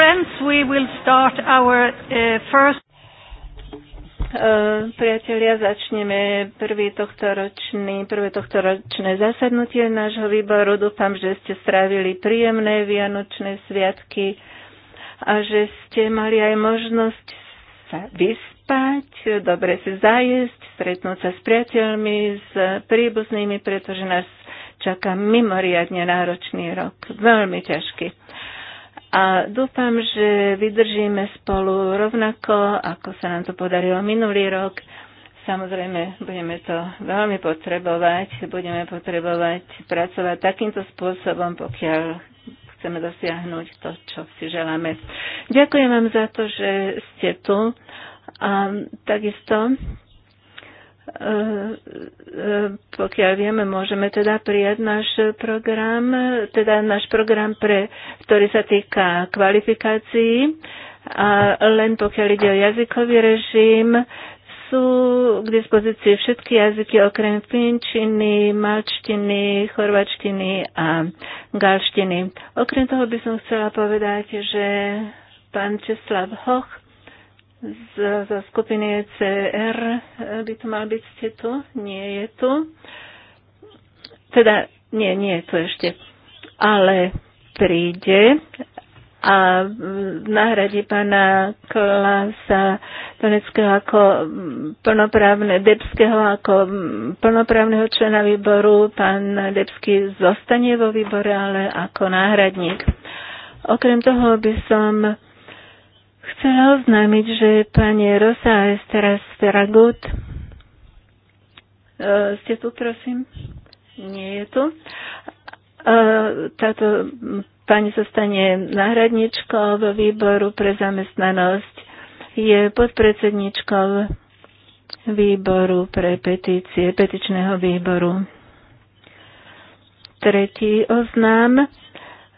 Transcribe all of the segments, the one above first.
friends, we will start our uh, first uh, Priatelia, začneme prvý ročný, prvé ročné zasadnutie nášho výboru. Dúfam, že ste strávili príjemné vianočné sviatky a že ste mali aj možnosť sa vyspať, dobre si zajesť, stretnúť sa s priateľmi, s príbuznými, pretože nás čaká mimoriadne náročný rok, veľmi ťažký a dúfam, že vydržíme spolu rovnako, ako sa nám to podarilo minulý rok. Samozrejme, budeme to veľmi potrebovať. Budeme potrebovať pracovať takýmto spôsobom, pokiaľ chceme dosiahnuť to, čo si želáme. Ďakujem vám za to, že ste tu. A takisto E, e, pokiaľ vieme, môžeme teda prijať náš program, teda náš program, pre, ktorý sa týka kvalifikácií a len pokiaľ ide o jazykový režim, sú k dispozícii všetky jazyky okrem finčiny, malčtiny, chorvačtiny a galštiny. Okrem toho by som chcela povedať, že pán Česlav Hoch z, z skupiny CR eh, by tu mal byť, ste tu? Nie je tu. Teda, nie, nie je tu ešte. Ale príde a mm, nahradí pána Klasa Doneckého ako mm, plnoprávne, Debského ako mm, plnoprávneho člena výboru. Pán Debský zostane vo výbore, ale ako náhradník. Okrem toho by som Chcela oznámiť, že pani Rosa Esteras Feragut, e, ste tu, prosím? Nie je tu. E, táto pani sa stane náhradničkou vo výboru pre zamestnanosť. Je podpredsedničkou výboru pre petície, petičného výboru. Tretí oznám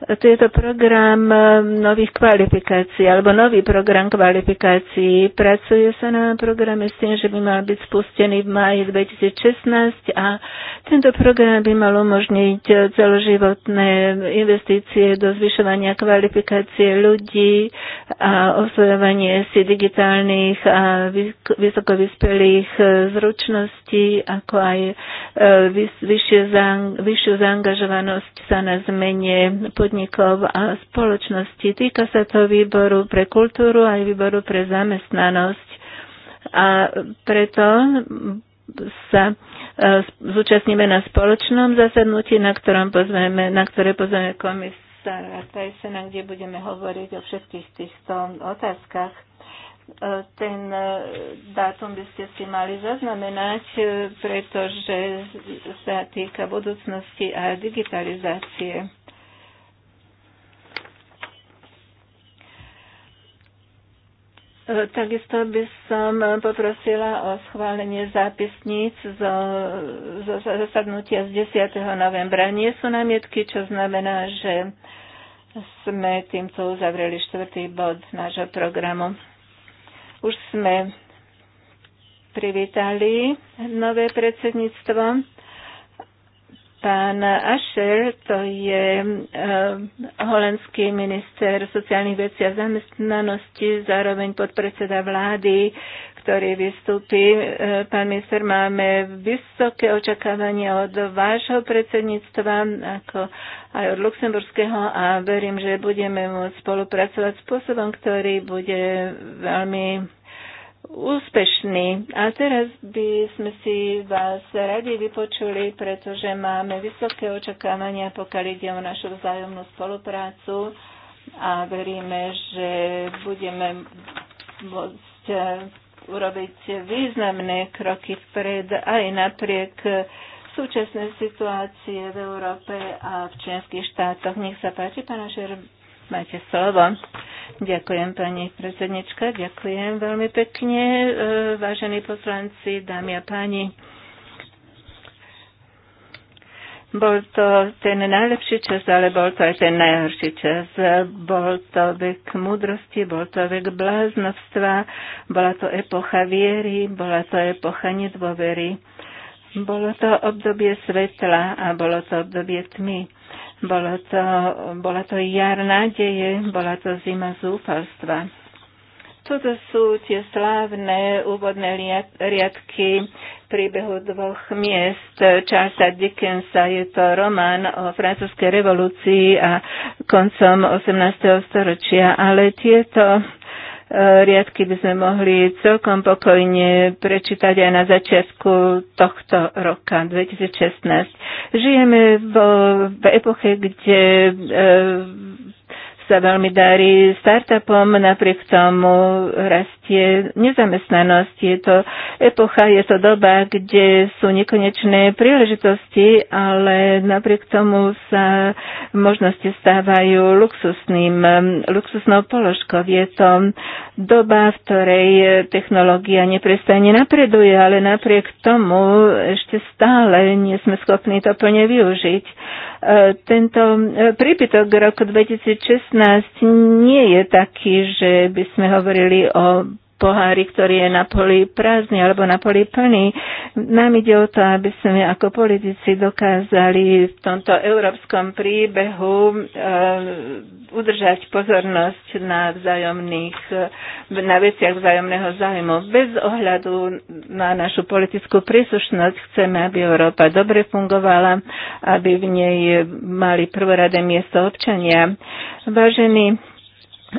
to je to program eh, nových kvalifikácií alebo nový program kvalifikácií. Pracuje sa na programe s tým, že by mal byť spustený v maji 2016 a tento program by mal umožniť eh, celoživotné investície do zvyšovania kvalifikácie ľudí a osvojovanie si digitálnych a vysoko vyspelých eh, zručností, ako aj vyššiu zaangažovanosť sa na zmene pod podnikov a spoločnosti. Týka sa to výboru pre kultúru aj výboru pre zamestnanosť. A preto sa e, zúčastníme na spoločnom zasadnutí, na, ktorom pozveme, na ktoré pozveme komisára Tajsena, kde budeme hovoriť o všetkých týchto otázkach. E, ten e, dátum by ste si mali zaznamenať, pretože sa týka budúcnosti a digitalizácie. E, takisto by som poprosila o schválenie zápisníc zo, zo zasadnutia z 10. novembra. Nie sú námietky, čo znamená, že sme týmto uzavreli štvrtý bod nášho programu. Už sme privítali nové predsedníctvo Pán Asher, to je uh, holandský minister sociálnych vecí a zamestnanosti, zároveň podpredseda vlády, ktorý vystúpi. Uh, pán minister, máme vysoké očakávania od vášho predsedníctva, ako aj od luxemburského a verím, že budeme môcť spolupracovať spôsobom, ktorý bude veľmi úspešní. A teraz by sme si vás radi vypočuli, pretože máme vysoké očakávania, pokiaľ ide o našu vzájomnú spoluprácu a veríme, že budeme môcť eh, urobiť významné kroky vpred aj napriek súčasnej situácie v Európe a v členských štátoch. Nech sa páči, pána Šer, Máte slovo. Ďakujem, pani predsednička, ďakujem veľmi pekne, e, vážení poslanci, dámy a páni. Bol to ten najlepší čas, ale bol to aj ten najhorší čas. Bol to vek múdrosti, bol to vek bláznovstva, bola to epocha viery, bola to epocha nedôvery. Bolo to obdobie svetla a bolo to obdobie tmy. Bola to, bola to jar nádeje, bola to zima zúfalstva. Toto sú tie slávne úvodné riadky príbehu dvoch miest. Charlesa Dickensa je to román o francúzskej revolúcii a koncom 18. storočia, ale tieto riadky by sme mohli celkom pokojne prečítať aj na začiatku tohto roka 2016. Žijeme vo, v epoche, kde e, sa veľmi darí startupom, napriek tomu rastie nezamestnanosť. Je to epocha, je to doba, kde sú nekonečné príležitosti, ale napriek tomu sa možnosti stávajú luxusným, luxusnou položkou. Je to doba, v ktorej technológia neprestane napreduje, ale napriek tomu ešte stále nie sme schopní to plne využiť. Tento e, prípitok roku 2016 nie je taký, že by sme hovorili o pohári, ktorý je na poli prázdny alebo na poli plný. Nám ide o to, aby sme ako politici dokázali v tomto európskom príbehu uh, udržať pozornosť na vzájomných, na veciach vzájomného zájmu. Bez ohľadu na našu politickú príslušnosť chceme, aby Európa dobre fungovala, aby v nej mali prvoradé miesto občania. Vážení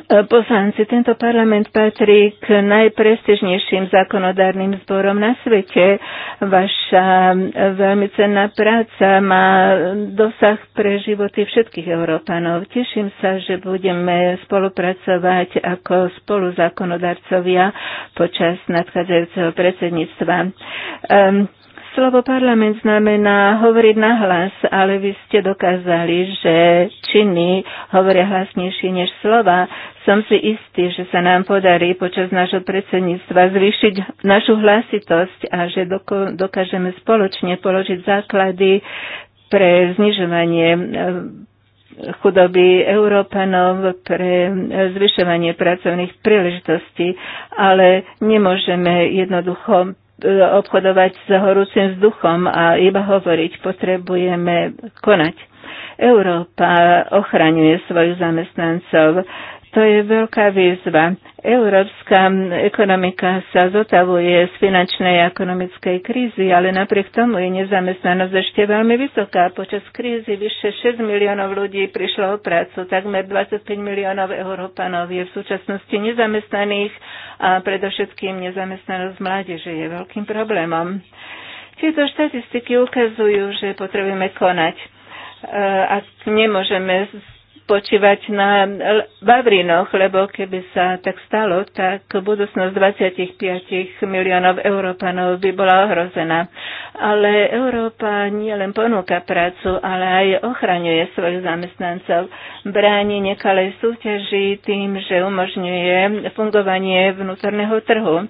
E, poslanci, tento parlament patrí k najprestižnejším zákonodárnym zborom na svete. Vaša e, veľmi cenná práca má dosah pre životy všetkých Európanov. Teším sa, že budeme spolupracovať ako spoluzákonodarcovia počas nadchádzajúceho predsedníctva. Um, Slovo parlament znamená hovoriť na hlas, ale vy ste dokázali, že činy hovoria hlasnejšie než slova. Som si istý, že sa nám podarí počas nášho predsedníctva zvýšiť našu hlasitosť a že dokážeme spoločne položiť základy pre znižovanie e, chudoby Európanov pre zvyšovanie pracovných príležitostí, ale nemôžeme jednoducho obchodovať s horúcim vzduchom a iba hovoriť. Potrebujeme konať. Európa ochraňuje svoju zamestnancov. To je veľká výzva. Európska ekonomika sa zotavuje z finančnej a ekonomickej krízy, ale napriek tomu je nezamestnanosť ešte veľmi vysoká. Počas krízy vyše 6 miliónov ľudí prišlo o prácu, takmer 25 miliónov Európanov je v súčasnosti nezamestnaných a predovšetkým nezamestnanosť mládeže je veľkým problémom. Tieto štatistiky ukazujú, že potrebujeme konať. E, ak nemôžeme spočívať na Vavrinoch, lebo keby sa tak stalo, tak budúcnosť 25 miliónov Európanov by bola ohrozená. Ale Európa nielen ponúka prácu, ale aj ochraňuje svojich zamestnancov. Bráni nekalej súťaži tým, že umožňuje fungovanie vnútorného trhu.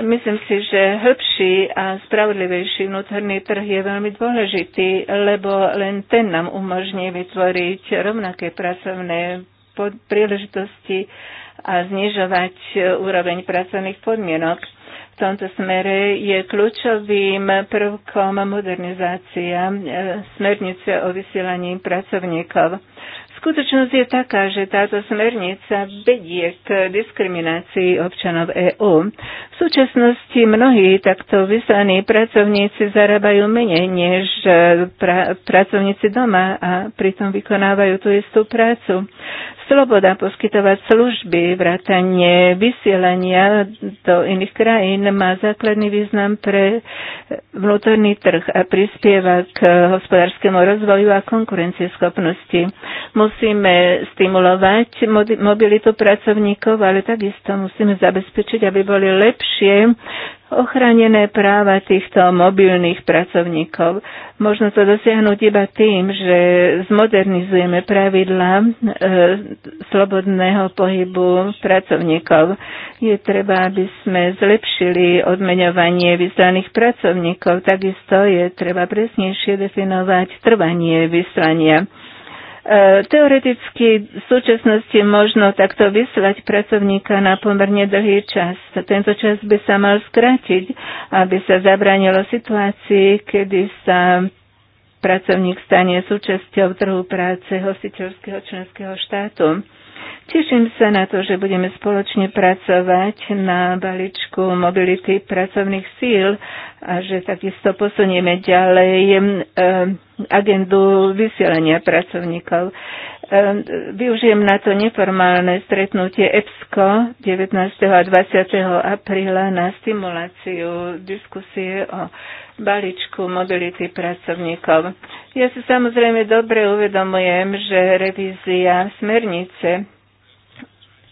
Myslím si, že hĺbší a spravodlivejší vnútorný trh je veľmi dôležitý, lebo len ten nám umožní vytvoriť rovnaké pracovné príležitosti a znižovať úroveň pracovných podmienok. V tomto smere je kľúčovým prvkom modernizácia e, smernice o vysielaní pracovníkov. Skutočnosť je taká, že táto smernica vedie k diskriminácii občanov EÚ. V súčasnosti mnohí takto vyslaní pracovníci zarábajú menej než e, pra- pracovníci doma a pritom vykonávajú tú istú prácu. Sloboda poskytovať služby, vrátanie vysielania do iných krajín má základný význam pre vnútorný trh a prispieva k hospodárskému rozvoju a konkurencieschopnosti musíme stimulovať mobilitu pracovníkov, ale takisto musíme zabezpečiť, aby boli lepšie ochránené práva týchto mobilných pracovníkov. Možno to dosiahnuť iba tým, že zmodernizujeme pravidla e, slobodného pohybu pracovníkov. Je treba, aby sme zlepšili odmeňovanie vyslaných pracovníkov. Takisto je treba presnejšie definovať trvanie vyslania E, teoreticky v súčasnosti možno takto vyslať pracovníka na pomerne dlhý čas. Tento čas by sa mal skrátiť, aby sa zabránilo situácii, kedy sa pracovník stane súčasťou trhu práce hostiteľského členského štátu. Teším sa na to, že budeme spoločne pracovať na balíčku mobility pracovných síl a že takisto posunieme ďalej eh, agendu vysielania pracovníkov. Využijem na to neformálne stretnutie EPSCO 19. a 20. apríla na stimuláciu diskusie o balíčku mobility pracovníkov. Ja si samozrejme dobre uvedomujem, že revízia smernice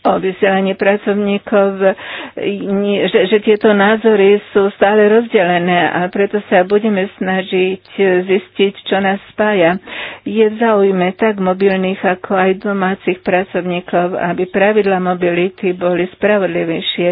o vysielanie pracovníkov, že, že tieto názory sú stále rozdelené a preto sa budeme snažiť zistiť, čo nás spája. Je v záujme tak mobilných, ako aj domácich pracovníkov, aby pravidla mobility boli spravodlivejšie.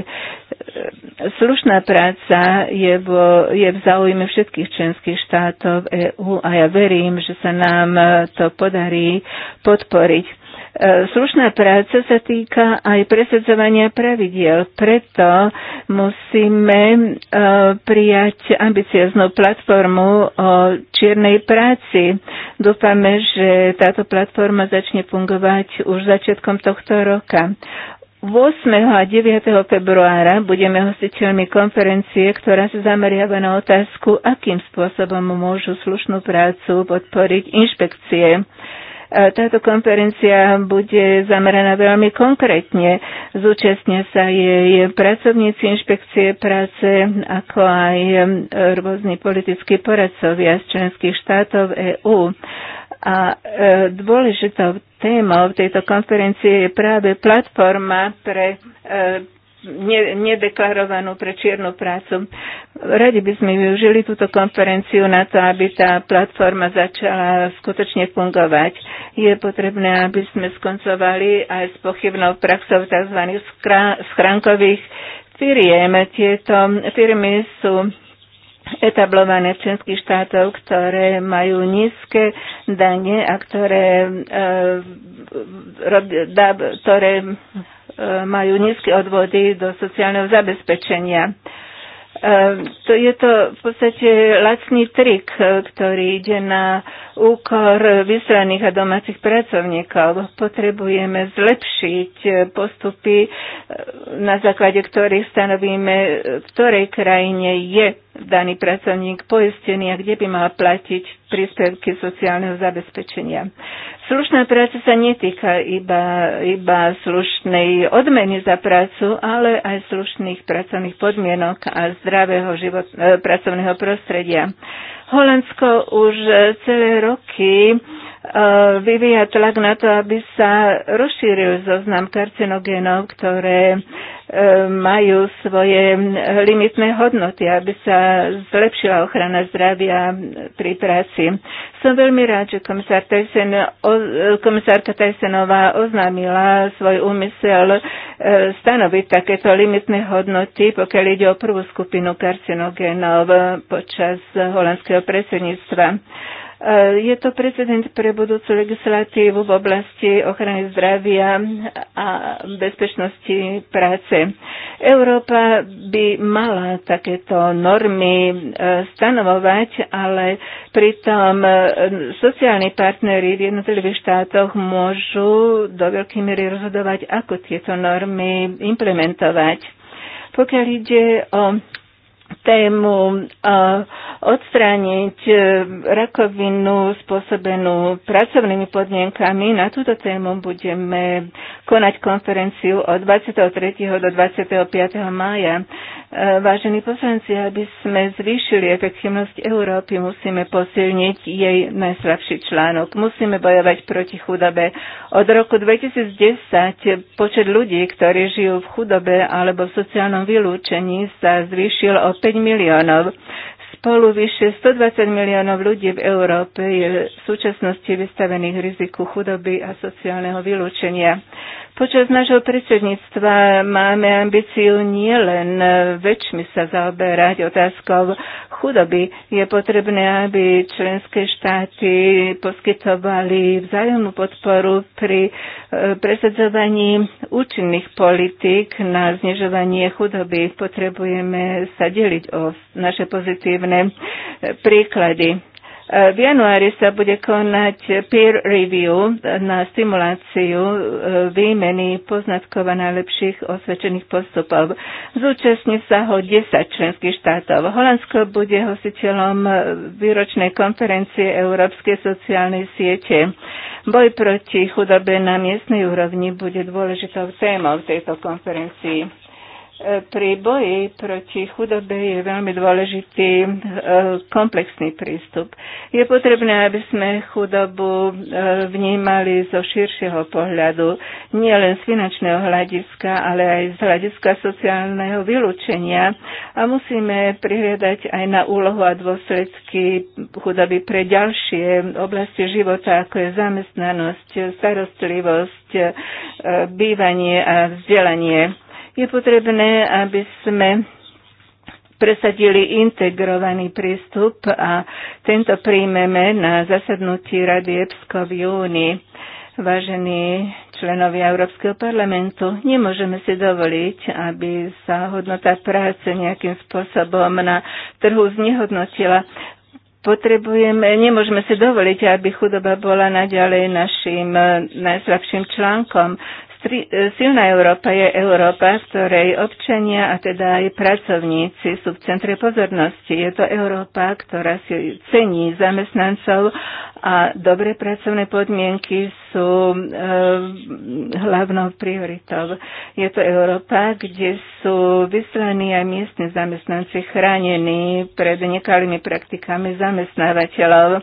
Slušná práca je, vo, je v záujme všetkých členských štátov EÚ a ja verím, že sa nám to podarí podporiť. E, slušná práca sa týka aj presadzovania pravidiel, preto musíme e, prijať ambicioznú platformu o čiernej práci. Dúfame, že táto platforma začne fungovať už začiatkom tohto roka. 8. a 9. februára budeme hostiteľmi konferencie, ktorá sa zameriava na otázku, akým spôsobom môžu slušnú prácu podporiť inšpekcie. E, táto konferencia bude zameraná veľmi konkrétne. Zúčastnia sa jej pracovníci inšpekcie práce, ako aj e, rôzni politickí poradcovia z členských štátov EÚ. A e, dôležitou témou tejto konferencie je práve platforma pre ne, nedeklarovanú pre čiernu prácu. Radi by sme využili túto konferenciu na to, aby tá platforma začala skutočne fungovať. Je potrebné, aby sme skoncovali aj s pochybnou praxou tzv. schránkových firiem. Tieto firmy sú etablované v členských štátov, ktoré majú nízke dane a ktoré, e, rob, da, ktoré majú nízke odvody do sociálneho zabezpečenia. Ehm, to je to v podstate lacný trik, e, ktorý ide na úkor vyslaných a domácich pracovníkov. Potrebujeme zlepšiť e, postupy, e, na základe ktorých stanovíme, v ktorej krajine je daný pracovník poistený a kde by mal platiť príspevky sociálneho zabezpečenia. Slušná práca sa netýka iba, iba slušnej odmeny za prácu, ale aj slušných pracovných podmienok a zdravého život, e, pracovného prostredia. Holandsko už celé roky Eh, vyvíja tlak na to, aby sa rozšíril zoznam karcinogénov, ktoré eh, majú svoje limitné hodnoty, aby sa zlepšila ochrana zdravia pri práci. Som veľmi rád, že komisár Tyson, eh, komisárka Tysonová oznámila svoj úmysel stanoviť takéto limitné hodnoty, pokiaľ ide o prvú skupinu karcinogénov počas holandského predsedníctva. Eh, je to precedent pre budúcu legislatívu v oblasti ochrany zdravia a bezpečnosti práce. Európa by mala takéto normy eh, stanovovať, ale pritom eh, sociálni partnery v jednotlivých štátoch môžu do veľkej miery rozhodovať, ako tieto normy implementovať. Pokiaľ ide o tému odstrániť e, rakovinu spôsobenú pracovnými podmienkami. Na túto tému budeme konať konferenciu od 23. do 25. mája. Eh, vážení poslanci, aby sme zvýšili efektivnosť Európy, musíme posilniť jej najslabší článok. Musíme bojovať proti chudobe. Od roku 2010 počet ľudí, ktorí žijú v chudobe alebo v sociálnom vylúčení, sa zvýšil o 5 miliónov. Spolu vyše 120 miliónov ľudí v Európe je v súčasnosti vystavených riziku chudoby a sociálneho vylúčenia. Počas nášho predsedníctva máme ambíciu nielen väčšmi sa zaoberať otázkou chudoby. Je potrebné, aby členské štáty poskytovali vzájomnú podporu pri e, presadzovaní účinných politík na znižovanie chudoby. Potrebujeme sa deliť o naše pozitívne e, príklady. V januári sa bude konať peer review na stimuláciu e, výmeny poznatkov a najlepších osvedčených postupov. Zúčastní sa ho 10 členských štátov. Holandsko bude hostiteľom výročnej konferencie Európskej sociálnej siete. Boj proti chudobe na miestnej úrovni bude dôležitou témou v tejto konferencii. E, pri boji proti chudobe je veľmi dôležitý e, komplexný prístup. Je potrebné, aby sme chudobu e, vnímali zo širšieho pohľadu, nielen z finančného hľadiska, ale aj z hľadiska sociálneho vylúčenia a musíme prihľadať aj na úlohu a dôsledky chudoby pre ďalšie oblasti života, ako je zamestnanosť, starostlivosť, bývanie a vzdelanie je potrebné, aby sme presadili integrovaný prístup a tento príjmeme na zasadnutí Rady EPSCO v júni. Vážení členovia Európskeho parlamentu, nemôžeme si dovoliť, aby sa hodnota práce nejakým spôsobom na trhu znehodnotila. Potrebujeme, nemôžeme si dovoliť, aby chudoba bola naďalej našim najslabším článkom. Pri, e, silná Európa je Európa, v ktorej občania a teda aj pracovníci sú v centre pozornosti. Je to Európa, ktorá si cení zamestnancov a dobre pracovné podmienky sú e, hlavnou prioritou. Je to Európa, kde sú vyslaní aj miestni zamestnanci chránení pred nekalými praktikami zamestnávateľov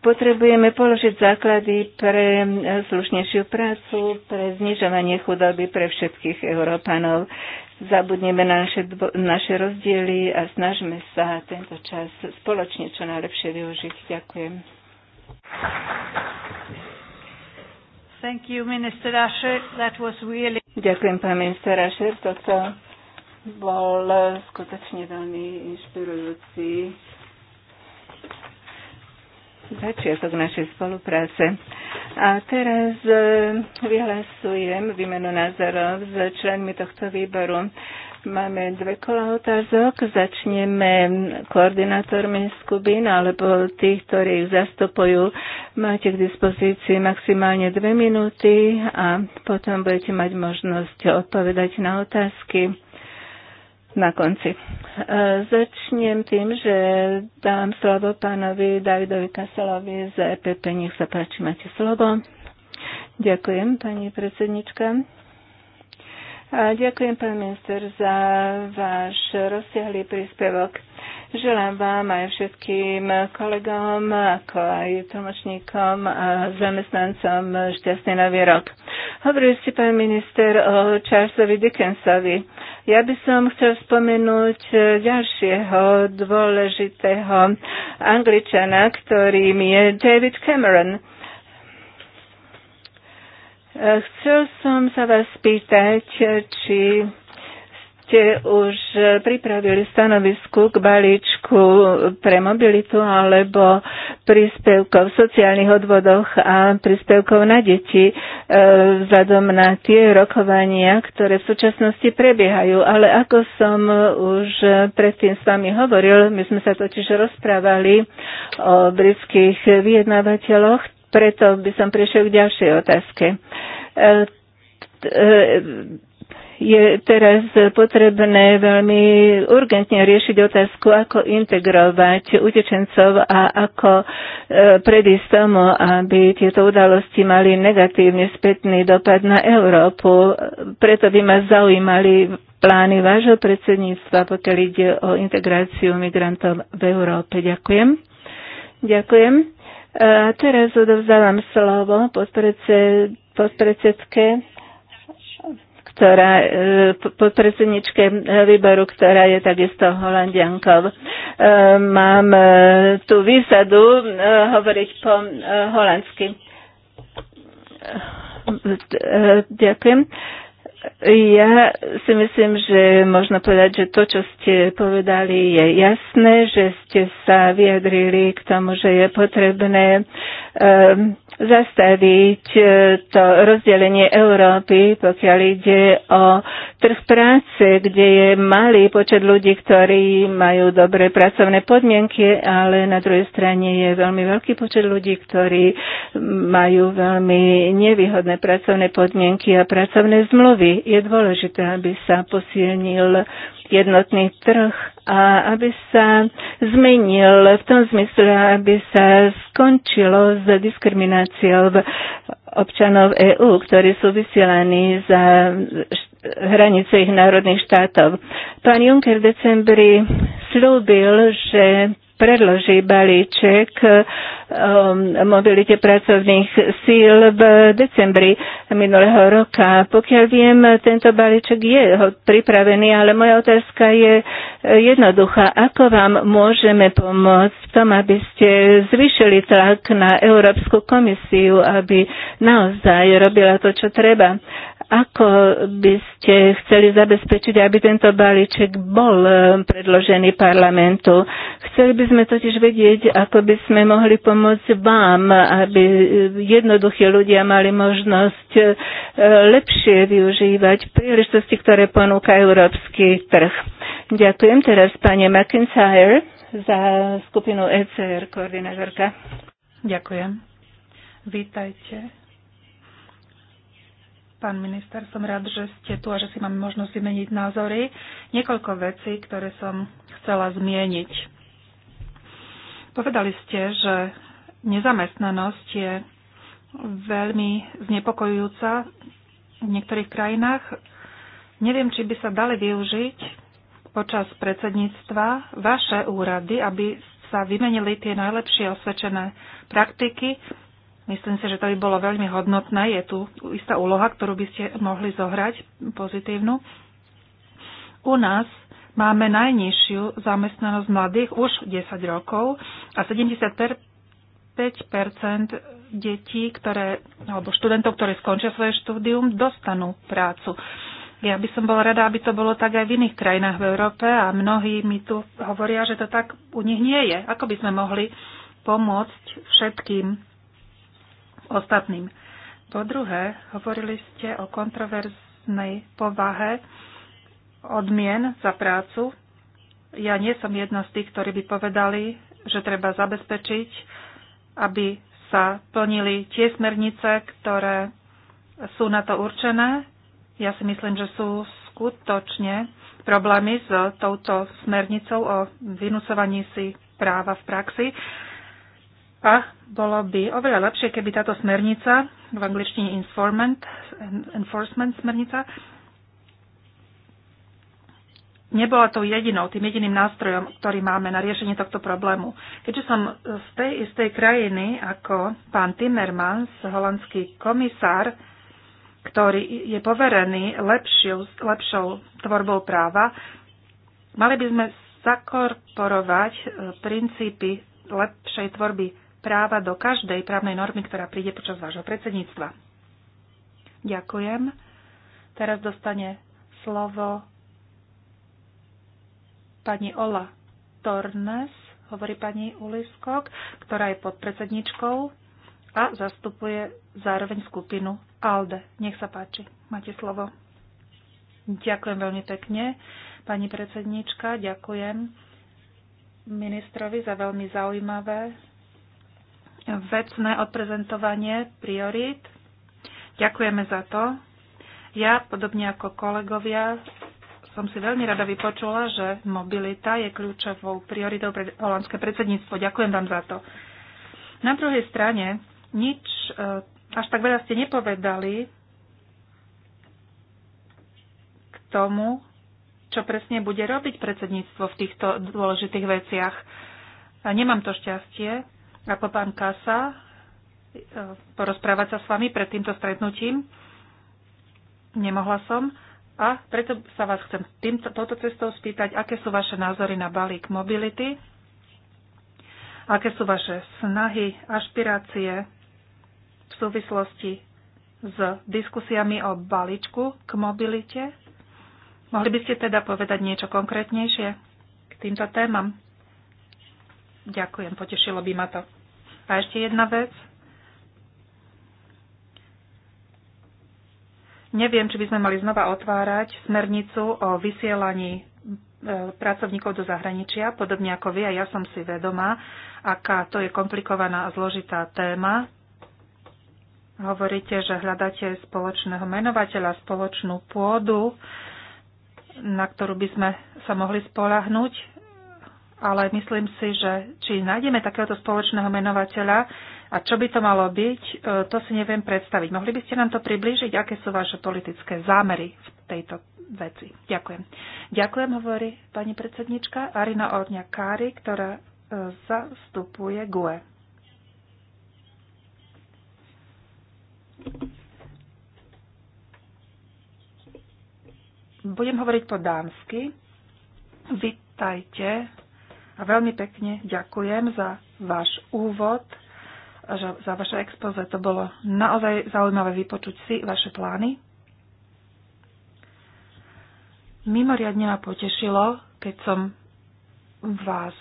Potrebujeme položiť základy pre e, slušnejšiu prácu, pre znižovanie chudoby pre všetkých Európanov. Zabudneme na naše, naše rozdiely a snažme sa tento čas spoločne čo najlepšie využiť. Ďakujem. Thank you, Minister Asher. That was really... Ďakujem, pán minister Asher. Toto bol e, skutočne veľmi inšpirujúci začiatok našej spolupráce. A teraz e, vyhlasujem výmenu názorov s členmi tohto výboru. Máme dve kola otázok. Začneme koordinátormi skupín alebo tých, ktorí ich zastupujú. Máte k dispozícii maximálne dve minúty a potom budete mať možnosť odpovedať na otázky na konci. E, začnem tým, že dám slovo pánovi Davidovi Kaselovi z EPP. Nech sa páči, máte slovo. Ďakujem, pani predsednička. A ďakujem, pán minister, za váš rozsiahlý príspevok. Želám vám aj všetkým kolegom, ako aj tlmočníkom a zamestnancom šťastný nový rok. Hovorili ste, pán minister, o Charlesovi Dickensovi. Ja by som chcel spomenúť e, ďalšieho dôležitého angličana, ktorým je David Cameron. E, chcel som sa vás spýtať, e, či ste už pripravili stanovisku k balíčku pre mobilitu alebo príspevkov v sociálnych odvodoch a príspevkov na deti e, vzhľadom na tie rokovania, ktoré v súčasnosti prebiehajú. Ale ako som už predtým s vami hovoril, my sme sa totiž rozprávali o britských vyjednávateľoch, preto by som prešiel k ďalšej otázke e, e, je teraz potrebné veľmi urgentne riešiť otázku, ako integrovať utečencov a ako e, predísť tomu, aby tieto udalosti mali negatívne spätný dopad na Európu. Preto by ma zaujímali plány vášho predsedníctva, pokiaľ ide o integráciu migrantov v Európe. Ďakujem. Ďakujem. A e, teraz odovzdávam slovo podpredsedke ktorá, e, podpredsedničke e, výboru, ktorá je takisto holandiankov. E, mám tú výsadu hovoriť po holandsky. Ďakujem. Ja si myslím, že možno povedať, že to, čo ste povedali, je jasné, že ste sa vyjadrili k tomu, že je potrebné um, zastaviť e, to rozdelenie Európy, pokiaľ ide o trh práce, kde je malý počet ľudí, ktorí majú dobré pracovné podmienky, ale na druhej strane je veľmi veľký počet ľudí, ktorí majú veľmi nevýhodné pracovné podmienky a pracovné zmluvy. Je dôležité, aby sa posilnil jednotný trh a aby sa zmenil v tom zmysle, aby sa skončilo s diskrimináciou občanov EÚ, ktorí sú vysielaní za hranice ich národných štátov. Pán Juncker v decembri slúbil, že predloží balíček o um, mobilite pracovných síl v decembri minulého roka. Pokiaľ viem, tento balíček je pripravený, ale moja otázka je jednoduchá. Ako vám môžeme pomôcť v tom, aby ste zvýšili tlak na Európsku komisiu, aby naozaj robila to, čo treba? Ako by ste chceli zabezpečiť, aby tento balíček bol eh, predložený parlamentu? Chceli by sme totiž vedieť, ako by sme mohli pomôcť vám, aby eh, jednoduchí ľudia mali možnosť eh, lepšie využívať príležitosti, ktoré ponúka európsky trh. Ďakujem teraz pani McIntyre za skupinu ECR koordinátorka. Ďakujem. Vítajte Pán minister, som rád, že ste tu a že si máme možnosť vymeniť názory. Niekoľko vecí, ktoré som chcela zmieniť. Povedali ste, že nezamestnanosť je veľmi znepokojujúca v niektorých krajinách. Neviem, či by sa dali využiť počas predsedníctva vaše úrady, aby sa vymenili tie najlepšie osvedčené praktiky Myslím si, že to by bolo veľmi hodnotné. Je tu istá úloha, ktorú by ste mohli zohrať pozitívnu. U nás máme najnižšiu zamestnanosť mladých už 10 rokov a 75 detí, ktoré, alebo študentov, ktorí skončia svoje štúdium, dostanú prácu. Ja by som bola rada, aby to bolo tak aj v iných krajinách v Európe a mnohí mi tu hovoria, že to tak u nich nie je. Ako by sme mohli pomôcť všetkým ostatným. Po druhé, hovorili ste o kontroverznej povahe odmien za prácu. Ja nie som jedna z tých, ktorí by povedali, že treba zabezpečiť, aby sa plnili tie smernice, ktoré sú na to určené. Ja si myslím, že sú skutočne problémy s touto smernicou o vynúcovaní si práva v praxi. A bolo by oveľa lepšie, keby táto smernica, v angličtine informant, enforcement smernica, nebola tou jedinou, tým jediným nástrojom, ktorý máme na riešenie tohto problému. Keďže som z tej istej krajiny ako pán Timmermans, holandský komisár, ktorý je poverený lepšiu, lepšou tvorbou práva, mali by sme zakorporovať eh, princípy lepšej tvorby práva do každej právnej normy, ktorá príde počas vášho predsedníctva. Ďakujem. Teraz dostane slovo pani Ola Tornes, hovorí pani Uliskok, ktorá je podpredsedničkou a zastupuje zároveň skupinu ALDE. Nech sa páči, máte slovo. Ďakujem veľmi pekne, pani predsednička, ďakujem ministrovi za veľmi zaujímavé vecné odprezentovanie priorít. Ďakujeme za to. Ja, podobne ako kolegovia, som si veľmi rada vypočula, že mobilita je kľúčovou prioritou pre holandské predsedníctvo. Ďakujem vám za to. Na druhej strane, nič e, až tak veľa ste nepovedali k tomu, čo presne bude robiť predsedníctvo v týchto dôležitých veciach. Nemám to šťastie, ako pán Kasa e, porozprávať sa s vami pred týmto stretnutím. Nemohla som. A preto sa vás chcem týmto, touto cestou spýtať, aké sú vaše názory na balík mobility, aké sú vaše snahy, ašpirácie v súvislosti s diskusiami o balíčku k mobilite. Mohli by ste teda povedať niečo konkrétnejšie k týmto témam? Ďakujem, potešilo by ma to. A ešte jedna vec. Neviem, či by sme mali znova otvárať smernicu o vysielaní e, pracovníkov do zahraničia, podobne ako vy a ja som si vedomá, aká to je komplikovaná a zložitá téma. Hovoríte, že hľadáte spoločného menovateľa, spoločnú pôdu, na ktorú by sme sa mohli spolahnuť ale myslím si, že či nájdeme takéhoto spoločného menovateľa a čo by to malo byť, e, to si neviem predstaviť. Mohli by ste nám to priblížiť, aké sú vaše politické zámery v tejto veci? Ďakujem. Ďakujem, hovorí pani predsednička Arina Orňa Kári, ktorá e, zastupuje GUE. Budem hovoriť po dánsky. vítajte a veľmi pekne ďakujem za váš úvod, za vaše expoze. To bolo naozaj zaujímavé vypočuť si vaše plány. Mimoriadne ma potešilo, keď som vás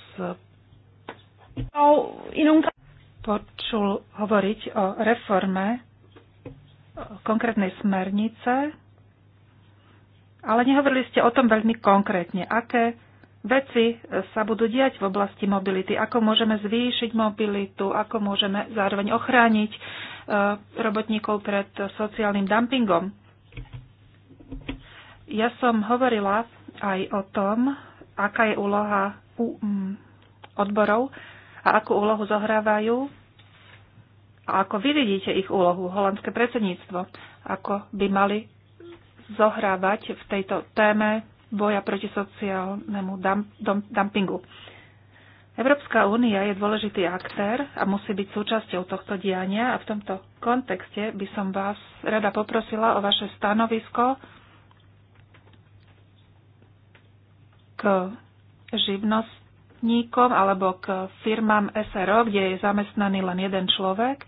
počul hovoriť o reforme konkrétnej smernice, ale nehovorili ste o tom veľmi konkrétne, aké veci sa budú diať v oblasti mobility, ako môžeme zvýšiť mobilitu, ako môžeme zároveň ochrániť e, robotníkov pred sociálnym dumpingom. Ja som hovorila aj o tom, aká je úloha odborov a akú úlohu zohrávajú a ako vy vidíte ich úlohu, holandské predsedníctvo, ako by mali zohrávať v tejto téme boja proti sociálnemu dumpingu. Európska únia je dôležitý aktér a musí byť súčasťou tohto diania a v tomto kontexte by som vás rada poprosila o vaše stanovisko k živnostníkom alebo k firmám SRO, kde je zamestnaný len jeden človek.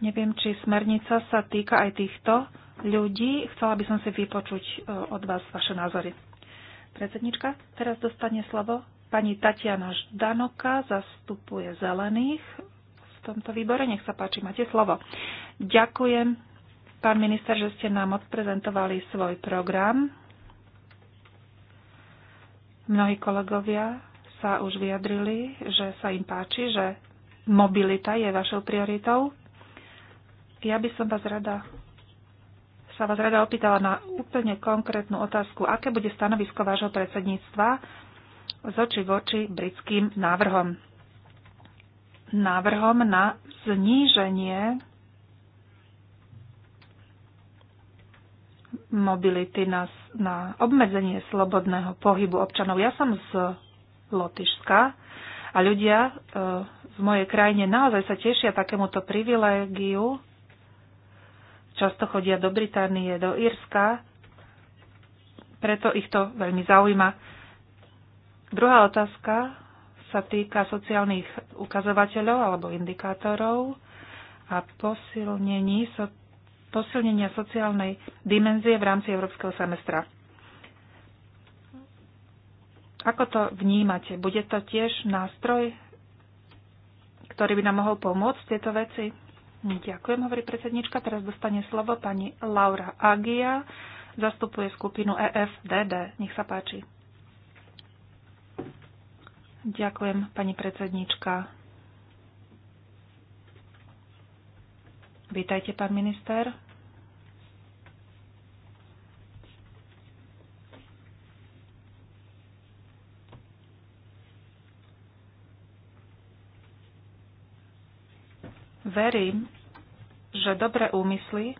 Neviem, či smernica sa týka aj týchto ľudí. Chcela by som si vypočuť e, od vás vaše názory. Predsednička, teraz dostane slovo pani Tatiana Ždanoka, zastupuje zelených v tomto výbore. Nech sa páči, máte slovo. Ďakujem, pán minister, že ste nám odprezentovali svoj program. Mnohí kolegovia sa už vyjadrili, že sa im páči, že mobilita je vašou prioritou. Ja by som vás rada sa vás rada opýtala na úplne konkrétnu otázku, aké bude stanovisko vášho predsedníctva z oči voči britským návrhom. Návrhom na zníženie mobility, na, na obmedzenie slobodného pohybu občanov. Ja som z Lotyšska a ľudia e, v mojej krajine naozaj sa tešia takémuto privilégiu často chodia do Británie, do Írska, preto ich to veľmi zaujíma. Druhá otázka sa týka sociálnych ukazovateľov alebo indikátorov a posilnení, so, posilnenia sociálnej dimenzie v rámci európskeho semestra. Ako to vnímate? Bude to tiež nástroj, ktorý by nám mohol pomôcť tieto veci? Ďakujem, hovorí predsednička. Teraz dostane slovo pani Laura Agia, zastupuje skupinu EFDD. Nech sa páči. Ďakujem, pani predsednička. Vítajte, pán minister. Verím, že dobré úmysly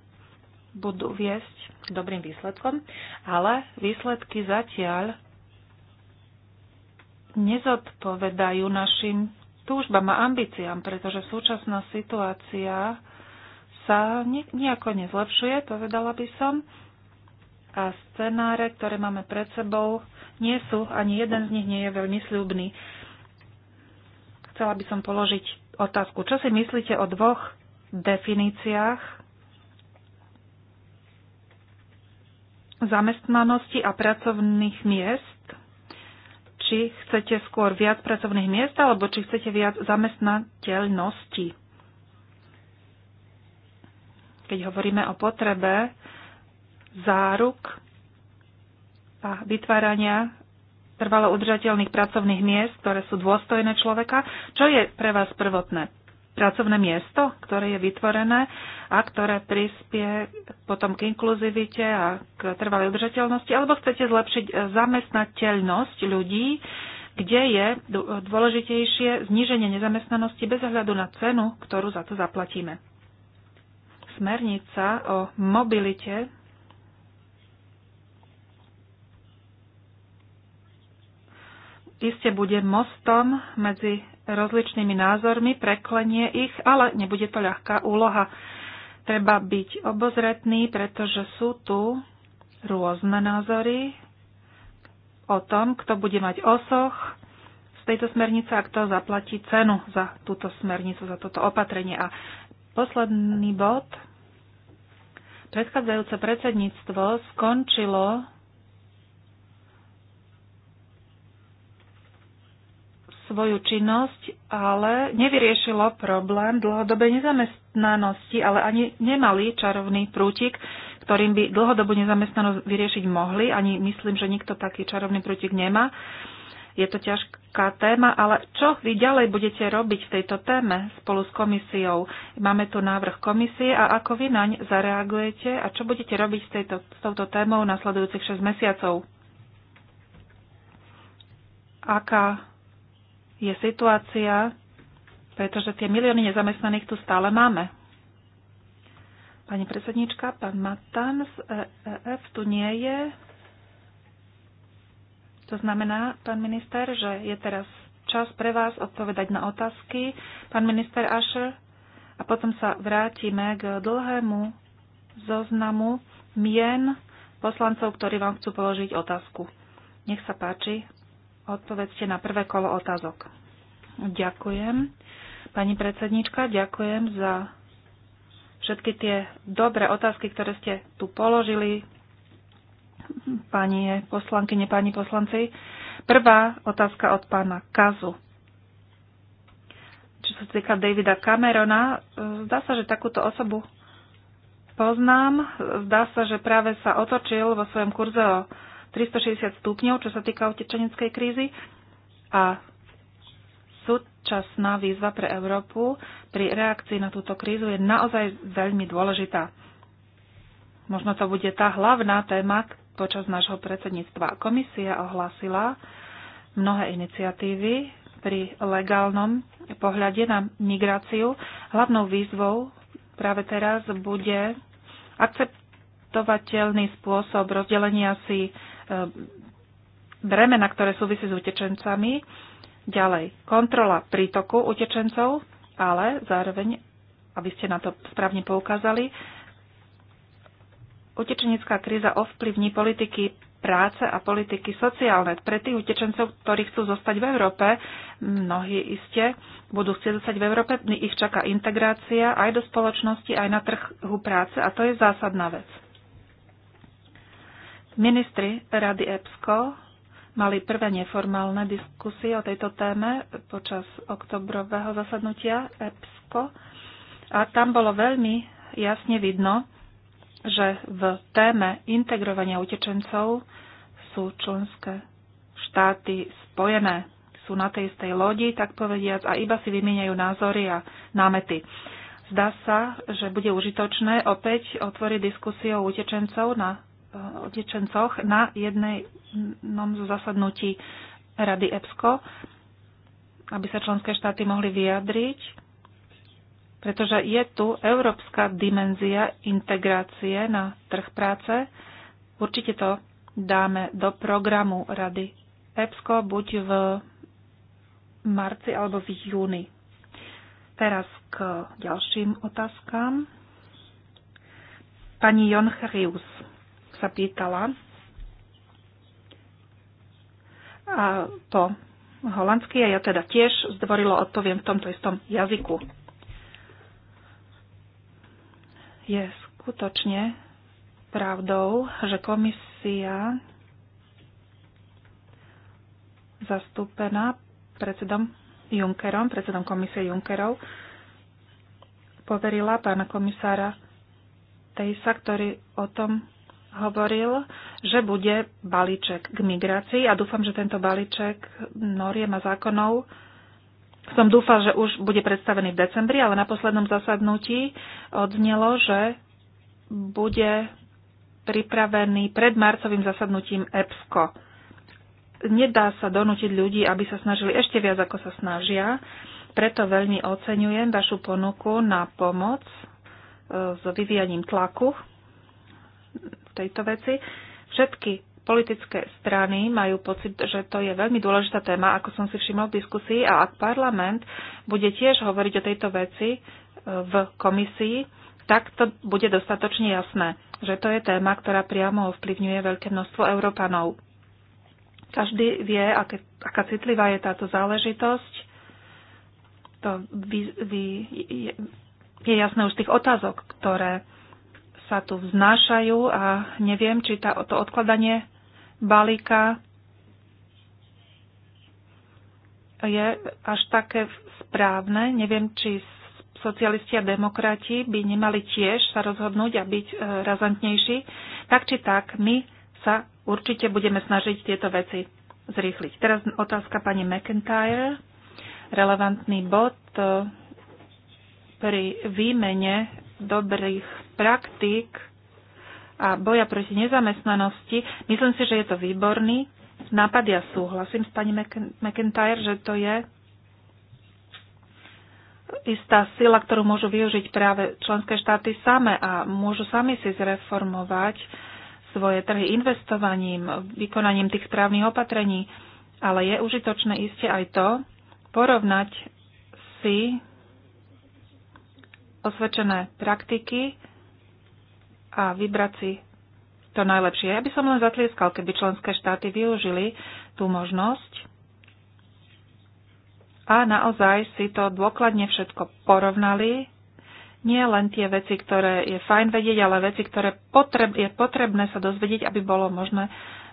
budú viesť k dobrým výsledkom, ale výsledky zatiaľ nezodpovedajú našim túžbám a ambíciám, pretože súčasná situácia sa nejako nezlepšuje, povedala by som, a scenáre, ktoré máme pred sebou, nie sú, ani jeden z nich nie je veľmi sľubný. Chcela by som položiť otázku. Čo si myslíte o dvoch definíciách zamestnanosti a pracovných miest? Či chcete skôr viac pracovných miest, alebo či chcete viac zamestnateľnosti? Keď hovoríme o potrebe záruk a vytvárania trvalo udržateľných pracovných miest, ktoré sú dôstojné človeka. Čo je pre vás prvotné? Pracovné miesto, ktoré je vytvorené a ktoré prispie potom k inkluzivite a k trvalej udržateľnosti, alebo chcete zlepšiť e, zamestnateľnosť ľudí, kde je dôležitejšie zníženie nezamestnanosti bez ohľadu na cenu, ktorú za to zaplatíme. Smernica o mobilite iste bude mostom medzi rozličnými názormi, preklenie ich, ale nebude to ľahká úloha. Treba byť obozretný, pretože sú tu rôzne názory o tom, kto bude mať osoch z tejto smernice a kto zaplatí cenu za túto smernicu, za toto opatrenie. A posledný bod. Predchádzajúce predsedníctvo skončilo svoju činnosť, ale nevyriešilo problém dlhodobej nezamestnanosti, ale ani nemali čarovný prútik, ktorým by dlhodobú nezamestnanosť vyriešiť mohli. Ani myslím, že nikto taký čarovný prútik nemá. Je to ťažká téma, ale čo vy ďalej budete robiť v tejto téme spolu s komisiou? Máme tu návrh komisie a ako vy naň zareagujete a čo budete robiť s, tejto, s touto témou nasledujúcich 6 mesiacov? Aká je situácia, pretože tie milióny nezamestnaných tu stále máme. Pani predsednička, pán Matan z EEF tu nie je. To znamená, pán minister, že je teraz čas pre vás odpovedať na otázky. Pán minister Asher, a potom sa vrátime k dlhému zoznamu mien poslancov, ktorí vám chcú položiť otázku. Nech sa páči, odpovedzte na prvé kolo otázok. Ďakujem. Pani predsednička, ďakujem za všetky tie dobré otázky, ktoré ste tu položili. Pani poslankyne, pani poslanci. Prvá otázka od pána Kazu. Čo sa týka Davida Camerona, zdá sa, že takúto osobu poznám. Zdá sa, že práve sa otočil vo svojom kurze o 360 stupňov, čo sa týka utečeneckej krízy. A súčasná výzva pre Európu pri reakcii na túto krízu je naozaj veľmi dôležitá. Možno to bude tá hlavná téma počas nášho predsedníctva. Komisia ohlásila mnohé iniciatívy pri legálnom pohľade na migráciu. Hlavnou výzvou práve teraz bude akceptovateľný spôsob rozdelenia si E, bremena, ktoré súvisí s utečencami. Ďalej, kontrola prítoku utečencov, ale zároveň, aby ste na to správne poukázali, utečenecká kríza ovplyvní politiky práce a politiky sociálne. Pre tých utečencov, ktorí chcú zostať v Európe, mnohí iste budú chcieť zostať v Európe, ich čaká integrácia aj do spoločnosti, aj na trhu práce a to je zásadná vec. Ministri Rady EPSCO mali prvé neformálne diskusie o tejto téme počas oktobrového zasadnutia EPSCO a tam bolo veľmi jasne vidno, že v téme integrovania utečencov sú členské štáty spojené. Sú na tej istej lodi, tak povediac, a iba si vymieňajú názory a námety. Zdá sa, že bude užitočné opäť otvoriť diskusiu o utečencov na Eh, utečencoch na jednom zo zasadnutí Rady EPSCO, aby sa členské štáty mohli vyjadriť, pretože je tu európska dimenzia integrácie na trh práce. Určite to dáme do programu Rady EPSCO buď v marci alebo v júni. Teraz k ďalším otázkám. Pani Jon Chrius sa pýtala. A po holandsky a ja teda tiež zdvorilo odpoviem v tomto istom jazyku. Je skutočne pravdou, že komisia zastúpená predsedom Junckerom, predsedom komisie Junckerov, poverila pána komisára Tejsa, ktorý o tom hovoril, že bude balíček k migrácii a dúfam, že tento balíček noriem a zákonov som dúfal, že už bude predstavený v decembri, ale na poslednom zasadnutí odznelo, že bude pripravený pred marcovým zasadnutím EPSCO. Nedá sa donútiť ľudí, aby sa snažili ešte viac, ako sa snažia. Preto veľmi oceňujem vašu ponuku na pomoc e, s vyvíjaním tlaku tejto veci. Všetky politické strany majú pocit, že to je veľmi dôležitá téma, ako som si všimol v diskusii, a ak parlament bude tiež hovoriť o tejto veci e, v komisii, tak to bude dostatočne jasné, že to je téma, ktorá priamo ovplyvňuje veľké množstvo Európanov. Každý vie, aké, aká citlivá je táto záležitosť to vy, vy, je, je jasné už z tých otázok, ktoré sa tu vznášajú a neviem, či tá, to odkladanie balíka je až také správne. Neviem, či socialisti a demokrati by nemali tiež sa rozhodnúť a byť e, razantnejší. Tak či tak, my sa určite budeme snažiť tieto veci zrýchliť. Teraz otázka pani McIntyre. Relevantný bod e, pri výmene dobrých praktík a boja proti nezamestnanosti. Myslím si, že je to výborný nápad. Ja súhlasím s pani McIntyre, že to je istá sila, ktorú môžu využiť práve členské štáty same a môžu sami si zreformovať svoje trhy investovaním, vykonaním tých správnych opatrení. Ale je užitočné iste aj to, porovnať si osvedčené praktiky a vybrať si to najlepšie. Ja by som len zatlieskal, keby členské štáty využili tú možnosť a naozaj si to dôkladne všetko porovnali. Nie len tie veci, ktoré je fajn vedieť, ale veci, ktoré potreb, je potrebné sa dozvedieť, aby bolo možné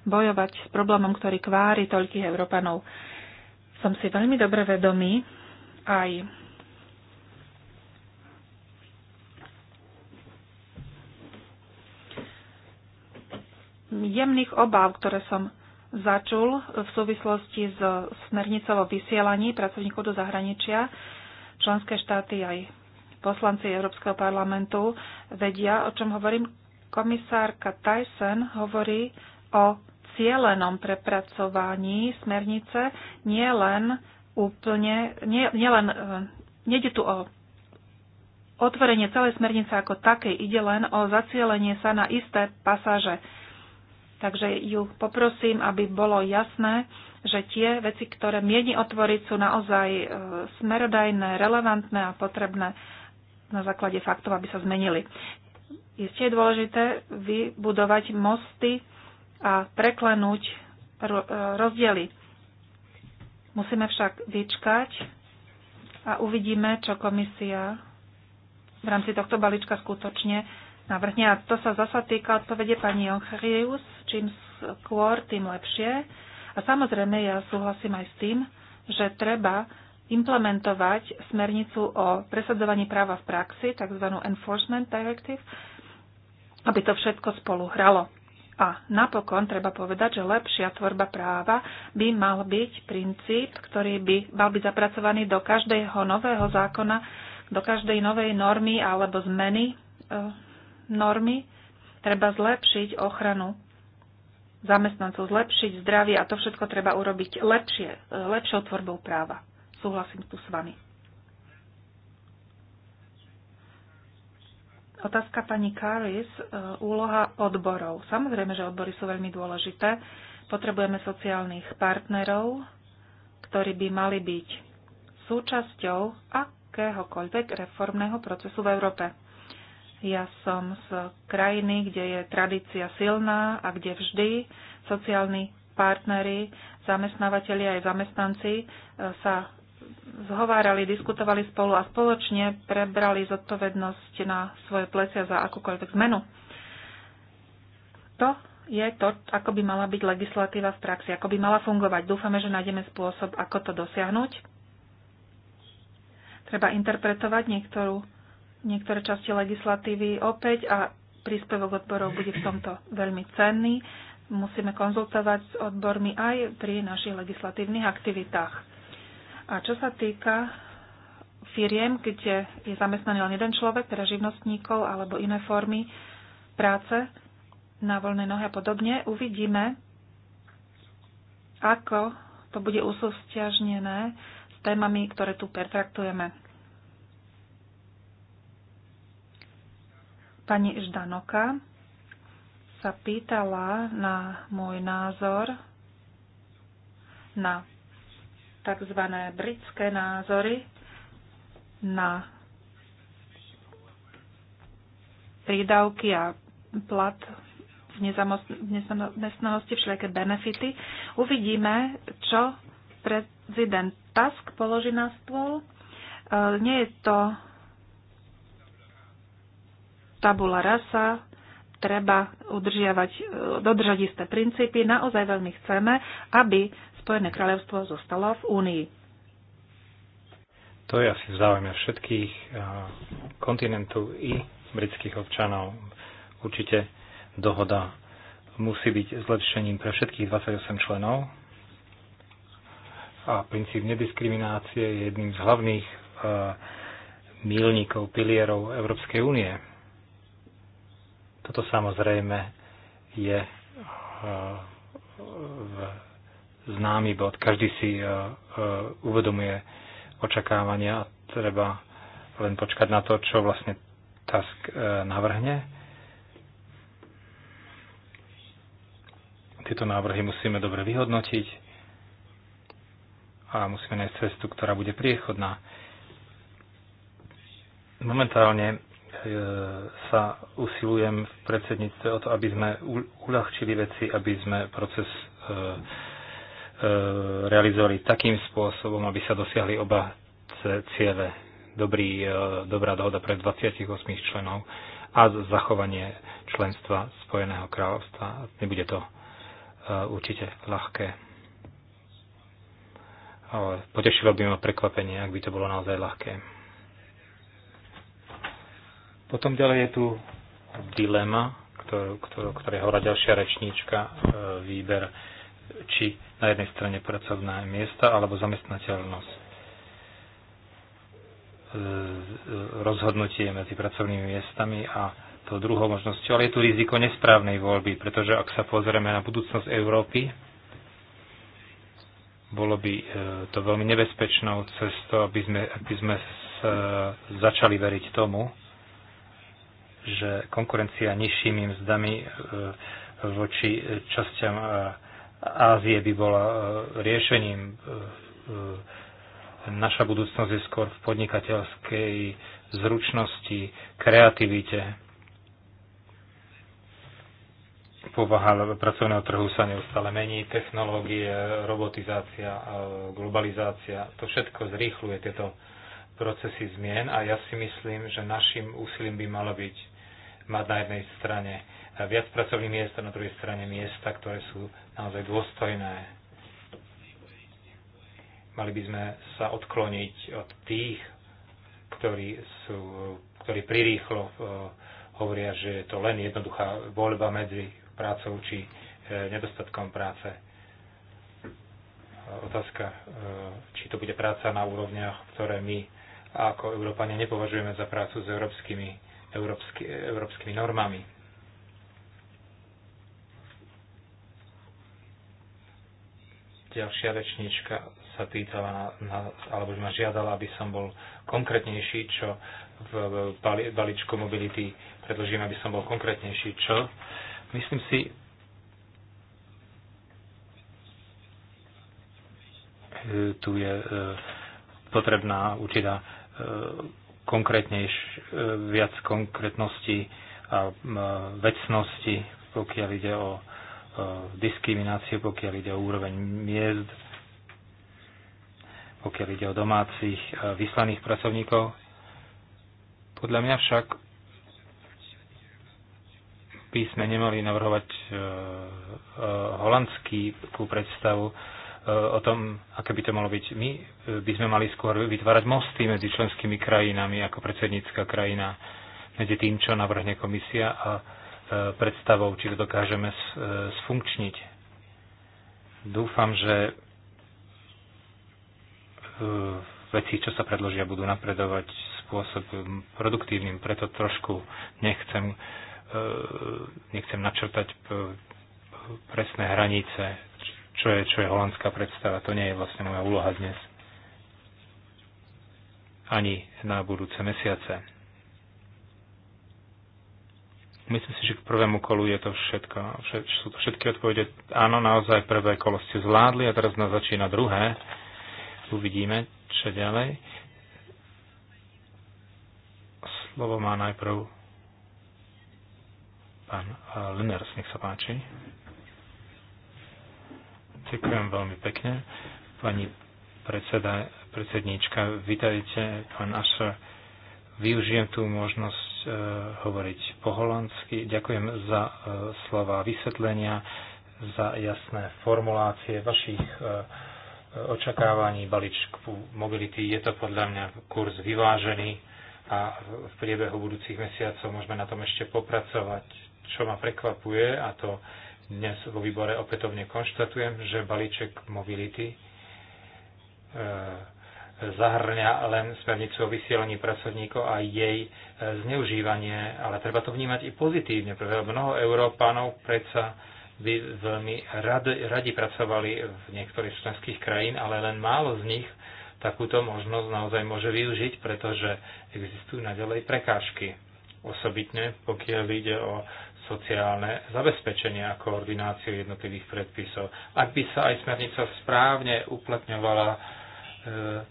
bojovať s problémom, ktorý kvári toľkých Európanov. Som si veľmi dobre vedomý aj jemných obáv, ktoré som začul v súvislosti s smernicou o vysielaní pracovníkov do zahraničia. Členské štáty aj poslanci Európskeho parlamentu vedia, o čom hovorím. Komisárka Tyson hovorí o cieľenom prepracovaní smernice nie len úplne, nie, nie len, e, nejde tu o otvorenie celej smernice ako také, ide len o zacielenie sa na isté pasáže Takže ju poprosím, aby bolo jasné, že tie veci, ktoré mieni otvoriť, sú naozaj e, smerodajné, relevantné a potrebné na základe faktov, aby sa zmenili. Je ste dôležité vybudovať mosty a preklenúť e, rozdiely. Musíme však vyčkať a uvidíme, čo komisia v rámci tohto balíčka skutočne navrhne. A to sa zasa týka odpovede pani Jonchrius, čím skôr, tým lepšie. A samozrejme, ja súhlasím aj s tým, že treba implementovať smernicu o presadzovaní práva v praxi, tzv. Enforcement Directive, aby to všetko spolu hralo. A napokon treba povedať, že lepšia tvorba práva by mal byť princíp, ktorý by mal byť zapracovaný do každého nového zákona, do každej novej normy alebo zmeny e, normy, treba zlepšiť ochranu zamestnancov, zlepšiť zdravie a to všetko treba urobiť lepšie, lepšou tvorbou práva. Súhlasím tu s vami. Otázka pani Karis, e, úloha odborov. Samozrejme, že odbory sú veľmi dôležité. Potrebujeme sociálnych partnerov, ktorí by mali byť súčasťou akéhokoľvek reformného procesu v Európe. Ja som z krajiny, kde je tradícia silná a kde vždy sociálni partnery, zamestnávateľi aj zamestnanci e, sa zhovárali, diskutovali spolu a spoločne prebrali zodpovednosť na svoje plecia za akúkoľvek zmenu. To je to, ako by mala byť legislatíva v praxi, ako by mala fungovať. Dúfame, že nájdeme spôsob, ako to dosiahnuť. Treba interpretovať niektorú niektoré časti legislatívy opäť a príspevok odborov bude v tomto veľmi cenný. Musíme konzultovať s odbormi aj pri našich legislatívnych aktivitách. A čo sa týka firiem, kde je zamestnaný len jeden človek, teda živnostníkov alebo iné formy práce na voľné nohy a podobne, uvidíme, ako to bude usústiažnené s témami, ktoré tu pertraktujeme. Pani Ždanoka sa pýtala na môj názor na tzv. britské názory na prídavky a plat v nezamestnanosti, všelijaké benefity. Uvidíme, čo prezident Tusk položí na stôl. E, nie je to tabula rasa, treba udržiavať, e, dodržať isté princípy. Naozaj veľmi chceme, aby Spojené kráľovstvo zostalo v Únii. To je asi v záujme všetkých e, kontinentov i britských občanov. Určite dohoda musí byť zlepšením pre všetkých 28 členov a princíp nediskriminácie je jedným z hlavných e, mílnikov, pilierov Európskej únie toto samozrejme je eh, známy bod. Každý si eh, eh, uvedomuje očakávania a treba len počkať na to, čo vlastne task navrhne. Tieto návrhy musíme dobre vyhodnotiť a musíme nájsť cestu, ktorá bude priechodná. Momentálne E, sa usilujem v predsedníctve o to, aby sme uľahčili veci, aby sme proces e, e, realizovali takým spôsobom, aby sa dosiahli oba cieľe. Dobrý, dobrá dohoda pre 28 členov a zachovanie členstva Spojeného kráľovstva. Nebude to určite ľahké. Ale potešilo by ma prekvapenie, ak by to bolo naozaj ľahké. Potom ďalej je tu dilema, ktorú, ktorú, ktoré hovorí ďalšia rečníčka, e, výber či na jednej strane pracovné miesta alebo zamestnateľnosť. E, e, rozhodnutie medzi pracovnými miestami a tou druhou možnosťou, ale je tu riziko nesprávnej voľby, pretože ak sa pozrieme na budúcnosť Európy, bolo by to veľmi nebezpečnou cestou, aby sme, aby sme začali veriť tomu, že konkurencia nižšími mzdami e, voči časťam e, Ázie by bola e, riešením. Naša budúcnosť je skôr v podnikateľskej zručnosti, kreativite. Povaha pracovného trhu sa neustále mení, technológie, robotizácia, globalizácia, to všetko zrýchluje tieto procesy zmien a ja si myslím, že našim úsilím by malo byť mať na jednej strane viac pracovných miest a na druhej strane miesta, ktoré sú naozaj dôstojné. Mali by sme sa odkloniť od tých, ktorí, sú, ktorí prirýchlo eh, hovoria, že je to len jednoduchá voľba medzi prácou či eh, nedostatkom práce. Otázka, eh, či to bude práca na úrovniach, ktoré my ako Európania nepovažujeme za prácu s európskymi európsky, európskymi normami. Ďalšia rečníčka sa pýtala, na, alebo ma žiadala, aby som bol konkrétnejší, čo v balíčku mobility predložím, aby som bol konkrétnejší, čo. Myslím si, e, tu je e, potrebná určitá e, konkrétnejš, eh, viac konkrétnosti a vecnosti, pokiaľ ide o eh, diskrimináciu, pokiaľ ide o úroveň miest, pokiaľ ide o domácich eh, vyslaných pracovníkov. Podľa mňa však by sme nemali navrhovať holandskú predstavu o tom, aké by to malo byť. My e, by sme mali skôr vytvárať mosty medzi členskými krajinami ako predsednícka krajina, medzi tým, čo navrhne komisia a e, predstavou, či to dokážeme e, sfunkčniť. Dúfam, že veci, čo sa predložia, budú napredovať spôsobom produktívnym, preto trošku nechcem, nechcem načrtať presné hranice čo je, čo je holandská predstava. To nie je vlastne moja úloha dnes. Ani na budúce mesiace. Myslím si, že k prvému kolu je to všetko. Všet, sú to všetky odpovede. Áno, naozaj prvé kolo ste zvládli a teraz nás začína druhé. Uvidíme, čo ďalej. Slovo má najprv pán Leners, nech sa páči. Ďakujem veľmi pekne. Pani predseda, predsedníčka, vitajte, pán Ašer. Využijem tú možnosť e, hovoriť po holandsky. Ďakujem za e, slova vysvetlenia, za jasné formulácie vašich e, očakávaní balíčku mobility. Je to podľa mňa kurz vyvážený a v priebehu budúcich mesiacov môžeme na tom ešte popracovať. Čo ma prekvapuje, a to dnes vo výbore opätovne konštatujem, že balíček mobility e, zahrňa len smernicu o vysielaní pracovníkov a jej e, zneužívanie, ale treba to vnímať i pozitívne, pretože mnoho Európanov predsa by veľmi rad, radi pracovali v niektorých členských krajín, ale len málo z nich takúto možnosť naozaj môže využiť, pretože existujú naďalej prekážky. Osobitne, pokiaľ ide o sociálne zabezpečenie a koordináciu jednotlivých predpisov. Ak by sa aj smernica správne uplatňovala e, e,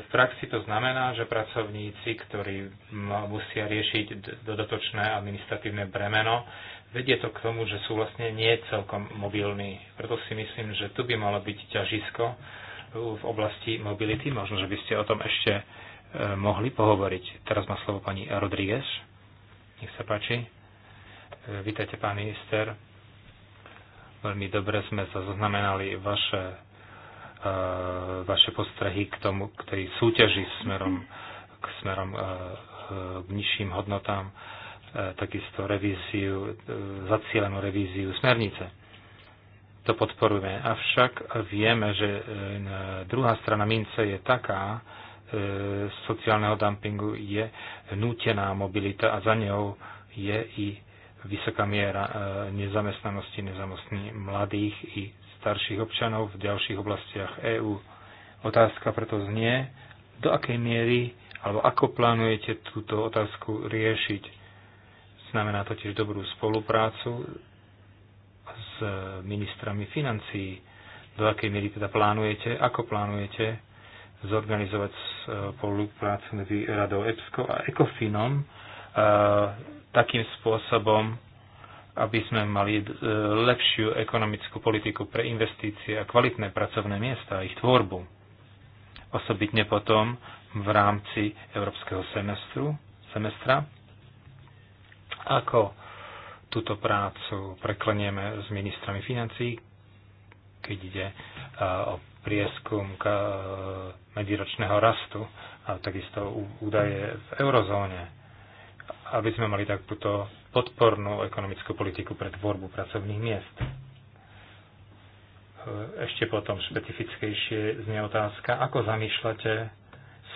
v praxi, to znamená, že pracovníci, ktorí musia riešiť dodatočné administratívne bremeno, vedie to k tomu, že sú vlastne nie celkom mobilní. Preto si myslím, že tu by malo byť ťažisko e, v oblasti mobility. Možno, že by ste o tom ešte mohli pohovoriť. Teraz má slovo pani Rodríguez. Nech sa páči. Vítajte, pán minister. Veľmi dobre sme sa zaznamenali vaše, e, vaše postrehy k, tomu, k tej súťaži smerom, k, smerom e, e, k nižším hodnotám, takisto revíziu, zacielenú revíziu smernice. To podporujeme. Avšak vieme, že druhá strana mince je taká, sociálneho dumpingu je nútená mobilita a za ňou je i vysoká miera e, nezamestnanosti nezamestní mladých i starších občanov v ďalších oblastiach EÚ. Otázka preto znie, do akej miery alebo ako plánujete túto otázku riešiť. Znamená totiž dobrú spoluprácu s ministrami financií. Do akej miery teda plánujete, ako plánujete zorganizovať e, spoluprácu medzi Radou EPSCO a ECOFINom, e, takým spôsobom, aby sme mali e, lepšiu ekonomickú politiku pre investície a kvalitné pracovné miesta a ich tvorbu. Osobitne potom v rámci európskeho semestru, semestra, ako túto prácu preklenieme s ministrami financí, keď ide e, o prieskum e, medziročného rastu a takisto údaje v eurozóne aby sme mali takúto podpornú ekonomickú politiku pre tvorbu pracovných miest. Ešte potom špecifickejšie znie otázka, ako zamýšľate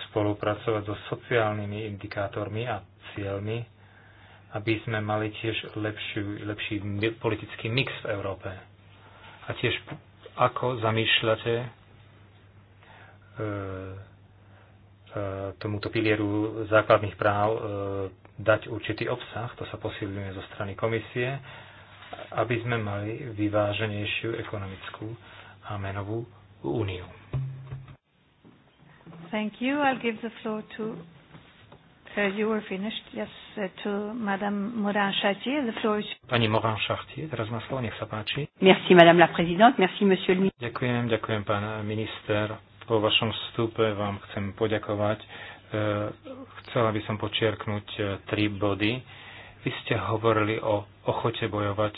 spolupracovať so sociálnymi indikátormi a cieľmi, aby sme mali tiež lepší, lepší politický mix v Európe. A tiež ako zamýšľate e, e, tomuto pilieru základných práv e, dať určitý obsah, to sa posilňuje zo strany komisie, aby sme mali vyváženejšiu ekonomickú a menovú úniu. Thank you. I'll give the floor to Uh, you were finished. Yes, uh, to Madame Morin-Chartier. The floor is... Pani Morin-Chartier, teraz má slovo, nech sa páči. Merci, Madame la Présidente. Merci, Monsieur le Ministre. Ďakujem, ďakujem, pán minister. Po vašom vstupe vám chcem poďakovať Eh, chcela by som počiarknúť eh, tri body. Vy ste hovorili o ochote bojovať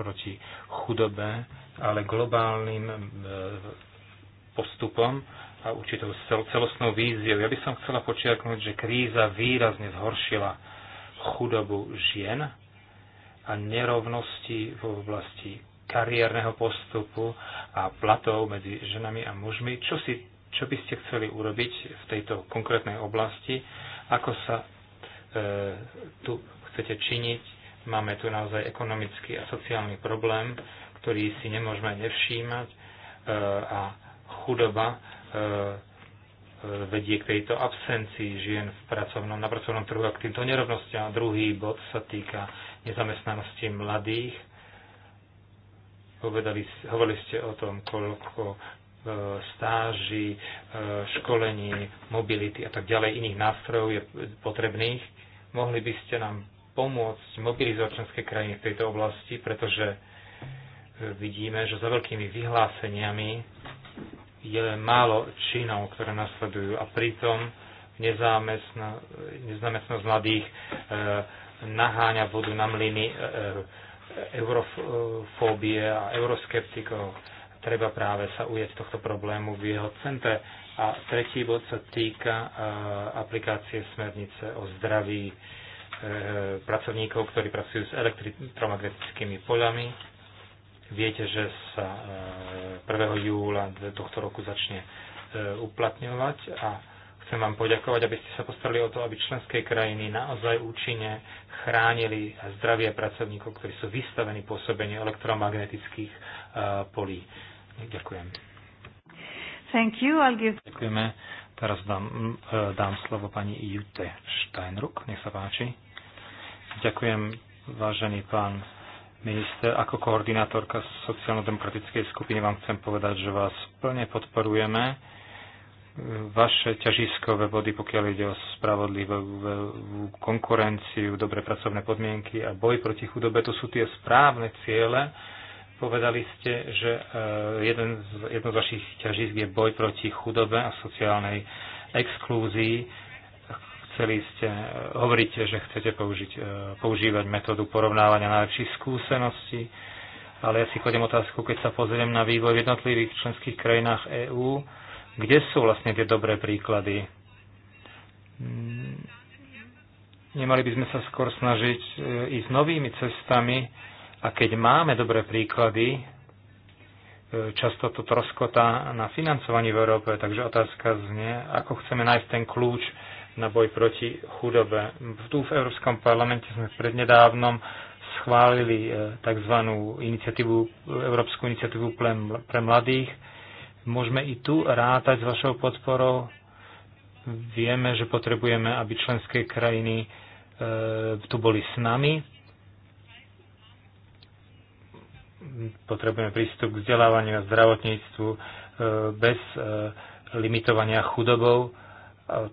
proti chudobe, ale globálnym eh, postupom a určitou celostnou víziou. Ja by som chcela počiarknúť, že kríza výrazne zhoršila chudobu žien a nerovnosti v oblasti kariérneho postupu a platov medzi ženami a mužmi, čo si čo by ste chceli urobiť v tejto konkrétnej oblasti? Ako sa e, tu chcete činiť? Máme tu naozaj ekonomický a sociálny problém, ktorý si nemôžeme nevšímať e, a chudoba e, e vedie k tejto absencii žien v pracovnom, na pracovnom trhu a k týmto nerovnostiam. A druhý bod sa týka nezamestnanosti mladých. Povedali, hovorili ste o tom, koľko E, stáži, e, školení, mobility a tak ďalej iných nástrojov je potrebných. Mohli by ste nám pomôcť mobilizovať členské krajiny v tejto oblasti, pretože e, vidíme, že za veľkými vyhláseniami je len málo činov, ktoré nasledujú a pritom nezamestnosť mladých naháňa vodu na mlyny eurofóbie a euroskeptikov treba práve sa ujať tohto problému v jeho centre. A tretí bod sa týka e, aplikácie smernice o zdraví e, pracovníkov, ktorí pracujú s elektromagnetickými poľami. Viete, že sa 1. E, júla tohto roku začne uplatňovať a chcem vám poďakovať, aby ste sa postarali o to, aby členské krajiny naozaj účinne chránili zdravie pracovníkov, ktorí sú vystavení pôsobeniu elektromagnetických polí. Ďakujem. Thank you. I'll give... Ďakujeme. Teraz dám, e, dám slovo pani Jute Steinruck. Nech sa páči. Ďakujem, vážený pán minister. Ako koordinátorka sociálno-demokratickej skupiny vám chcem povedať, že vás plne podporujeme. E, vaše ťažiskové body, pokiaľ ide o spravodlivú konkurenciu, dobre pracovné podmienky a boj proti chudobe, to sú tie správne ciele, Povedali ste, že e, jeden z, jedno z vašich ťažisk je boj proti chudobe a sociálnej exklúzii. Chceli ste, e, hovoríte, že chcete použiť, e, používať metódu porovnávania najlepších skúseností, ale ja si chodím otázku, keď sa pozriem na vývoj v jednotlivých členských krajinách EÚ, kde sú vlastne tie dobré príklady? Mm, nemali by sme sa skôr snažiť ísť novými cestami, a keď máme dobré príklady, e, často to troskota na financovaní v Európe, takže otázka znie, ako chceme nájsť ten kľúč na boj proti chudobe. Tu v Európskom parlamente sme prednedávnom schválili e, tzv. Iniciatívu, Európsku iniciatívu pre mladých. Môžeme i tu rátať s vašou podporou. Vieme, že potrebujeme, aby členské krajiny e, tu boli s nami potrebujeme prístup k vzdelávaniu a zdravotníctvu e, bez e, limitovania chudobou. E,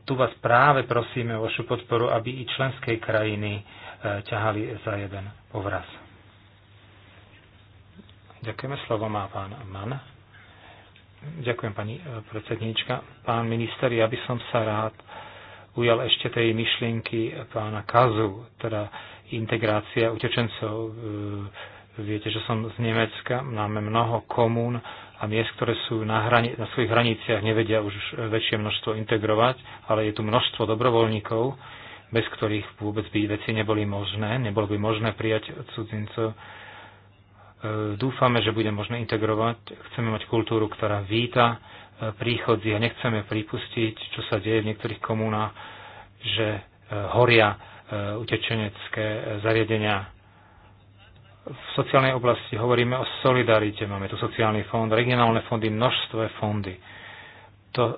tu vás práve prosíme o vašu podporu, aby i členské krajiny ťahali za jeden povraz. Ďakujeme. Slovo má pán Mann. Ďakujem, pani predsedníčka. Pán minister, ja by som sa rád ujal ešte tej myšlienky pána Kazu, teda integrácia utečencov e, Viete, že som z Nemecka, máme mnoho komún a miest, ktoré sú na, hrani- na svojich hraniciach, nevedia už väčšie množstvo integrovať, ale je tu množstvo dobrovoľníkov, bez ktorých vôbec by veci neboli možné, nebolo by možné prijať cudzincov. E, dúfame, že bude možné integrovať. Chceme mať kultúru, ktorá víta e, príchodzi a nechceme pripustiť, čo sa deje v niektorých komunách, že e, horia utečenecké zariadenia v sociálnej oblasti hovoríme o solidarite, máme tu sociálny fond, regionálne fondy, množstvo fondy. To e,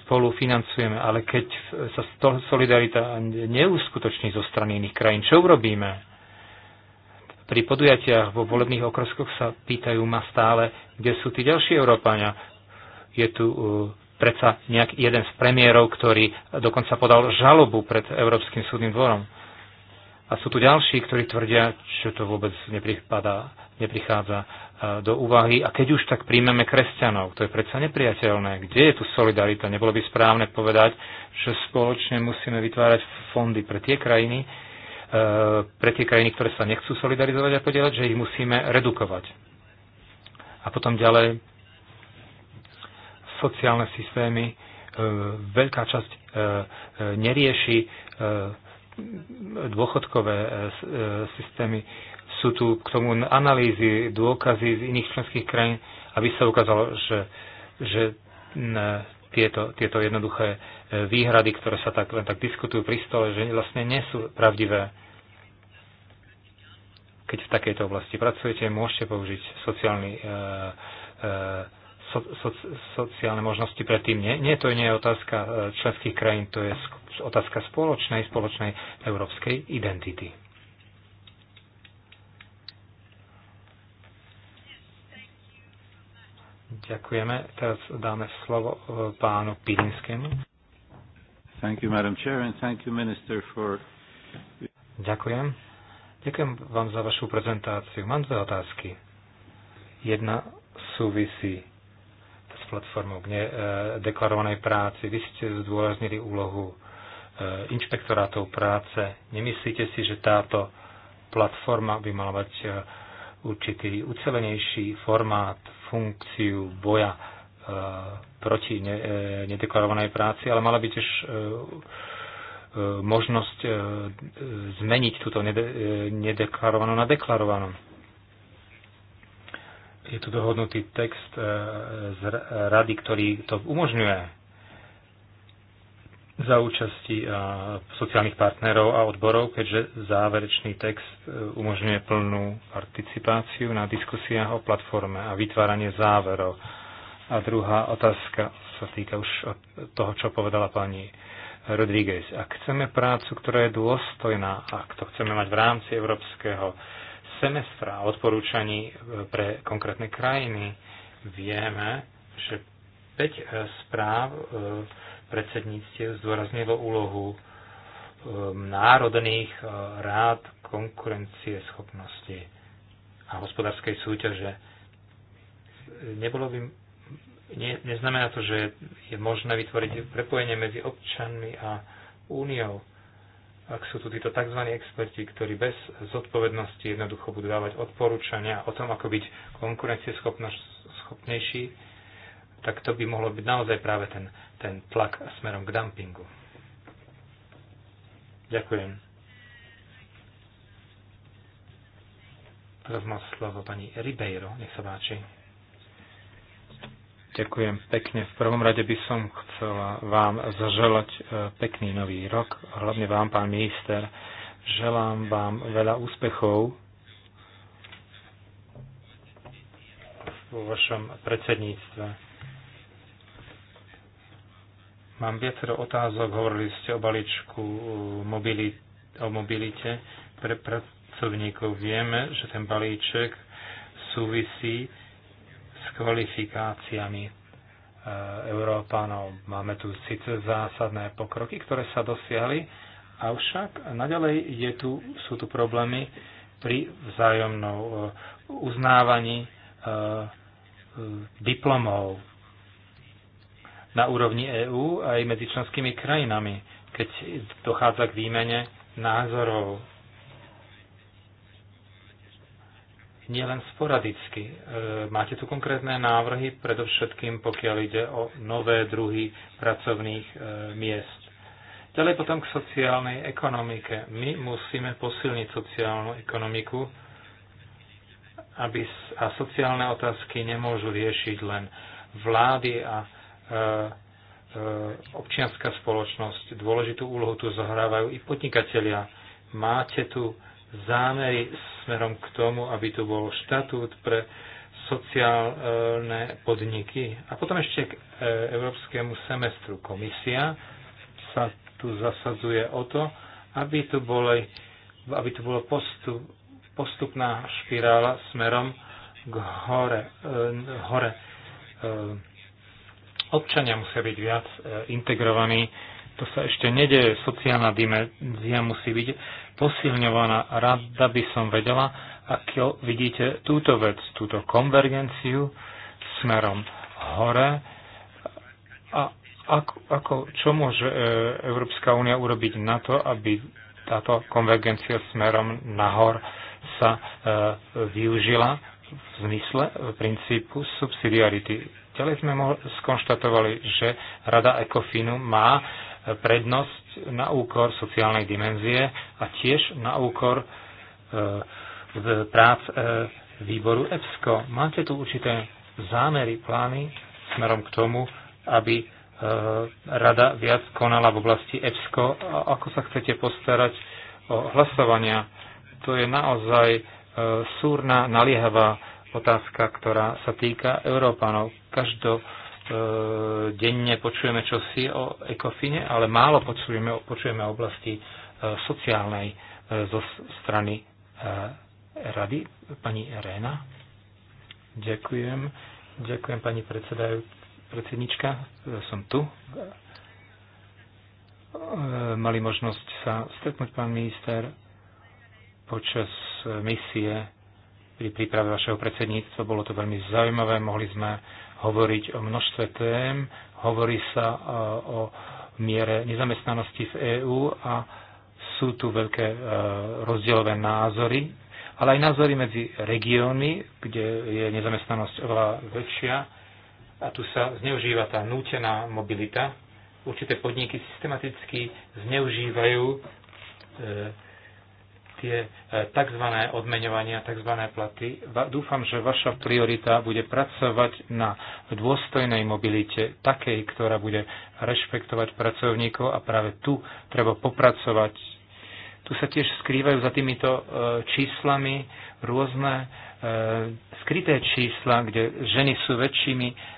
spolu financujeme, ale keď sa solidarita neuskutoční zo strany iných krajín, čo urobíme? Pri podujatiach vo volebných okreskoch sa pýtajú ma stále, kde sú tí ďalší Európania. Je tu e, predsa nejak jeden z premiérov, ktorý dokonca podal žalobu pred Európskym súdnym dvorom. A sú tu ďalší, ktorí tvrdia, že to vôbec nepripadá, neprichádza e, do úvahy. A keď už tak príjmeme kresťanov, to je predsa nepriateľné. Kde je tu solidarita? Nebolo by správne povedať, že spoločne musíme vytvárať fondy pre tie krajiny, e, pre tie krajiny, ktoré sa nechcú solidarizovať a podielať, že ich musíme redukovať. A potom ďalej sociálne systémy. E, veľká časť nerieši dôchodkové e, e, systémy. Sú tu k tomu analýzy, dôkazy z iných členských krajín, aby sa ukázalo, že, že tieto, tieto jednoduché e, výhrady, ktoré sa tak, len tak diskutujú pri stole, že vlastne nie sú pravdivé. Keď v takejto oblasti pracujete, môžete použiť sociálny uh, uh, so, so, sociálne možnosti predtým. Nie, nie, to nie je otázka e, členských krajín, to je otázka spoločnej, spoločnej európskej identity. Ďakujeme. Teraz dáme slovo e, pánu Pilinskému. Thank you, Madam Chair, and thank you, Minister, for... Ďakujem. Ďakujem vám za vašu prezentáciu. Mám dve otázky. Jedna súvisí platformu k deklarovanej práci. Vy ste zdôraznili úlohu e, inšpektorátov práce. Nemyslíte si, že táto platforma by mala mať e, určitý ucelenejší formát, funkciu boja e, proti nedeklarovanej práci, ale mala by tiež možnosť zmeniť túto nedeklarovanú na deklarovanú je tu dohodnutý text e, z rady, ktorý to umožňuje za účasti e, sociálnych partnerov a odborov, keďže záverečný text e, umožňuje plnú participáciu na diskusiách o platforme a vytváranie záverov. A druhá otázka sa týka už toho, čo povedala pani Rodríguez. Ak chceme prácu, ktorá je dôstojná, ak to chceme mať v rámci európskeho semestra a odporúčaní e, pre konkrétne krajiny. Vieme, že 5 e, správ e, predsedníctiev zdôraznilo úlohu národných rád konkurencie schopnosti a hospodárskej súťaže. Nebolo by, ne, neznamená to, že je možné vytvoriť prepojenie medzi občanmi a úniou ak sú tu títo tzv. experti, ktorí bez zodpovednosti jednoducho budú dávať odporúčania o tom, ako byť konkurencieschopnejší, tak to by mohlo byť naozaj práve ten, ten tlak smerom k dumpingu. Ďakujem. Teraz má slovo pani Ribeiro, nech sa páči. Ďakujem pekne. V prvom rade by som chcela vám zaželať e, pekný nový rok, hlavne vám, pán minister. Želám vám veľa úspechov vo vašom predsedníctve. Mám viacero otázok. Hovorili ste o balíčku e, o mobilite pre pracovníkov. Vieme, že ten balíček súvisí s kvalifikáciami e, Európanov. Máme tu síce zásadné pokroky, ktoré sa dosiahli, avšak naďalej je tu, sú tu problémy pri vzájomnom e, uznávaní e, diplomov na úrovni EÚ aj medzi členskými krajinami, keď dochádza k výmene názorov nielen sporadicky. E, máte tu konkrétne návrhy, predovšetkým pokiaľ ide o nové druhy pracovných e, miest. Ďalej potom k sociálnej ekonomike. My musíme posilniť sociálnu ekonomiku aby, a sociálne otázky nemôžu riešiť len vlády a e, e, občianská spoločnosť. Dôležitú úlohu tu zohrávajú i podnikatelia. Máte tu zámery smerom k tomu, aby tu bol štatút pre sociálne podniky. A potom ešte k e, európskemu semestru. Komisia sa tu zasadzuje o to, aby tu, boli, aby tu bolo postup, postupná špirála smerom k hore. E, hore. E, občania musia byť viac integrovaní to sa ešte nedeje. Sociálna dimenzia musí byť posilňovaná. Rada by som vedela, ako vidíte túto vec, túto konvergenciu smerom hore a ako, ako, čo môže e, Európska únia urobiť na to, aby táto konvergencia smerom nahor sa e, využila v zmysle v e, princípu subsidiarity. Ďalej sme skonštatovali, že Rada Ecofinu má prednosť na úkor sociálnej dimenzie a tiež na úkor e, prác e, výboru EPSCO. Máte tu určité zámery, plány smerom k tomu, aby e, rada viac konala v oblasti EPSCO a ako sa chcete postarať o hlasovania. To je naozaj súrna, naliehavá otázka, ktorá sa týka Európanov. Každopádne E, denne počujeme čosi o ekofine, ale málo počujeme, počujeme oblasti e, sociálnej e, zo strany rady. Pani Réna. Ďakujem. Ďakujem pani predsednička. Som tu. Mali možnosť sa stretnúť pán minister počas misie pri príprave vašeho predsedníctva. Bolo to veľmi zaujímavé. Mohli sme hovoriť o množstve tém, hovorí sa e, o miere nezamestnanosti v EÚ a sú tu veľké e, rozdielové názory, ale aj názory medzi regiónmi, kde je nezamestnanosť oveľa väčšia a tu sa zneužíva tá nútená mobilita. Určité podniky systematicky zneužívajú e, tie e, tzv. odmeňovania, tzv. platy. Dúfam, že vaša priorita bude pracovať na dôstojnej mobilite, takej, ktorá bude rešpektovať pracovníkov a práve tu treba popracovať. Tu sa tiež skrývajú za týmito e, číslami rôzne e, skryté čísla, kde ženy sú väčšími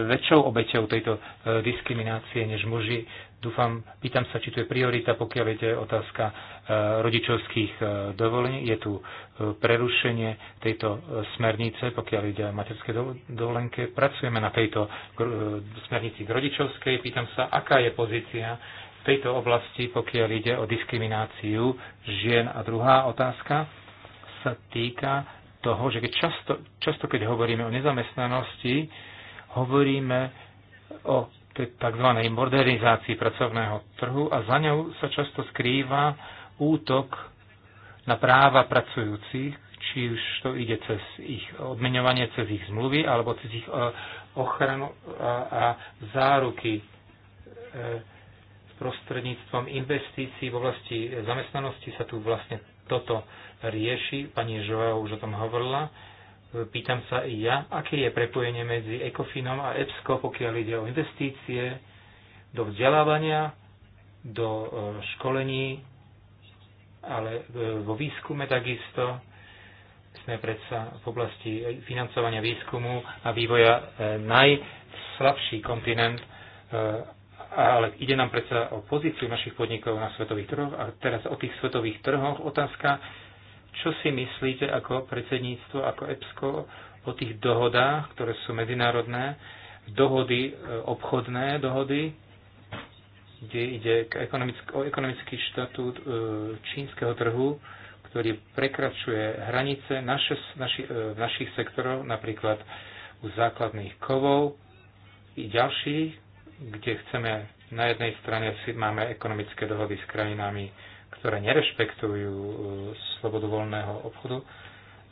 väčšou obeťou tejto diskriminácie než muži. Dúfam, pýtam sa, či tu je priorita, pokiaľ ide otázka e, rodičovských e, dovolení. Je tu e, prerušenie tejto smernice, pokiaľ ide o materské dovolenke. Pracujeme na tejto smernici k rodičovskej. Pýtam sa, aká je pozícia v tejto oblasti, pokiaľ ide o diskrimináciu žien. A druhá otázka sa týka toho, že keď často, často keď hovoríme o nezamestnanosti, hovoríme o tzv. modernizácii pracovného trhu a za ňou sa často skrýva útok na práva pracujúcich, či už to ide cez ich odmeňovanie, cez ich zmluvy alebo cez ich e, ochranu a záruky e, prostredníctvom investícií v oblasti zamestnanosti sa tu vlastne toto rieši. Pani Žová už o tom hovorila Pýtam sa i ja, aké je prepojenie medzi ECOFINom a EPSCO, pokiaľ ide o investície do vzdelávania, do e, školení, ale e, vo výskume takisto sme predsa v oblasti financovania výskumu a vývoja e, najslabší kontinent, ale ide nám predsa o pozíciu našich podnikov na svetových trhoch a teraz o tých svetových trhoch otázka, čo si myslíte ako predsedníctvo, ako EPSCO o tých dohodách, ktoré sú medzinárodné, dohody, e, obchodné dohody, kde ide k ekonomick- o ekonomický štatút e, čínskeho trhu, ktorý prekračuje hranice naše, naši, e, našich sektorov, napríklad u základných kovov i ďalších, kde chceme na jednej strane si máme ekonomické dohody s krajinami ktoré nerešpektujú e, slobodu voľného obchodu.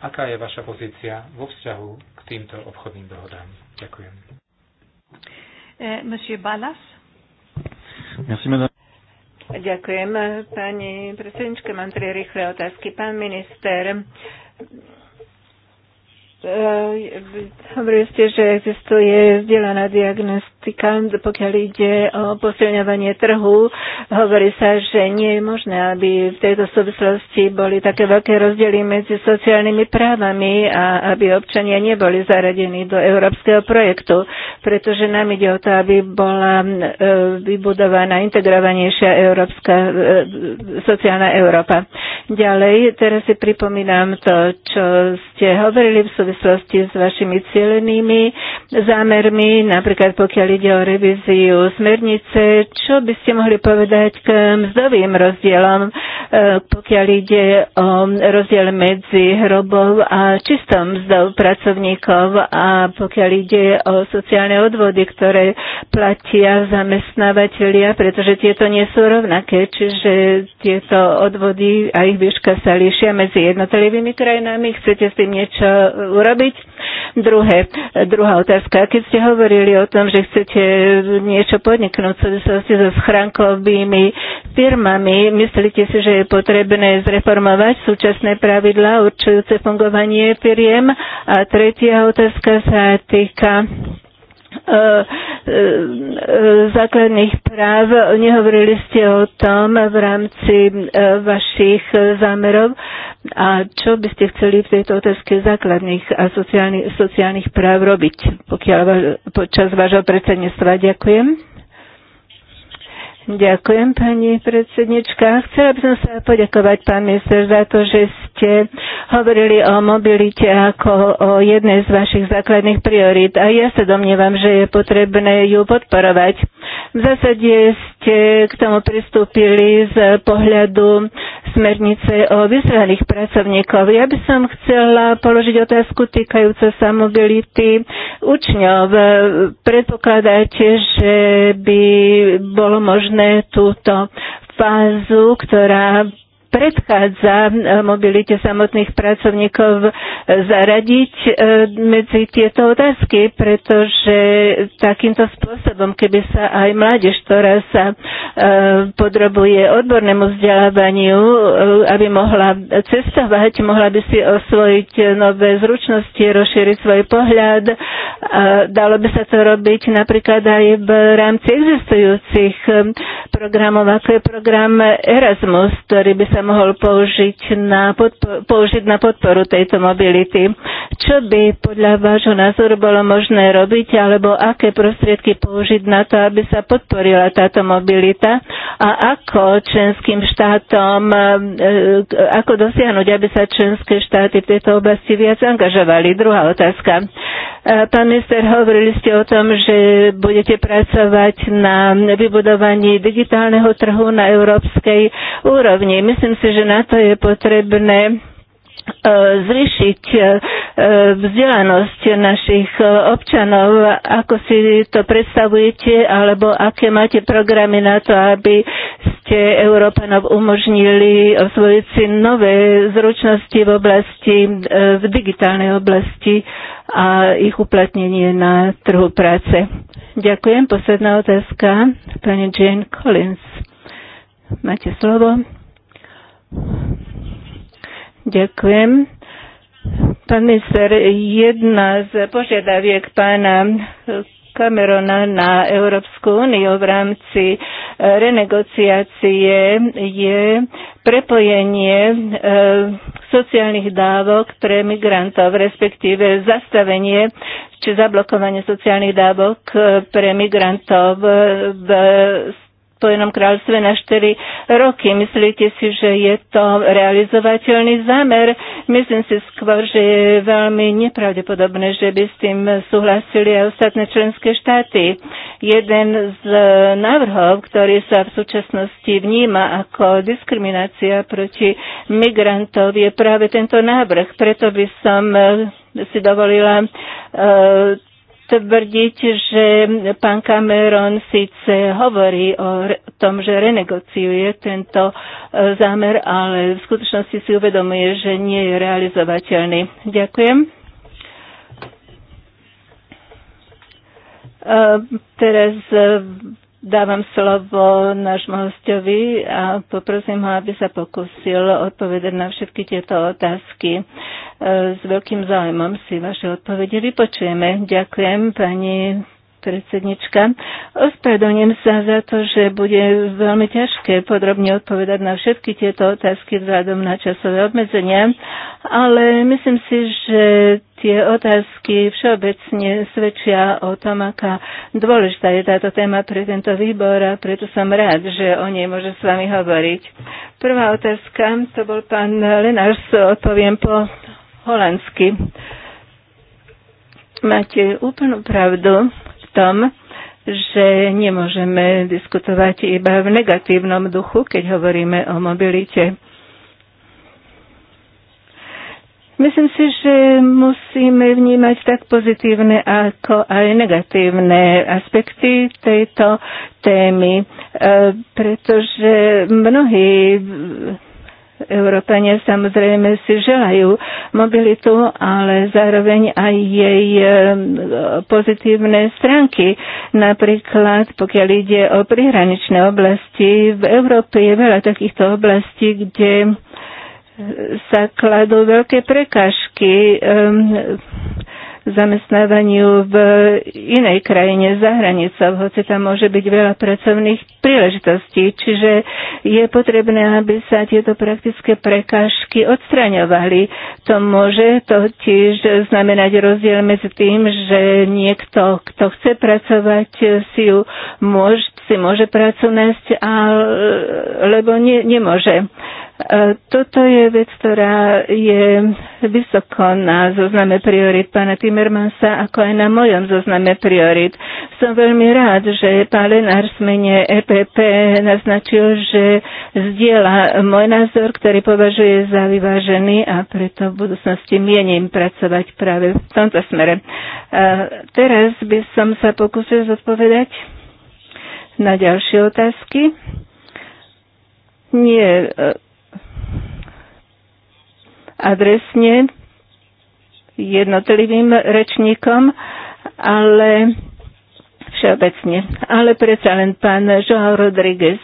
Aká je vaša pozícia vo vzťahu k týmto obchodným dohodám? Ďakujem. E, monsieur Balas. Merci, madame. Ďakujem, pani predsednička. Mám tri rýchle otázky. Pán minister, e, hovorili ste, že existuje vzdelaná diagnostika politika, pokiaľ ide o posilňovanie trhu, hovorí sa, že nie je možné, aby v tejto súvislosti boli také veľké rozdiely medzi sociálnymi právami a aby občania neboli zaradení do európskeho projektu, pretože nám ide o to, aby bola e, vybudovaná integrovanejšia európska e, sociálna Európa. Ďalej, teraz si pripomínam to, čo ste hovorili v súvislosti s vašimi cieľenými zámermi, napríklad pokiaľ ide o revíziu smernice, čo by ste mohli povedať k mzdovým rozdielom, e, pokiaľ ide o rozdiel medzi hrobou a čistom mzdou pracovníkov a pokiaľ ide o sociálne odvody, ktoré platia zamestnávateľia, pretože tieto nie sú rovnaké, čiže tieto odvody a ich výška sa líšia medzi jednotlivými krajinami. Chcete s tým niečo urobiť? Druhé, druhá otázka. Keď ste hovorili o tom, že chcete chcete niečo podniknúť v súvislosti so schránkovými firmami. Myslíte si, že je potrebné zreformovať súčasné pravidlá určujúce fungovanie firiem? A tretia otázka sa týka Eh, eh, základných práv. Nehovorili ste o tom v rámci eh, vašich zámerov. A čo by ste chceli v tejto otázke základných a sociálnych, sociálnych práv robiť, pokiaľ počas vášho predsedníctva? Ďakujem. Ďakujem, pani predsednička. Chcela by som sa poďakovať, pán minister, za to, že ste hovorili o mobilite ako o jednej z vašich základných priorít. A ja sa domnievam, že je potrebné ju podporovať. V zásade ste k tomu pristúpili z pohľadu smernice o vyslaných pracovníkov. Ja by som chcela položiť otázku týkajúce sa mobility učňov. Predpokladáte, že by bolo možné vítáme túto fázu, ktorá predchádza e, mobilite samotných pracovníkov e, zaradiť e, medzi tieto otázky, pretože takýmto spôsobom, keby sa aj mládež, ktorá sa podrobuje odbornému vzdelávaniu, aby mohla cestovať, mohla by si osvojiť nové zručnosti, rozšíriť svoj pohľad. Dalo by sa to robiť napríklad aj v rámci existujúcich programov, ako je program Erasmus, ktorý by sa mohol použiť na, podpo- použiť na podporu tejto mobility. Čo by podľa vášho názoru bolo možné robiť, alebo aké prostriedky použiť na to, aby sa podporila táto mobilita a ako členským štátom, e, e, ako dosiahnuť, aby sa členské štáty v tejto oblasti viac angažovali? Druhá otázka. E, pán minister, hovorili ste o tom, že budete pracovať na vybudovaní digitálneho trhu na európskej úrovni. Myslím si, že na to je potrebné E, zrišiť e, e, vzdelanosť našich občanov, ako si to predstavujete, alebo aké máte programy na to, aby ste Európanov umožnili osvojiť si nové zručnosti v oblasti, v digitálnej oblasti a ich uplatnenie na trhu práce. Ďakujem. Posledná otázka. Pani Jane Collins. Máte slovo. Ďakujem. Pán minister, jedna z požiadaviek pána Camerona na Európsku úniu v rámci e, renegociácie je prepojenie e, sociálnych dávok pre migrantov, respektíve zastavenie či zablokovanie sociálnych dávok e, pre migrantov v Spojenom kráľstve na 4 roky. Myslíte si, že je to realizovateľný zámer? Myslím si skôr, že je veľmi nepravdepodobné, že by s tým súhlasili aj ostatné členské štáty. Jeden z návrhov, ktorý sa v súčasnosti vníma ako diskriminácia proti migrantov, je práve tento návrh. Preto by som si dovolila e, tvrdiť, že pán Cameron síce hovorí o tom, že renegociuje tento e, zámer, ale v skutočnosti si uvedomuje, že nie je realizovateľný. Ďakujem. E, teraz e, Dávam slovo nášmu hostovi a poprosím ho, aby sa pokusil odpovedať na všetky tieto otázky. E, s veľkým záujmom si vaše odpovede vypočujeme. Ďakujem, pani predsednička. Ospravedlňujem sa za to, že bude veľmi ťažké podrobne odpovedať na všetky tieto otázky vzhľadom na časové obmedzenia, ale myslím si, že Tie otázky všeobecne svedčia o tom, aká dôležitá je táto téma pre tento výbor a preto som rád, že o nej môžem s vami hovoriť. Prvá otázka, to bol pán Lenárs, odpoviem po holandsky. Máte úplnú pravdu v tom, že nemôžeme diskutovať iba v negatívnom duchu, keď hovoríme o mobilite. Myslím si, že musíme vnímať tak pozitívne ako aj negatívne aspekty tejto témy, e, pretože mnohí Európania samozrejme si želajú mobilitu, ale zároveň aj jej e, pozitívne stránky. Napríklad, pokiaľ ide o prihraničné oblasti, v Európe je veľa takýchto oblastí, kde sa kladú veľké um, zamestnávaniu v inej krajine za hranicou, hoci tam môže byť veľa pracovných príležitostí. Čiže je potrebné, aby sa tieto praktické prekážky odstraňovali. To môže totiž znamenať rozdiel medzi tým, že niekto, kto chce pracovať, si, ju môže, si môže prácu nájsť, alebo nie, nemôže. Toto je vec, ktorá je vysoko na zozname priorit pána Timmermansa, ako aj na mojom zozname priorit. Som veľmi rád, že pán Lenár v mene EPP naznačil, že zdieľa môj názor, ktorý považuje za vyvážený a preto v budúcnosti mienim pracovať práve v tomto smere. Teraz by som sa pokusil zodpovedať na ďalšie otázky. Nie adresne jednotlivým rečníkom, ale všeobecne. Ale predsa len pán Joao Rodriguez.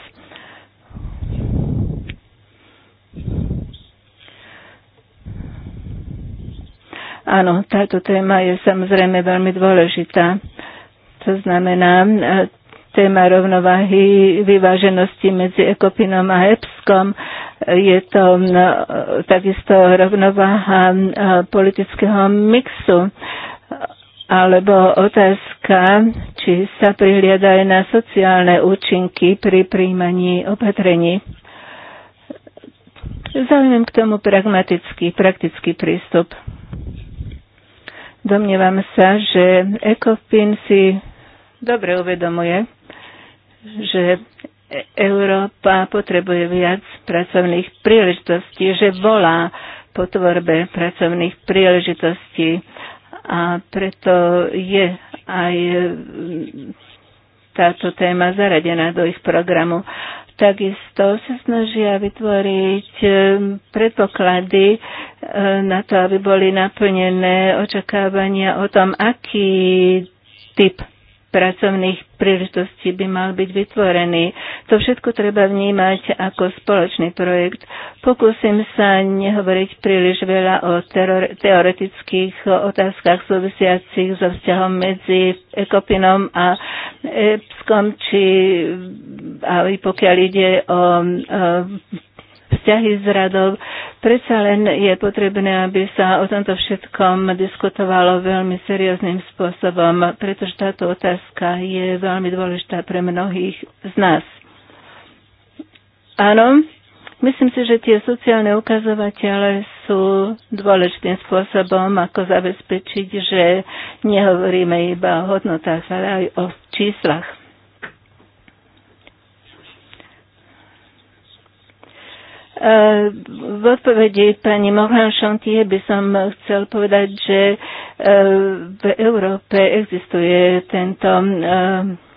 Áno, táto téma je samozrejme veľmi dôležitá. To znamená, e, téma rovnováhy, vyváženosti medzi ekopinom a EPSkom je to mm, takisto rovnováha mm, politického mixu alebo otázka, či sa prihliada aj na sociálne účinky pri príjmaní opatrení. Zaujímam k tomu pragmatický, praktický prístup. Domnievam sa, že ECOFIN si dobre uvedomuje, že Európa potrebuje viac pracovných príležitostí, že volá po tvorbe pracovných príležitostí a preto je aj táto téma zaradená do ich programu. Takisto sa snažia vytvoriť e, predpoklady e, na to, aby boli naplnené očakávania o tom, aký typ pracovných príležitostí by mal byť vytvorený. To všetko treba vnímať ako spoločný projekt. Pokúsim sa nehovoriť príliš veľa o teoretických otázkach súvisiacich so vzťahom medzi ekopinom a EPSkom, či aj pokiaľ ide o, o vzťahy s radov. Predsa len je potrebné, aby sa o tomto všetkom diskutovalo veľmi serióznym spôsobom, pretože táto otázka je veľmi dôležitá pre mnohých z nás. Áno, myslím si, že tie sociálne ukazovatele sú dôležitým spôsobom, ako zabezpečiť, že nehovoríme iba o hodnotách, ale aj o číslach. Eh, v odpovedi pani Mohan Šontie by som chcel povedať, že eh, v Európe existuje tento eh,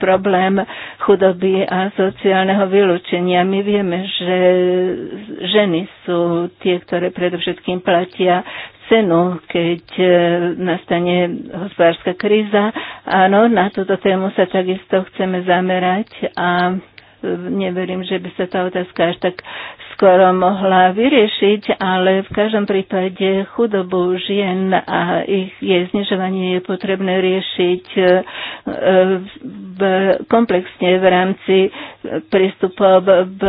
problém chudoby a sociálneho vylúčenia. My vieme, že ženy sú tie, ktoré predovšetkým platia cenu, keď nastane hospodárska kríza. Áno, na túto tému sa takisto chceme zamerať a neverím, že by sa tá otázka až tak skoro mohla vyriešiť, ale v každom prípade chudobu žien a ich, je znižovanie je potrebné riešiť e, v, komplexne v rámci prístupov v, v,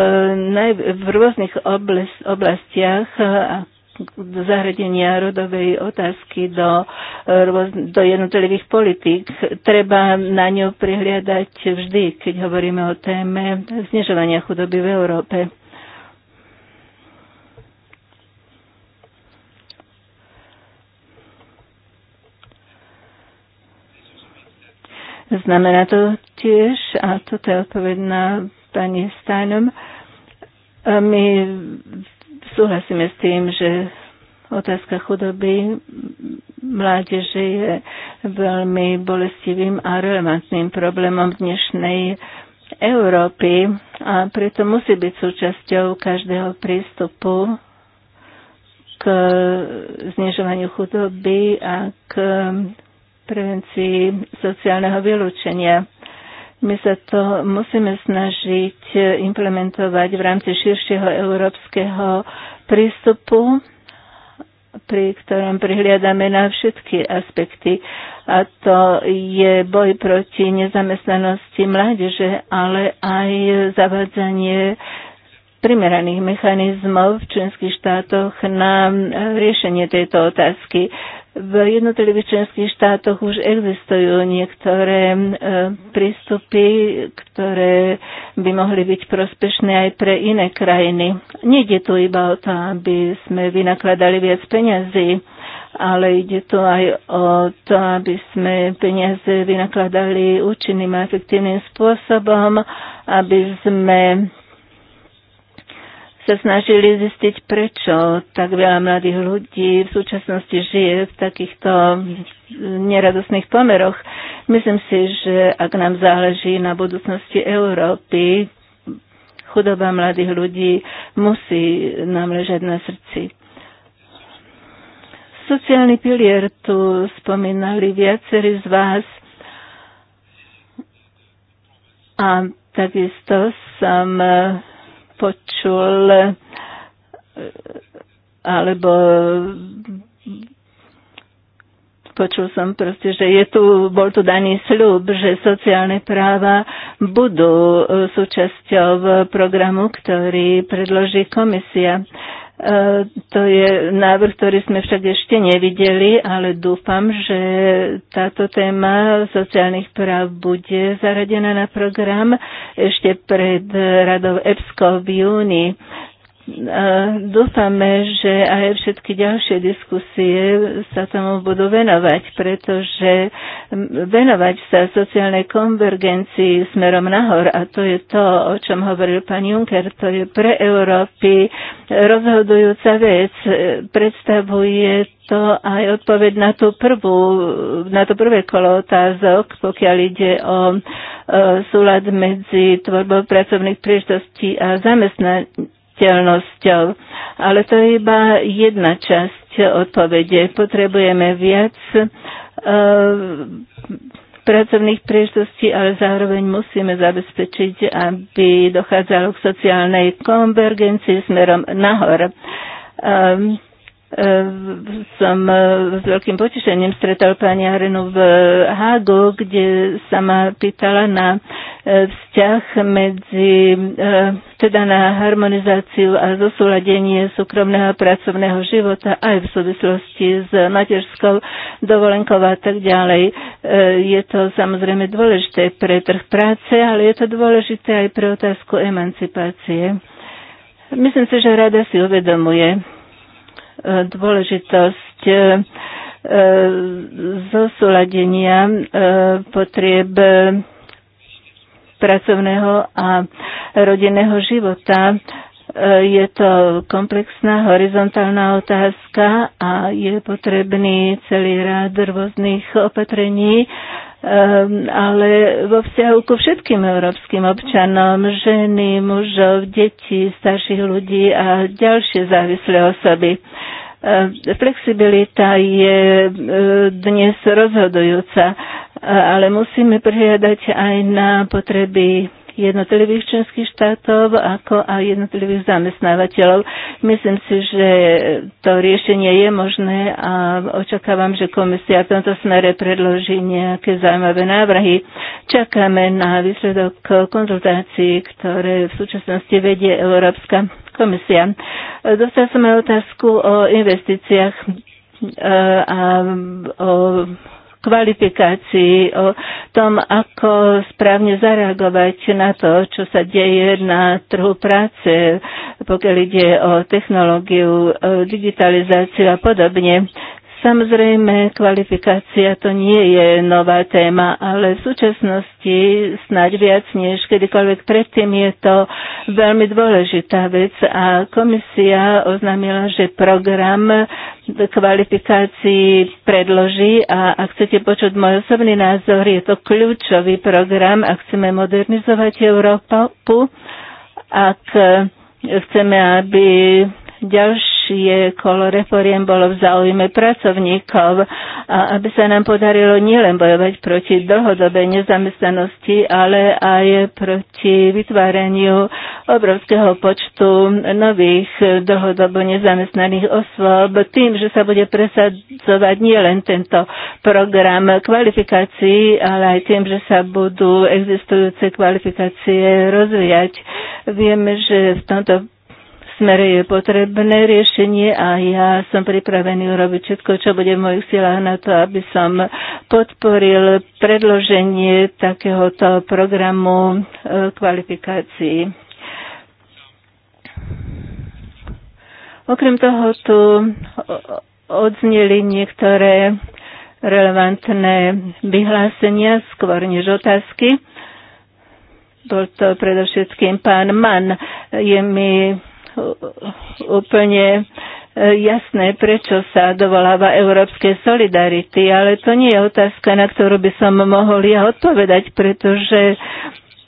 v rôznych oblast, oblastiach, do zahradenia rodovej otázky do, do jednotlivých politík. Treba na ňu prihliadať vždy, keď hovoríme o téme znižovania chudoby v Európe. Znamená to tiež, a toto je odpoveď na pani Steinom, my Súhlasíme s tým, že otázka chudoby mládeže je veľmi bolestivým a relevantným problémom dnešnej Európy a preto musí byť súčasťou každého prístupu k znižovaniu chudoby a k prevencii sociálneho vylúčenia. My sa to musíme snažiť implementovať v rámci širšieho európskeho prístupu, pri ktorom prihliadame na všetky aspekty. A to je boj proti nezamestnanosti mládeže, ale aj zavádzanie primeraných mechanizmov v členských štátoch na riešenie tejto otázky. V jednotlivých členských štátoch už existujú niektoré e, prístupy, ktoré by mohli byť prospešné aj pre iné krajiny. Nejde tu iba o to, aby sme vynakladali viac peňazí, ale ide tu aj o to, aby sme peniaze vynakladali účinným a efektívnym spôsobom, aby sme sa snažili zistiť, prečo tak veľa mladých ľudí v súčasnosti žije v takýchto neradosných pomeroch. Myslím si, že ak nám záleží na budúcnosti Európy, chudoba mladých ľudí musí nám ležať na srdci. Sociálny pilier tu spomínali viacerí z vás a takisto som počul eh, alebo počul som proste, že je tu, bol tu daný sľub, že sociálne práva budú eh, súčasťou programu, ktorý predloží komisia. E, to je návrh, ktorý sme však ešte nevideli, ale dúfam, že táto téma sociálnych práv bude zaradená na program ešte pred radou EPSCO v júni dúfame, že aj všetky ďalšie diskusie sa tomu budú venovať, pretože venovať sa sociálnej konvergencii smerom nahor, a to je to, o čom hovoril pán Juncker, to je pre Európy rozhodujúca vec. Predstavuje to aj odpoveď na, tú prvú, na to prvé kolo otázok, pokiaľ ide o súlad medzi tvorbou pracovných príležitostí a zamestnaní viditeľnosťou. Ale to je iba jedna časť odpovede. Potrebujeme viac e, pracovných príležitostí, ale zároveň musíme zabezpečiť, aby dochádzalo k sociálnej konvergencii smerom nahor. Ehm, som e, s veľkým potešením stretal pani Arenu v Hágu, kde sa ma pýtala na e, vzťah medzi, e, teda na harmonizáciu a zosúladenie súkromného a pracovného života aj v súvislosti s materskou dovolenkou a tak ďalej. Je to samozrejme dôležité pre trh práce, ale je to dôležité aj pre otázku emancipácie. Myslím si, že rada si uvedomuje, dôležitosť e, e, zosúladenia e, potrieb pracovného a rodinného života. Je to komplexná horizontálna otázka a je potrebný celý rád rôznych opatrení, Ehm, ale vo vzťahu ku všetkým európskym občanom, ženy, mužov, deti, starších ľudí a ďalšie závislé osoby. Ehm, flexibilita je e, dnes rozhodujúca, e, ale musíme prihľadať aj na potreby jednotlivých členských štátov, ako aj jednotlivých zamestnávateľov. Myslím si, že to riešenie je možné a očakávam, že komisia v tomto smere predloží nejaké zaujímavé návrhy. Čakáme na výsledok konzultácií, ktoré v súčasnosti vedie Európska komisia. Dostal som aj otázku o investíciách e, a o kvalifikácii, o tom, ako správne zareagovať na to, čo sa deje na trhu práce, pokiaľ ide o technológiu, digitalizáciu a podobne. Samozrejme, kvalifikácia to nie je nová téma, ale v súčasnosti snáď viac než kedykoľvek predtým je to veľmi dôležitá vec a komisia oznámila, že program kvalifikácií predloží a ak chcete počuť môj osobný názor, je to kľúčový program, ak chceme modernizovať Európu, ak chceme, aby ďalšie ďalšie kolo reforiem bolo v záujme pracovníkov a aby sa nám podarilo nielen bojovať proti dlhodobej nezamestnanosti, ale aj proti vytváraniu obrovského počtu nových dlhodobo nezamestnaných osôb tým, že sa bude presadzovať nielen tento program kvalifikácií, ale aj tým, že sa budú existujúce kvalifikácie rozvíjať. Vieme, že v tomto smere je potrebné riešenie a ja som pripravený urobiť všetko, čo bude v mojich silách na to, aby som podporil predloženie takéhoto programu e, kvalifikácií. Okrem toho tu odzneli niektoré relevantné vyhlásenia, skôr než otázky bol to predovšetkým pán Mann. Je mi úplne e, jasné, prečo sa dovoláva európskej solidarity, ale to nie je otázka, na ktorú by som mohol ja odpovedať, pretože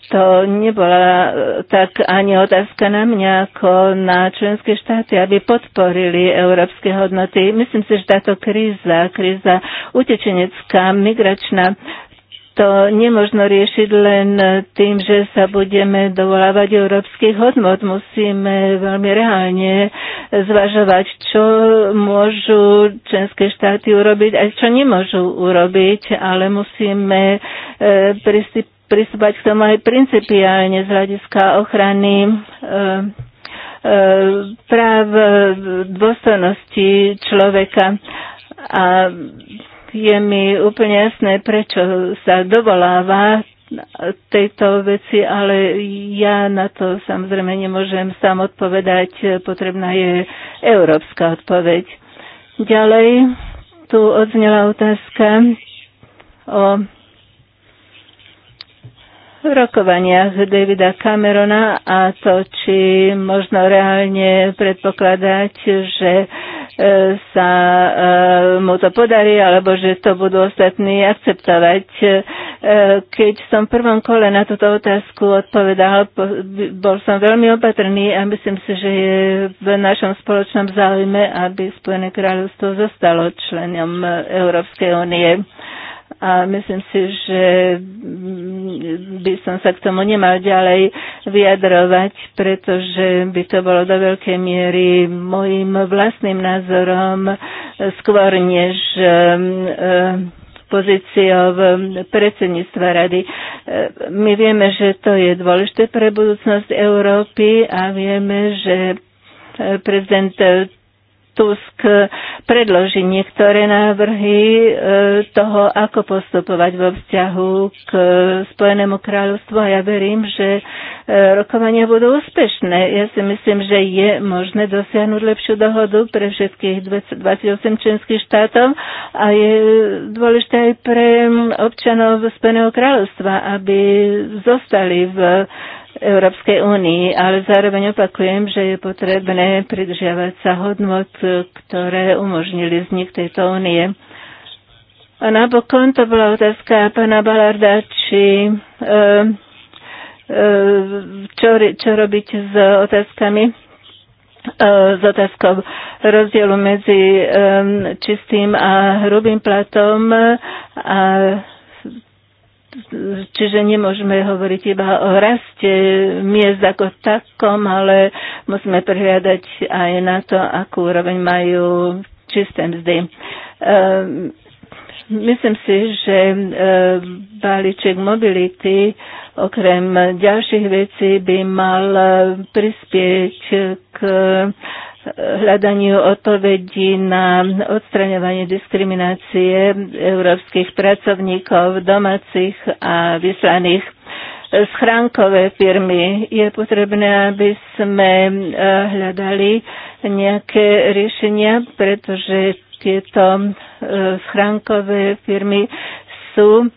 to nebola e, tak ani otázka na mňa, ako na členské štáty, aby podporili európske hodnoty. Myslím si, že táto kríza, kríza utečenecká, migračná, to nemožno riešiť len tým, že sa budeme dovolávať európskych hodnot. Musíme veľmi reálne zvažovať, čo môžu členské štáty urobiť a čo nemôžu urobiť, ale musíme e, pristúpať k tomu aj principiálne z hľadiska ochrany e, e, práv dôstojnosti človeka. A je mi úplne jasné, prečo sa dovoláva tejto veci, ale ja na to samozrejme nemôžem sám odpovedať. Potrebná je európska odpoveď. Ďalej tu odznela otázka o rokovaniach Davida Camerona a to, či možno reálne predpokladať, že e, sa e, mu to podarí, alebo že to budú ostatní akceptovať. E, keď som v prvom kole na túto otázku odpovedal, bol som veľmi opatrný a myslím si, že je v našom spoločnom záujme, aby Spojené kráľovstvo zostalo členom Európskej únie a myslím si, že by som sa k tomu nemal ďalej vyjadrovať, pretože by to bolo do veľkej miery môjim vlastným názorom skôr než um, um, pozíciou predsedníctva rady. My vieme, že to je dôležité pre budúcnosť Európy a vieme, že prezident Tusk predloží niektoré návrhy e, toho, ako postupovať vo vzťahu k Spojenému kráľovstvu a ja verím, že e, rokovania budú úspešné. Ja si myslím, že je možné dosiahnuť lepšiu dohodu pre všetkých 28 členských štátov a je dôležité aj pre občanov Spojeného kráľovstva, aby zostali v Európskej únii, ale zároveň opakujem, že je potrebné pridržiavať sa hodnot, ktoré umožnili vznik tejto únie. A napokon to bola otázka pána Balarda, či e, e čo, čo robiť s otázkami, e, s otázkou rozdielu medzi e, čistým a hrubým platom a Čiže nemôžeme hovoriť iba o raste miest ako takom, ale musíme prihľadať aj na to, akú úroveň majú čisté mzdy. Ehm, myslím si, že ehm, balíček mobility okrem ďalších vecí by mal eh, prispieť k hľadaniu odpovedí na odstraňovanie diskriminácie európskych pracovníkov, domácich a vyslaných schránkové firmy. Je potrebné, aby sme e, hľadali nejaké riešenia, pretože tieto e, schránkové firmy sú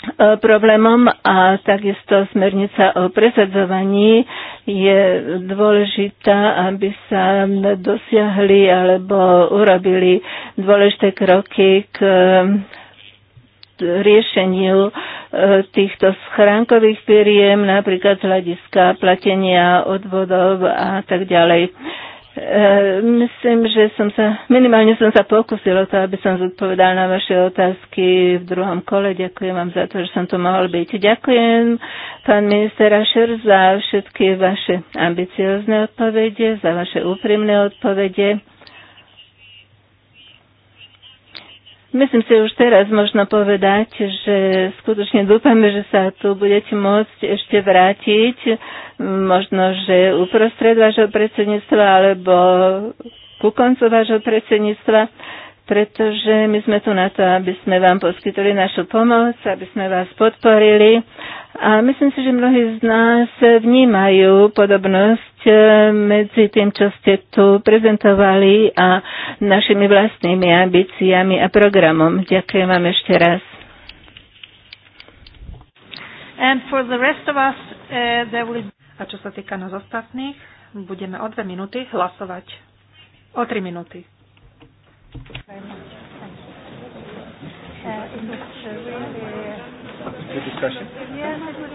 E, problémom a takisto smernica o presadzovaní je dôležitá, aby sa dosiahli alebo urobili dôležité kroky k riešeniu e, týchto schránkových firiem, napríklad z hľadiska platenia odvodov a tak ďalej. Ehm, myslím, že som sa, minimálne som sa pokusil o to, aby som zodpovedal na vaše otázky v druhom kole. Ďakujem vám za to, že som tu mohol byť. Ďakujem, pán minister Ašer, za všetky vaše ambiciozne odpovede, za vaše úprimné odpovede. Myslím si už teraz možno povedať, že skutočne dúfame, že sa tu budete môcť ešte vrátiť, možno, že uprostred vášho predsedníctva alebo ku koncu vášho predsedníctva pretože my sme tu na to, aby sme vám poskytli našu pomoc, aby sme vás podporili. A myslím si, že mnohí z nás vnímajú podobnosť e, medzi tým, čo ste tu prezentovali a našimi vlastnými ambíciami a programom. Ďakujem vám ešte raz. And for the rest of us, uh, there will... A čo sa týka nás ostatných, budeme o dve minúty hlasovať. O tri minúty. Uh, in this, uh, really, uh, good discussion. Yeah, no, good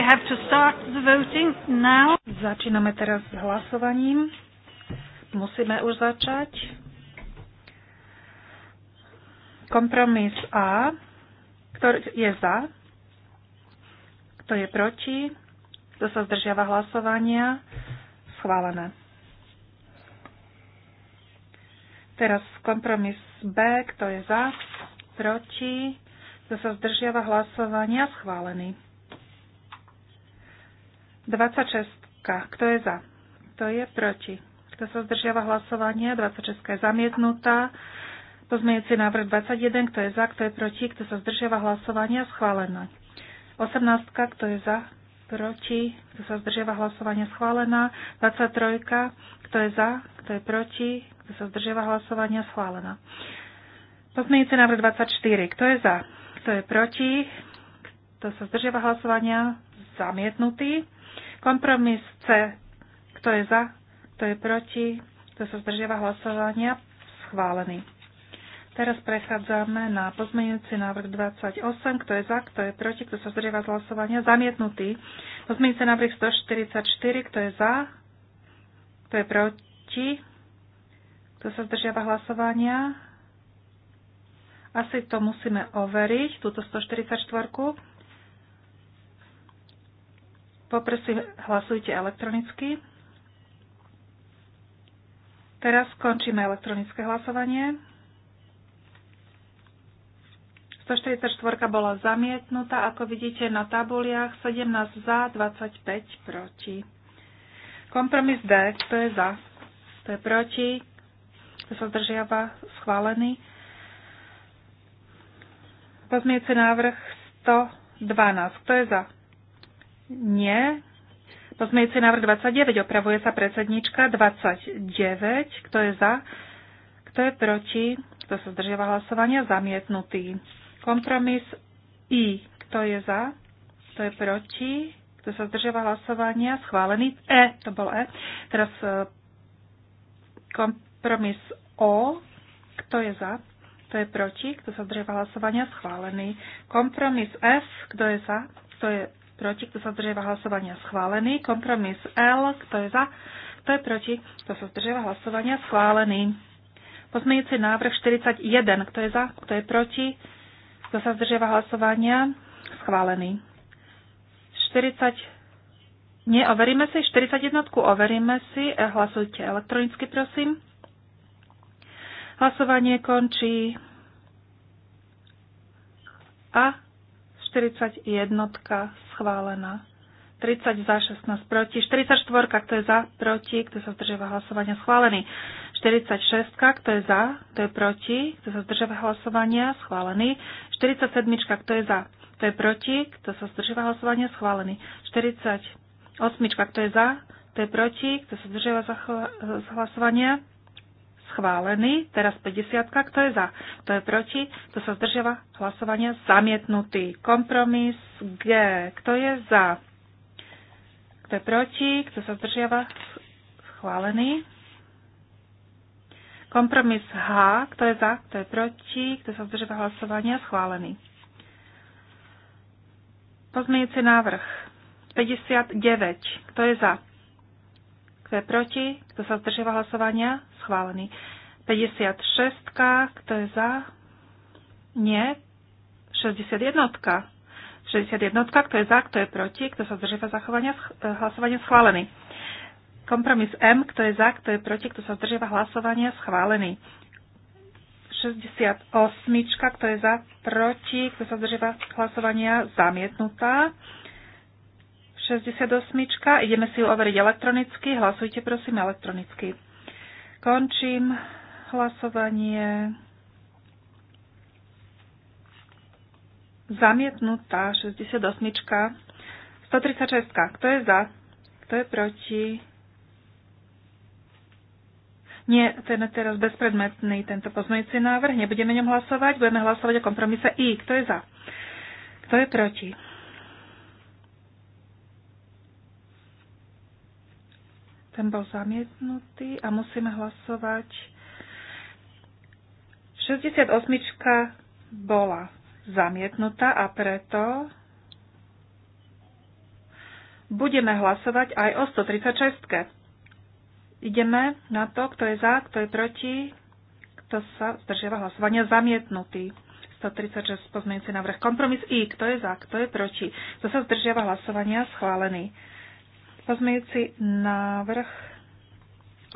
we have to start the voting now. Začíname teraz s hlasovaním. Musíme už začať. Kompromis A, ktorý je za, kto je proti, kto sa zdržiava hlasovania, schválené. Teraz kompromis B, kto je za, proti, kto sa zdržiava hlasovania, schválený. 26. Kto je za? Kto je proti? Kto sa zdržiava hlasovania? 26. je zamietnutá. Pozmejúci návrh 21. Kto je za? Kto je proti? Kto sa zdržiava hlasovania? Schválená. 18. Kto je za? Proti? Kto sa zdržiava hlasovania? Schválená. 23. Kto je za? Kto je proti? Kto sa zdržiava hlasovania? Schválená. Pozmejúci návrh 24. Kto je za? Kto je proti? Kto sa zdržiava hlasovania? Zamietnutý. Kompromis C. Kto je za? Kto je proti? Kto sa zdržiava hlasovania? Schválený. Teraz prechádzame na pozmeňujúci návrh 28. Kto je za, kto je proti, kto sa zdržiava z hlasovania? Zamietnutý. Pozmeňujúci návrh 144. Kto je za? Kto je proti? Kto sa zdržiava hlasovania? Asi to musíme overiť, túto 144. Poprosím, hlasujte elektronicky. Teraz skončíme elektronické hlasovanie. 144 bola zamietnutá, ako vidíte na tabuliach, 17 za, 25 proti. Kompromis D, to je za, to je proti, to sa zdržiava schválený. Pozmiece návrh 112, kto je za? Nie. Pozmejúci návrh 29. Opravuje sa predsednička. 29. Kto je za? Kto je proti? Kto sa zdržiava hlasovania? Zamietnutý. Kompromis I. Kto je za? Kto je proti? Kto sa zdržiava hlasovania? Schválený. E. To bol E. Teraz e, kompromis O. Kto je za? Kto je proti? Kto sa zdržiava hlasovania? Schválený. Kompromis F. Kto je za? Kto je proti, kto sa zdržiava hlasovania schválený. Kompromis L, kto je za, kto je proti, kto sa zdržiava hlasovania schválený. Pozmeňujúci návrh 41, kto je za, kto je proti, kto sa zdržiava hlasovania schválený. 40 nie, overíme si 41, overíme si, e, hlasujte elektronicky, prosím. Hlasovanie končí a 41 schválená. 30 za, 16 proti. 44, kto je za, proti, kto sa zdržiava hlasovania, schválený. 46, kto je za, kto je proti, kto sa zdržiava hlasovania, schválený. 47, kto je za, kto je proti, kto sa zdržiava hlasovania, schválený. 48, kto je za, kto je proti, kto sa zdržiava hlasovania, schválený, teraz 50, kto je za, kto je proti, kto sa zdržiava hlasovania, zamietnutý. Kompromis G, kto je za, kto je proti, kto sa zdržiava, schválený. Kompromis H, kto je za, kto je proti, kto sa zdržiava hlasovania, schválený. Pozmeňujúci návrh 59, kto je za, kto je proti? Kto sa zdržiava hlasovania? Schválený. 56. Kto je za? Nie. 61. 61. Kto je za? Kto je proti? Kto sa zdržiava zachovania, eh, hlasovania? Schválený. Kompromis M. Kto je za? Kto je proti? Kto sa zdržiava hlasovania? Schválený. 68. Kto je za? Proti? Kto sa zdržiava hlasovania? Zamietnutá. 68. Ideme si ju overiť elektronicky. Hlasujte prosím elektronicky. Končím hlasovanie. Zamietnutá 68. 136. Kto je za? Kto je proti? Nie, ten je teraz bezpredmetný, tento pozmeňujúci návrh. Nebudeme ňom hlasovať. Budeme hlasovať o kompromise I. Kto je za? Kto je proti? Ten bol zamietnutý a musíme hlasovať. 68 bola zamietnutá a preto budeme hlasovať aj o 136. Ideme na to, kto je za, kto je proti, kto sa zdržiava hlasovania, zamietnutý. 136 pozmeňujúci návrh. Kompromis I. Kto je za, kto je proti? Kto sa zdržiava hlasovania? Schválený. Pozmejúci návrh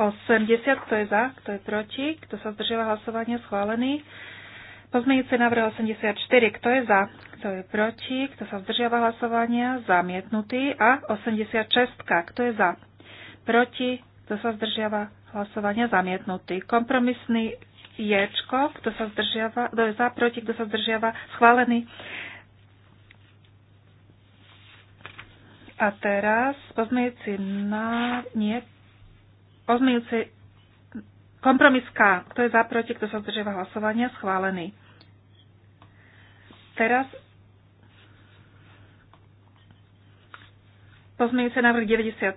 80, kto je za, kto je proti, kto sa zdržiava hlasovania, schválený. Pozmejúci návrh 84. Kto je za? Kto je proti? Kto sa zdržiava hlasovania? Zamietnutý. A 86. Kto je za? Proti? Kto sa zdržiava hlasovania? Zamietnutý. Kompromisný Ječko. Kto sa zdržiava? Kto je za? Proti? Kto sa zdržiava? Schválený. A teraz pozmejúci na... Nie. Pozmejúci... Kompromis K. Kto je za, proti, kto sa zdržiava hlasovania? Schválený. Teraz pozmejúci návrh 95.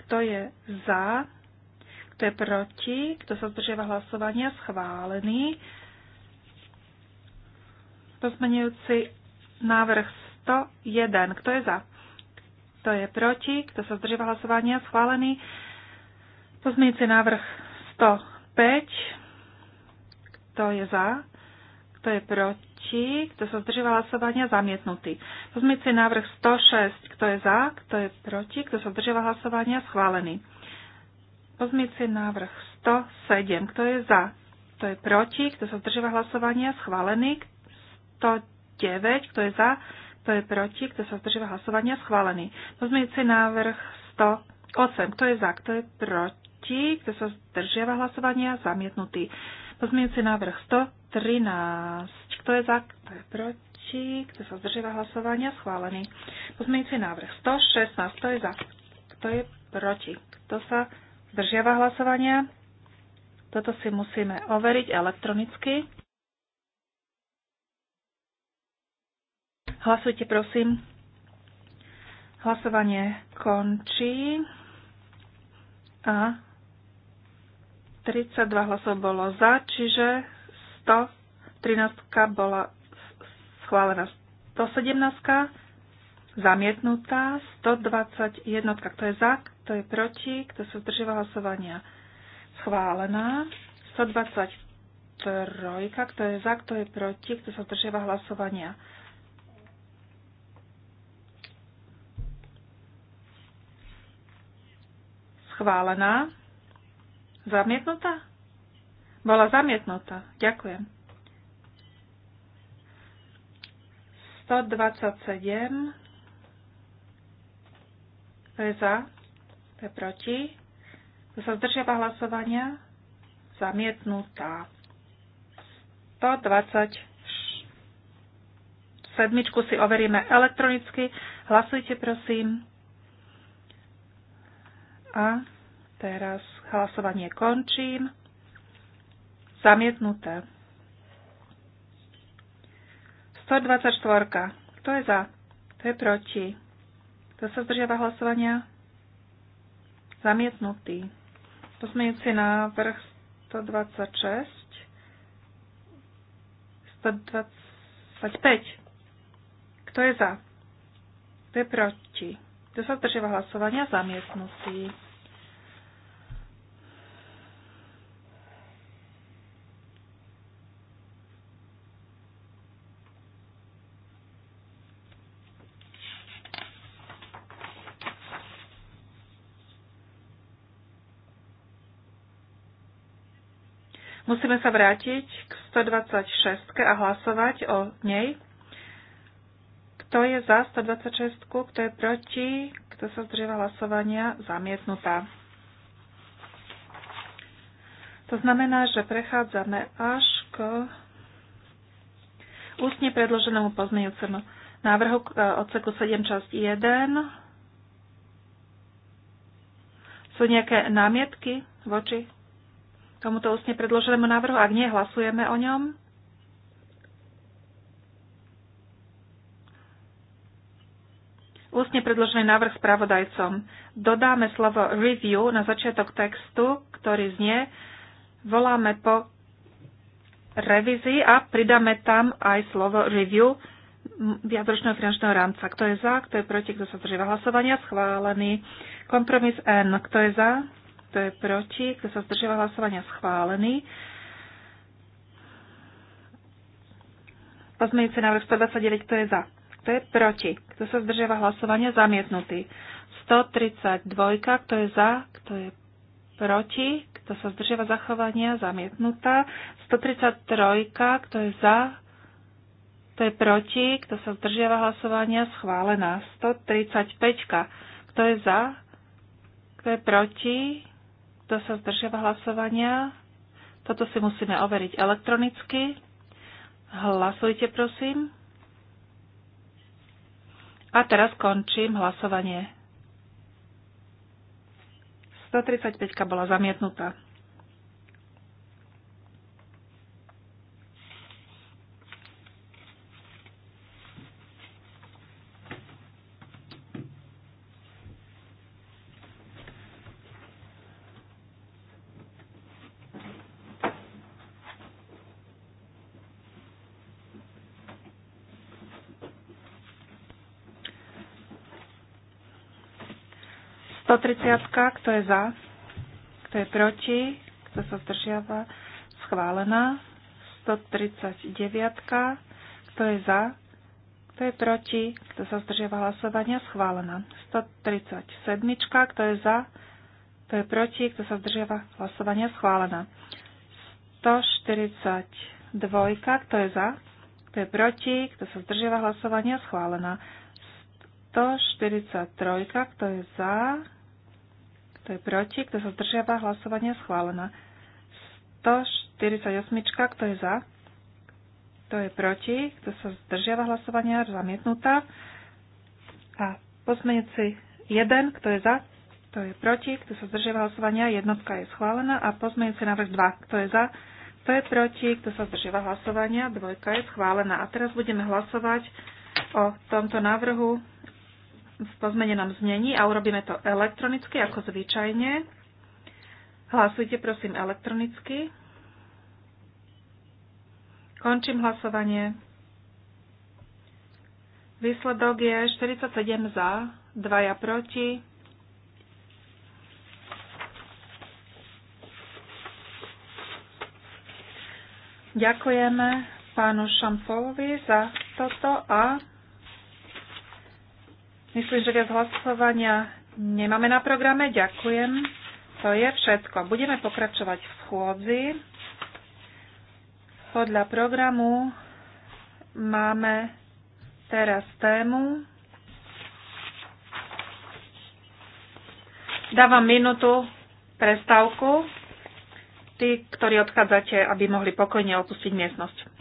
Kto je za? Kto je proti? Kto sa zdržiava hlasovania? Schválený. Pozmenujúci návrh 101. Kto je za? Kto je proti? Kto sa zdržíva hlasovania? Schválený. Pozmienci návrh 105. Kto je za? Kto je proti? Kto sa zdržíva hlasovania? Zamietnutý. Pozmienci návrh 106. Kto je za? Kto je proti? Kto sa zdržíva hlasovania? Schválený. Pozmienci návrh 107. Kto je za? Kto je proti? Kto sa zdržíva hlasovania? Schválený. 109. Kto je za? Kto je proti? Kto sa zdržíva hlasovania? Schválený. Pozmeňujúci návrh 108. Kto je za? Kto je proti? Kto sa zdržiava hlasovania? Zamietnutý. Pozmeňujúci návrh 113. Kto je za? Kto je proti? Kto sa zdržiava hlasovania? Schválený. Pozmeňujúci návrh 116. Kto je za? Kto je proti? Kto sa zdržiava hlasovania? Toto si musíme overiť elektronicky. Hlasujte, prosím. Hlasovanie končí. A 32 hlasov bolo za, čiže 113 bola schválená. 117 zamietnutá, 121, kto je za, kto je proti, kto sa zdržíva hlasovania schválená, 123, kto je za, kto je proti, kto sa zdržíva hlasovania Schválená. Zamietnutá? Bola zamietnutá. Ďakujem. 127. To je za. To je proti. To sa zdržiava hlasovania. Zamietnutá. 120. Sedmičku si overíme elektronicky. Hlasujte, prosím. A teraz hlasovanie končím. Zamietnuté. 124. Kto je za? Kto je proti? Kto sa zdržiava hlasovania? Zamietnutý. Pozmeňujúci návrh 126. 125. Kto je za? Kto je proti? Kto sa zdržiava hlasovania? Zamietnutý. Musíme sa vrátiť k 126 a hlasovať o nej. Kto je za 126, kto je proti, kto sa zdrieva hlasovania, zamietnutá. To znamená, že prechádzame až k ústne predloženému pozmeňujúcemu návrhu k e, odseku 7 časť 1. Sú nejaké námietky voči tomuto ústne predloženému návrhu? Ak nie, hlasujeme o ňom. Ústne predložený návrh spravodajcom. Dodáme slovo review na začiatok textu, ktorý znie voláme po revízii a pridáme tam aj slovo review viadročného finančného rámca. Kto je za, kto je proti, kto sa zdržíva hlasovania, schválený. Kompromis N. Kto je za? kto je proti, kto sa zdržiava hlasovania schválený. Pozmeňujúci návrh 129, kto je za, kto je proti, kto sa zdržiava hlasovania zamietnutý. 132, kto je za, kto je proti, kto sa zdržiava zachovania zamietnutá. 133, kto je za, kto je proti, kto sa zdržiava hlasovania schválená. 135, kto je za, kto je proti, kto sa zdržiava hlasovania? Toto si musíme overiť elektronicky. Hlasujte, prosím. A teraz končím hlasovanie. 135 bola zamietnutá. 130, kto je za, kto je proti, kto sa zdržiava, schválená. 139, kto je za, kto je proti, kto sa zdržiava hlasovania, schválená. 137, kto je za, kto je proti, kto sa zdržiava hlasovania, schválená. 142, kto je za, kto je proti, kto sa zdržiava hlasovania, schválená. 143, kto je za, kto je proti? Kto sa zdržiava? Hlasovania schválená. 148. Kto je za? Kto je proti? Kto sa zdržiava hlasovania? Zamietnutá. A pozmeňujúci 1. Kto je za? Kto je proti? Kto sa zdržiava hlasovania? Jednotka je schválená. A pozmeňujúci návrh 2. Kto je za? Kto je proti? Kto sa zdržiava hlasovania? Dvojka je schválená. A teraz budeme hlasovať o tomto návrhu v pozmenenom znení a urobíme to elektronicky, ako zvyčajne. Hlasujte prosím elektronicky. Končím hlasovanie. Výsledok je 47 za, 2 ja proti. Ďakujeme pánu Šampolovi za toto a Myslím, že viac hlasovania nemáme na programe. Ďakujem. To je všetko. Budeme pokračovať v schôdzi. Podľa programu máme teraz tému. Dávam minútu prestávku. Tí, ktorí odchádzate, aby mohli pokojne opustiť miestnosť.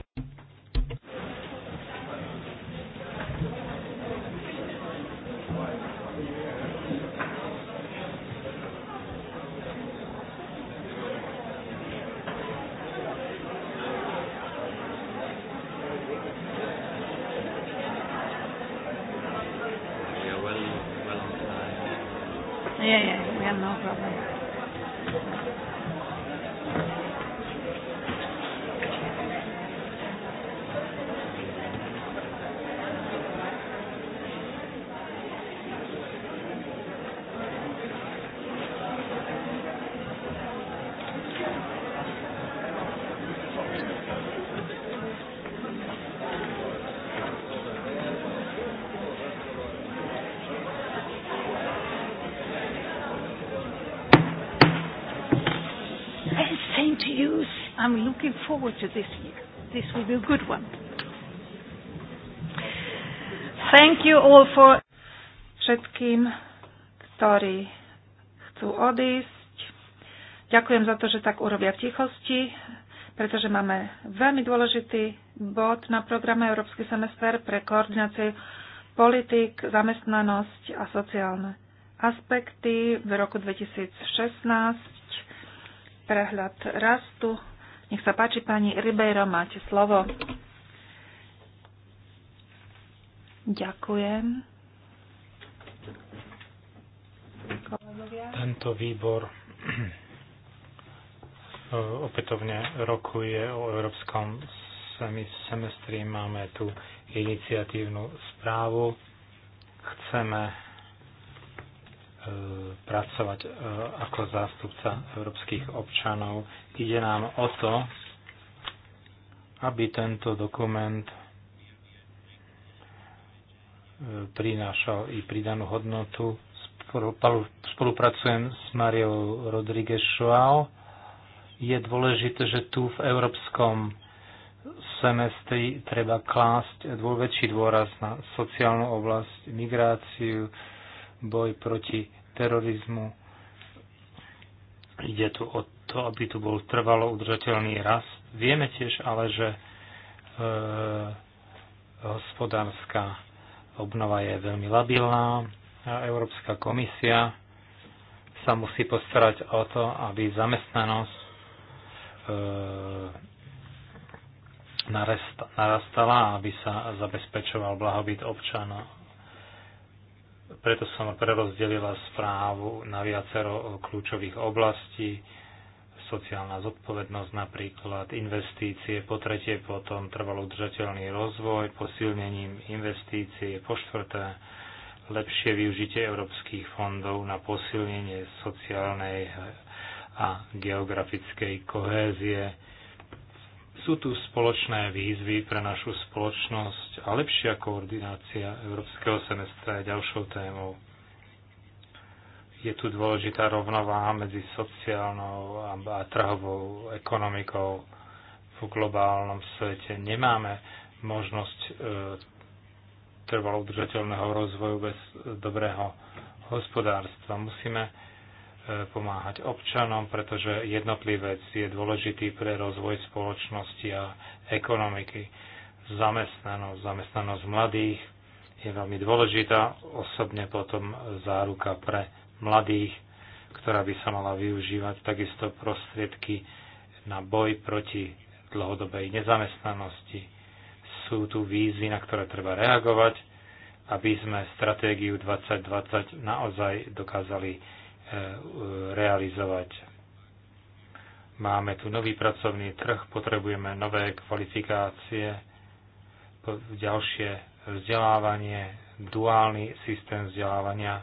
problem. forward to this year. This will be a good one. Thank you all for všetkým, ktorí chcú odísť. Ďakujem za to, že tak urobia v tichosti, pretože máme veľmi dôležitý bod na programe Európsky semester pre koordináciu politik, zamestnanosť a sociálne aspekty v roku 2016, prehľad rastu nech sa páči, pani Ribeiro, máte slovo. Ďakujem. Kolegovia. Tento výbor opätovne rokuje o európskom semestri. Máme tu iniciatívnu správu. Chceme pracovať e, ako zástupca európskych občanov. Ide nám o to, aby tento dokument e, prinášal i pridanú hodnotu. Spolupracujem s Mariou Rodríguez Schwal. Je dôležité, že tu v európskom semestri treba klásť dôväčší dôraz na sociálnu oblasť, migráciu, boj proti terorizmu. Ide tu o to, aby tu bol trvalo udržateľný rast. Vieme tiež ale, že e, hospodárska obnova je veľmi labilná a Európska komisia sa musí postarať o to, aby zamestnanosť e, narastala, aby sa zabezpečoval blahobyt občanov. Preto som prerozdelila správu na viacero kľúčových oblastí, sociálna zodpovednosť napríklad, investície, po tretie potom trvalo udržateľný rozvoj, posilnením investície, po štvrté lepšie využitie európskych fondov na posilnenie sociálnej a geografickej kohézie, sú tu spoločné výzvy pre našu spoločnosť a lepšia koordinácia európskeho semestra je ďalšou témou. Je tu dôležitá rovnováha medzi sociálnou a trhovou ekonomikou v globálnom svete. Nemáme možnosť e, trvalo udržateľného rozvoju bez dobrého hospodárstva. Musíme pomáhať občanom, pretože jednotlivec je dôležitý pre rozvoj spoločnosti a ekonomiky. Zamestnanosť, zamestnanosť mladých je veľmi dôležitá, osobne potom záruka pre mladých, ktorá by sa mala využívať, takisto prostriedky na boj proti dlhodobej nezamestnanosti. Sú tu vízy, na ktoré treba reagovať, aby sme stratégiu 2020 naozaj dokázali Eh, realizovať. Máme tu nový pracovný trh, potrebujeme nové kvalifikácie, ďalšie vzdelávanie, duálny systém vzdelávania.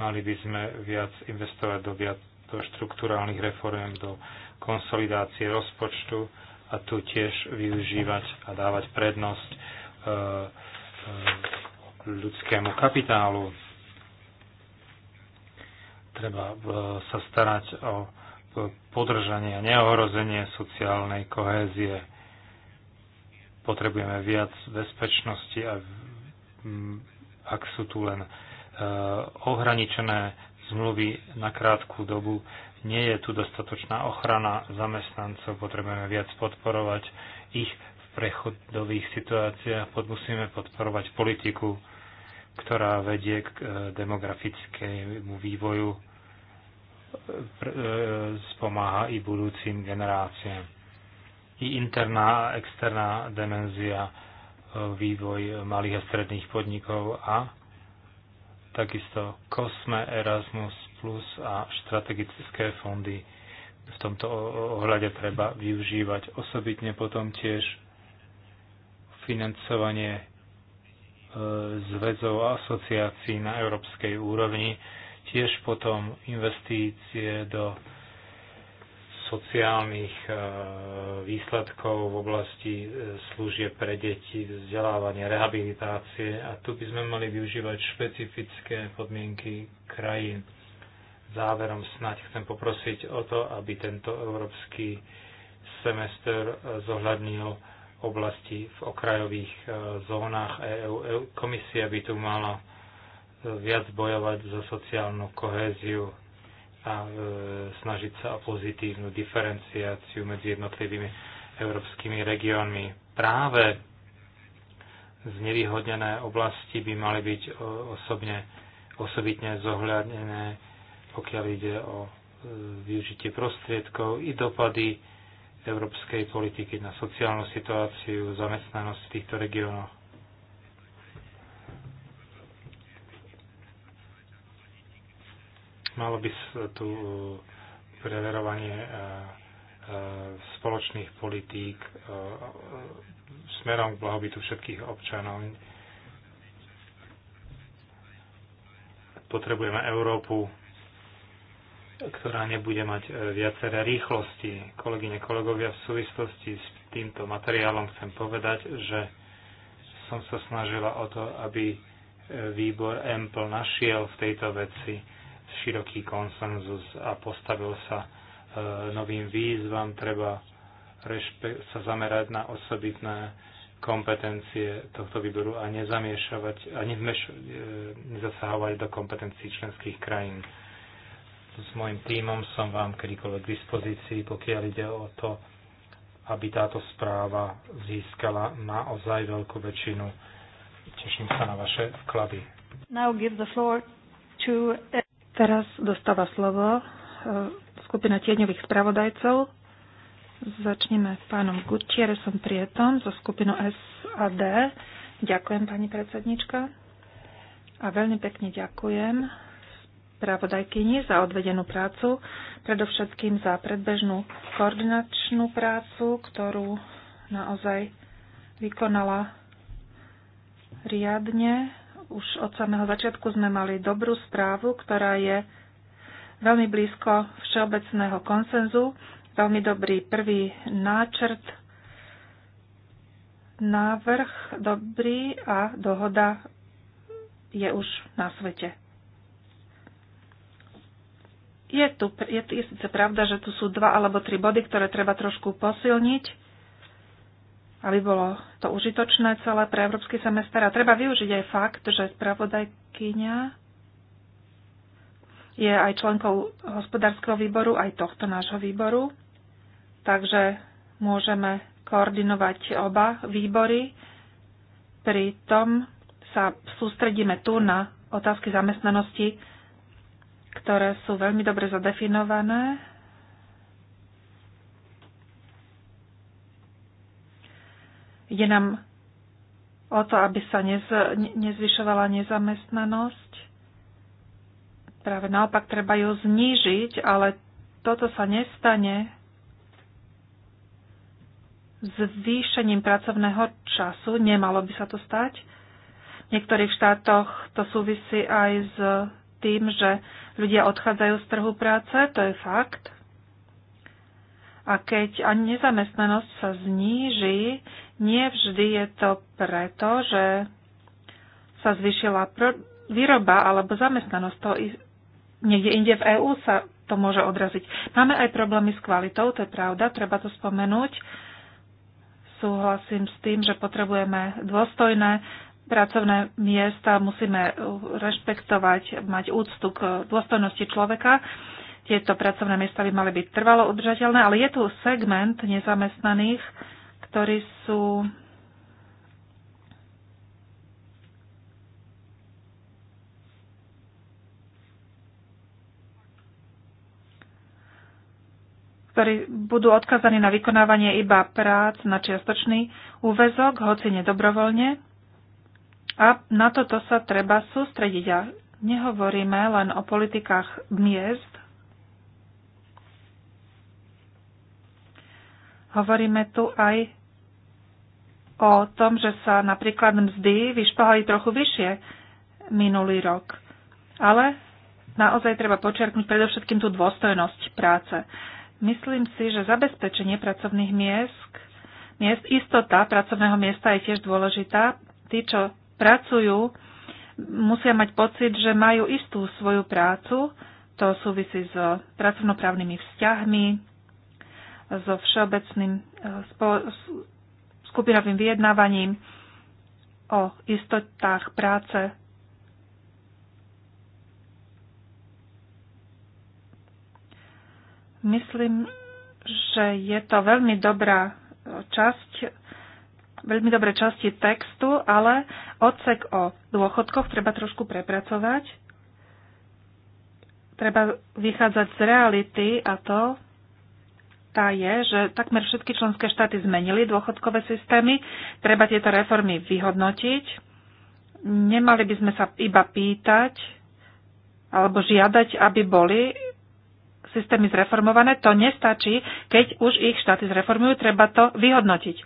Mali by sme viac investovať do, viac, do štruktúrálnych reform, do konsolidácie rozpočtu a tu tiež využívať a dávať prednosť e, e, ľudskému kapitálu Treba e, sa starať o podržanie a neohrozenie sociálnej kohézie. Potrebujeme viac bezpečnosti a ak sú tu len e, ohraničené zmluvy na krátku dobu, nie je tu dostatočná ochrana zamestnancov, potrebujeme viac podporovať ich v prechodových situáciách, musíme podporovať politiku, ktorá vedie k e, demografickému vývoju E, spomáha i budúcim generáciám. I interná a externá demenzia, e, vývoj malých a stredných podnikov a takisto COSME, Erasmus Plus a štrategické fondy v tomto ohľade treba využívať. Osobitne potom tiež financovanie e, zväzov a asociácií na európskej úrovni, tiež potom investície do sociálnych e, výsledkov v oblasti e, služieb pre deti, vzdelávania, rehabilitácie a tu by sme mali využívať špecifické podmienky krajín. Záverom snáď chcem poprosiť o to, aby tento európsky semester e, zohľadnil oblasti v okrajových zónach EU. Komisia by tu mala viac bojovať za sociálnu kohéziu a e, snažiť sa o pozitívnu diferenciáciu medzi jednotlivými európskymi regiónmi. Práve znevýhodnené oblasti by mali byť e, osobne, osobitne zohľadnené, pokiaľ ide o e, využitie prostriedkov i dopady európskej politiky na sociálnu situáciu, zamestnanosť v týchto regiónoch. Malo by tu uh, preverovanie uh, uh, spoločných politík smerom k blahobytu všetkých občanov. Potrebujeme Európu, ktorá nebude mať viaceré rýchlosti. Kolegyne, kolegovia, v súvislosti s týmto materiálom chcem povedať, že som sa snažila o to, aby výbor EMPL našiel v tejto veci široký konsenzus a postavil sa e, novým výzvam. Treba sa zamerať na osobitné kompetencie tohto výboru a nezamiešavať a nevmeš, e, nezasahovať do kompetencií členských krajín. S môjim tímom som vám kedykoľvek k dispozícii, pokiaľ ide o to, aby táto správa získala naozaj veľkú väčšinu. Teším sa na vaše vklady. Now give the floor to... Teraz dostáva slovo e, skupina tieňových spravodajcov. Začneme pánom Gutierrezom Prietom zo skupinu SAD. Ďakujem, pani predsednička. A veľmi pekne ďakujem spravodajkyni za odvedenú prácu, predovšetkým za predbežnú koordinačnú prácu, ktorú naozaj vykonala riadne už od samého začiatku sme mali dobrú správu, ktorá je veľmi blízko všeobecného konsenzu, veľmi dobrý prvý náčrt, návrh dobrý a dohoda je už na svete. Je, tu, je, je síce pravda, že tu sú dva alebo tri body, ktoré treba trošku posilniť, aby bolo to užitočné celé pre európsky semester. A treba využiť aj fakt, že spravodajkyňa je aj členkou hospodárskeho výboru, aj tohto nášho výboru. Takže môžeme koordinovať oba výbory. Pritom sa sústredíme tu na otázky zamestnanosti, ktoré sú veľmi dobre zadefinované Je nám o to, aby sa nez, nezvyšovala nezamestnanosť. Práve naopak treba ju znížiť, ale toto sa nestane zvýšením pracovného času. Nemalo by sa to stať. V niektorých štátoch to súvisí aj s tým, že ľudia odchádzajú z trhu práce, to je fakt. A keď ani nezamestnanosť sa zníži, nie vždy je to preto, že sa zvyšila výroba alebo zamestnanosť. To i niekde inde v EÚ sa to môže odraziť. Máme aj problémy s kvalitou, to je pravda, treba to spomenúť. Súhlasím s tým, že potrebujeme dôstojné pracovné miesta, musíme rešpektovať, mať úctu k dôstojnosti človeka tieto pracovné miesta by mali byť trvalo udržateľné, ale je tu segment nezamestnaných, ktorí sú ktorí budú odkazaní na vykonávanie iba prác na čiastočný úvezok, hoci nedobrovoľne. A na toto sa treba sústrediť. A nehovoríme len o politikách miest, Hovoríme tu aj o tom, že sa napríklad mzdy vyšpohali trochu vyššie minulý rok. Ale naozaj treba počiarknúť predovšetkým tú dôstojnosť práce. Myslím si, že zabezpečenie pracovných miest, miest istota pracovného miesta je tiež dôležitá. Tí, čo pracujú, musia mať pocit, že majú istú svoju prácu. To súvisí s pracovnoprávnymi vzťahmi, so všeobecným eh, skupinovým vyjednávaním o istotách práce. Myslím, že je to veľmi dobrá eh, časť, veľmi dobré časti textu, ale odsek o dôchodkoch treba trošku prepracovať. Treba vychádzať z reality a to tá je, že takmer všetky členské štáty zmenili dôchodkové systémy. Treba tieto reformy vyhodnotiť. Nemali by sme sa iba pýtať alebo žiadať, aby boli systémy zreformované. To nestačí, keď už ich štáty zreformujú, treba to vyhodnotiť.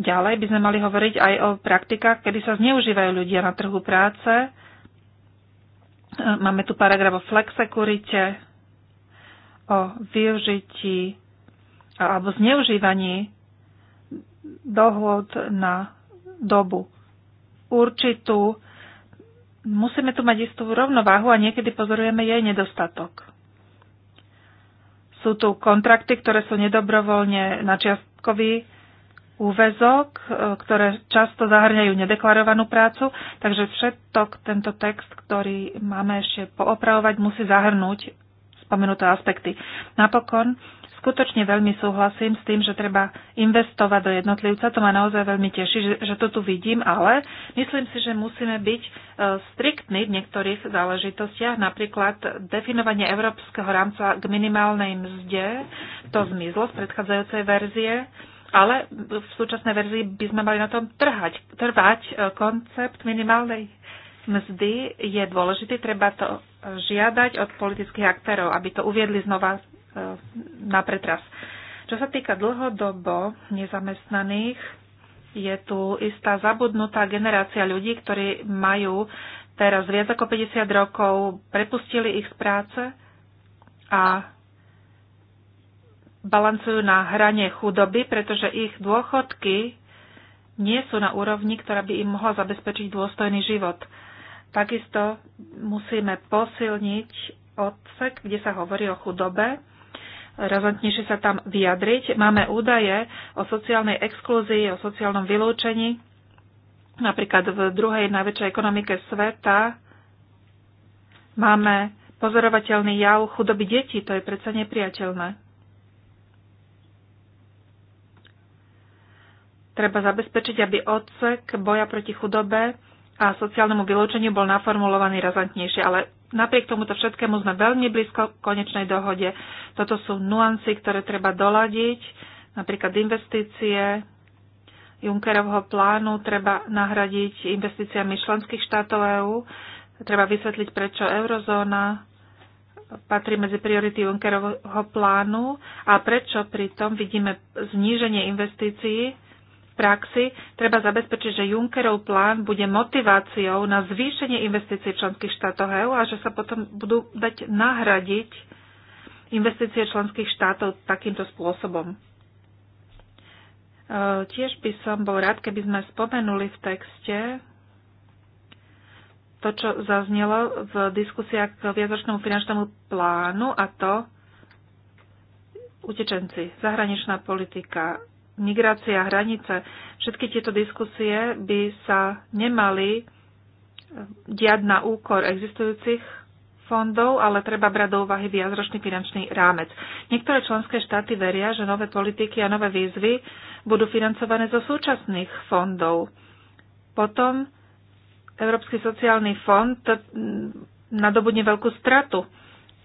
Ďalej by sme mali hovoriť aj o praktikách, kedy sa zneužívajú ľudia na trhu práce. Máme tu paragraf o flexekurite, o využití alebo zneužívaní dohôd na dobu určitú. Musíme tu mať istú rovnováhu a niekedy pozorujeme jej nedostatok. Sú tu kontrakty, ktoré sú nedobrovoľne na čiastkový úvezok, e, ktoré často zahrňajú nedeklarovanú prácu, takže všetok tento text, ktorý máme ešte poopravovať, musí zahrnúť spomenuté aspekty. Napokon skutočne veľmi súhlasím s tým, že treba investovať do jednotlivca. To ma naozaj veľmi teší, že, že to tu vidím, ale myslím si, že musíme byť e, striktní v niektorých záležitostiach. Napríklad definovanie európskeho rámca k minimálnej mzde, to zmizlo z predchádzajúcej verzie. Ale v súčasnej verzii by sme mali na tom trhať, trvať. E, koncept minimálnej mzdy je dôležitý, treba to žiadať od politických aktérov, aby to uviedli znova E, na pretras. Čo sa týka dlhodobo nezamestnaných, je tu istá zabudnutá generácia ľudí, ktorí majú teraz viac ako 50 rokov, prepustili ich z práce a balancujú na hrane chudoby, pretože ich dôchodky nie sú na úrovni, ktorá by im mohla zabezpečiť dôstojný život. Takisto musíme posilniť odsek, kde sa hovorí o chudobe, razantnejšie sa tam vyjadriť. Máme údaje o sociálnej exklúzii, o sociálnom vylúčení. Napríklad v druhej najväčšej ekonomike sveta máme pozorovateľný jav chudoby detí. To je predsa nepriateľné. Treba zabezpečiť, aby odsek boja proti chudobe a sociálnemu vylúčeniu bol naformulovaný razantnejšie, ale Napriek tomuto všetkému sme veľmi blízko konečnej dohode. Toto sú nuancy, ktoré treba doladiť, napríklad investície, Junckerovho plánu treba nahradiť investíciami členských štátov EÚ. Treba vysvetliť, prečo eurozóna patrí medzi priority Junckerovho plánu a prečo pritom vidíme zníženie investícií praxi treba zabezpečiť, že Junckerov plán bude motiváciou na zvýšenie investícií členských štátov EÚ a že sa potom budú dať nahradiť investície členských štátov takýmto spôsobom. E, tiež by som bol rád, keby sme spomenuli v texte to, čo zaznelo v diskusiách k viacročnému finančnému plánu a to utečenci, zahraničná politika, migrácia, hranice, všetky tieto diskusie by sa nemali eh, diať na úkor existujúcich fondov, ale treba brať do úvahy viacročný finančný rámec. Niektoré členské štáty veria, že nové politiky a nové výzvy budú financované zo súčasných fondov. Potom Európsky sociálny fond mm, nadobudne veľkú stratu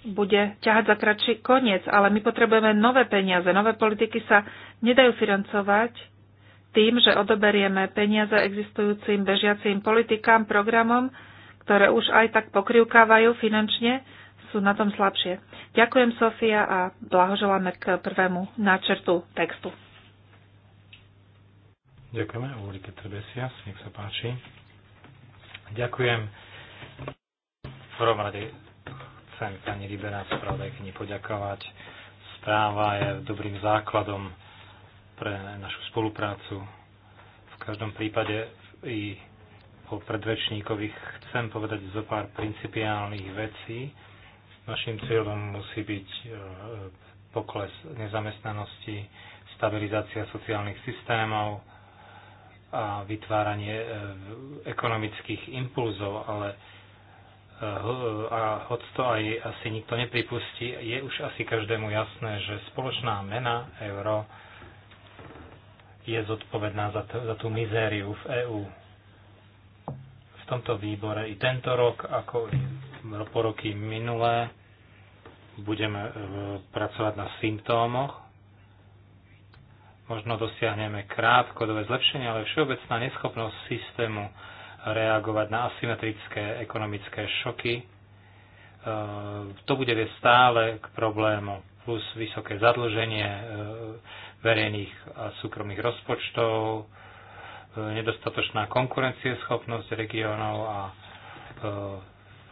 bude ťahať za kratší koniec, ale my potrebujeme nové peniaze. Nové politiky sa nedajú financovať tým, že odoberieme peniaze existujúcim bežiacim politikám, programom, ktoré už aj tak pokrivkávajú finančne, sú na tom slabšie. Ďakujem, Sofia, a blahoželáme k prvému náčrtu textu. Ďakujeme, Ulrike Trebesias, nech sa páči. Ďakujem. V prvom rade chcem pani Ribera spravodajkyni poďakovať. Správa je dobrým základom pre našu spoluprácu. V každom prípade i po predvečníkových chcem povedať zo pár principiálnych vecí. Našim cieľom musí byť e, pokles nezamestnanosti, stabilizácia sociálnych systémov a vytváranie e, ekonomických impulzov, ale a hoď to aj asi nikto nepripustí, je už asi každému jasné, že spoločná mena euro je zodpovedná za, t- za tú mizériu v EÚ. V tomto výbore i tento rok, ako i po roky minulé, budeme e, pracovať na symptómoch. Možno dosiahneme krátkodobé zlepšenie, ale všeobecná neschopnosť systému reagovať na asymetrické ekonomické šoky. E, to bude viesť stále k problému, plus vysoké zadlženie e, verejných a súkromných rozpočtov, e, nedostatočná konkurencieschopnosť regiónov a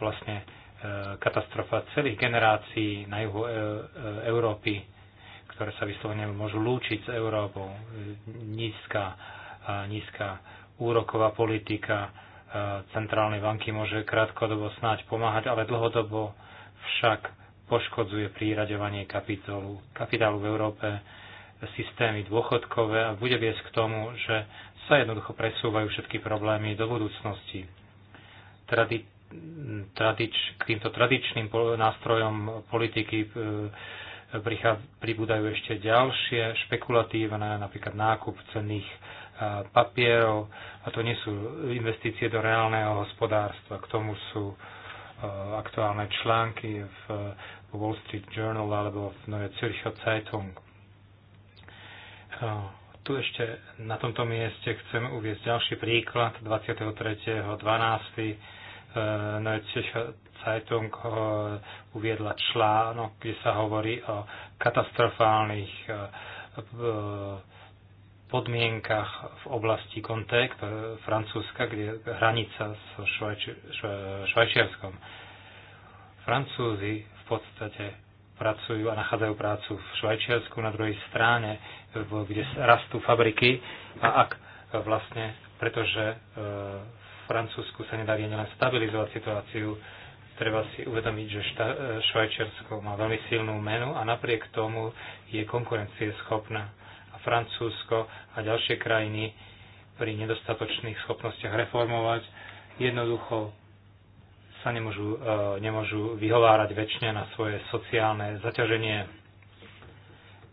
vlastne katastrofa celých generácií na juhu Európy, ktoré sa vyslovene môžu lúčiť s Európou. Nízka, nízka úroková politika e, centrálnej banky môže krátkodobo snáď pomáhať, ale dlhodobo však poškodzuje príraďovanie kapitálu, kapitálu v Európe, systémy dôchodkové a bude viesť k tomu, že sa jednoducho presúvajú všetky problémy do budúcnosti. Tradi, tradič, k týmto tradičným nástrojom politiky e, pribúdajú ešte ďalšie špekulatívne, napríklad nákup cenných papierov a to nie sú investície do reálneho hospodárstva. K tomu sú e, aktuálne články v Wall Street Journal alebo v Neue Zürcher Zeitung. E, tu ešte na tomto mieste chcem uvieť ďalší príklad 23.12. E, Neue Zürcher Zeitung uviedla článok, kde sa hovorí o katastrofálnych podmienkach v oblasti Kontec, Francúzska, kde je hranica so Švajči, Švajčiarskom. Francúzi v podstate pracujú a nachádzajú prácu v Švajčiarsku na druhej strane, kde rastú fabriky a ak e, vlastne, pretože e, v Francúzsku sa nedarí nielen stabilizovať situáciu, treba si uvedomiť, že šta- e, Švajčiarsko má veľmi silnú menu a napriek tomu je konkurencie schopná Francúzsko a ďalšie krajiny pri nedostatočných schopnostiach reformovať jednoducho sa nemôžu, e, nemôžu vyhovárať väčšine na svoje sociálne zaťaženie.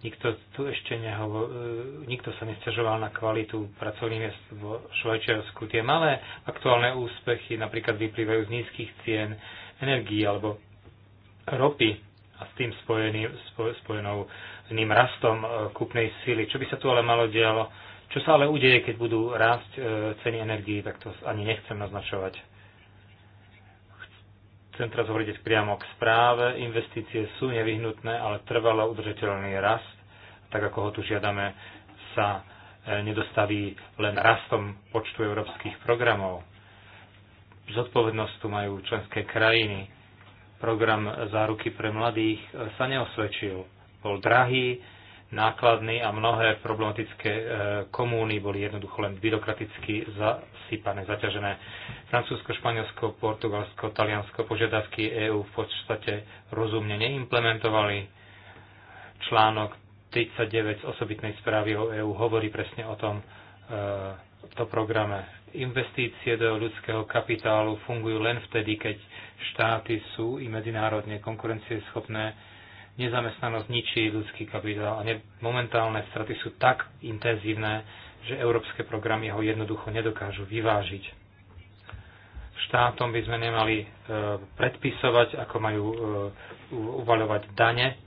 Nikto tu ešte nehovo, e, nikto sa nestiažoval na kvalitu pracovných miest vo Švajčiarsku. Tie malé aktuálne úspechy napríklad vyplývajú z nízkych cien energií alebo ropy a s tým spojený, spoj, spojenou ním rastom e, kúpnej síly. Čo by sa tu ale malo dialo? Čo sa ale udeje, keď budú rásť e, ceny energii, tak to ani nechcem naznačovať. Chcem teraz hovoriť priamo k správe. Investície sú nevyhnutné, ale trvalo udržateľný rast, tak ako ho tu žiadame, sa e, nedostaví len rastom počtu európskych programov. Zodpovednosť tu majú členské krajiny. Program záruky pre mladých sa neosvedčil bol drahý, nákladný a mnohé problematické e, komúny boli jednoducho len byrokraticky zasypané, zaťažené. Francúzsko, Španielsko, Portugalsko, Taliansko požiadavky EÚ v podstate rozumne neimplementovali. Článok 39 z osobitnej správy o EÚ hovorí presne o tom, v e, to programe. Investície do ľudského kapitálu fungujú len vtedy, keď štáty sú i medzinárodne konkurencieschopné Nezamestnanosť ničí ľudský kapitál a ne, momentálne straty sú tak intenzívne, že európske programy ho jednoducho nedokážu vyvážiť. Štátom by sme nemali e, predpisovať, ako majú e, uvaľovať dane.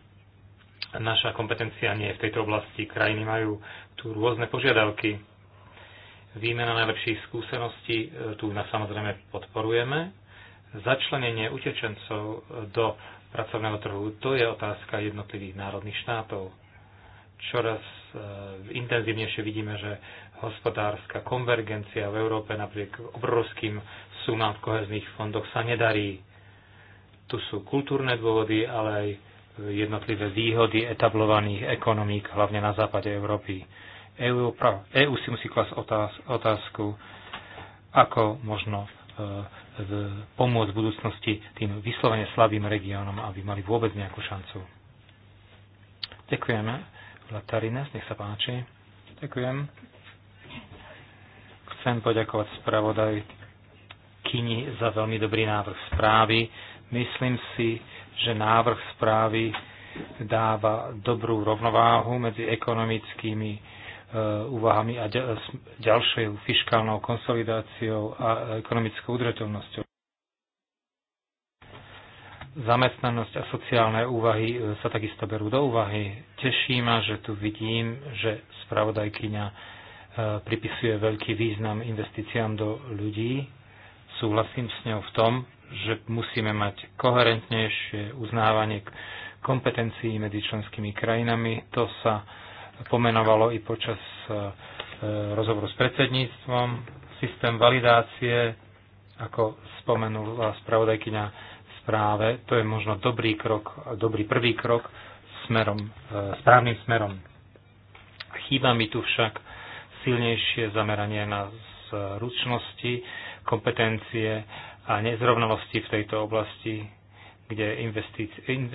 Naša kompetencia nie je v tejto oblasti. Krajiny majú tu rôzne požiadavky. Výmena najlepších skúseností e, tu na samozrejme podporujeme. Začlenenie utečencov do pracovného trhu. To je otázka jednotlivých národných štátov. Čoraz e, intenzívnejšie vidíme, že hospodárska konvergencia v Európe napriek obrovským sumám v kohezných fondoch sa nedarí. Tu sú kultúrne dôvody, ale aj jednotlivé výhody etablovaných ekonomík, hlavne na západe Európy. EU, EU si musí klasť otázku, ako možno e, pomôcť v budúcnosti tým vyslovene slabým regiónom, aby mali vôbec nejakú šancu. Ďakujeme. Latarinas, nech sa páči. Ďakujem. Chcem poďakovať spravodaj Kini za veľmi dobrý návrh správy. Myslím si, že návrh správy dáva dobrú rovnováhu medzi ekonomickými Eh, úvahami a ďalšou fiskálnou konsolidáciou a ekonomickou udržateľnosťou. Zamestnanosť a sociálne úvahy eh, sa takisto berú do úvahy. Teší ma, že tu vidím, že spravodajkyňa eh, pripisuje veľký význam investíciám do ľudí. Súhlasím s ňou v tom, že musíme mať koherentnejšie uznávanie kompetencií medzi členskými krajinami. To sa pomenovalo i počas e, e, rozhovoru s predsedníctvom, systém validácie, ako spomenula spravodajkyňa v správe, to je možno dobrý krok, dobrý prvý krok smerom, e, správnym smerom. Chýba mi tu však silnejšie zameranie na zručnosti, kompetencie a nezrovnalosti v tejto oblasti, kde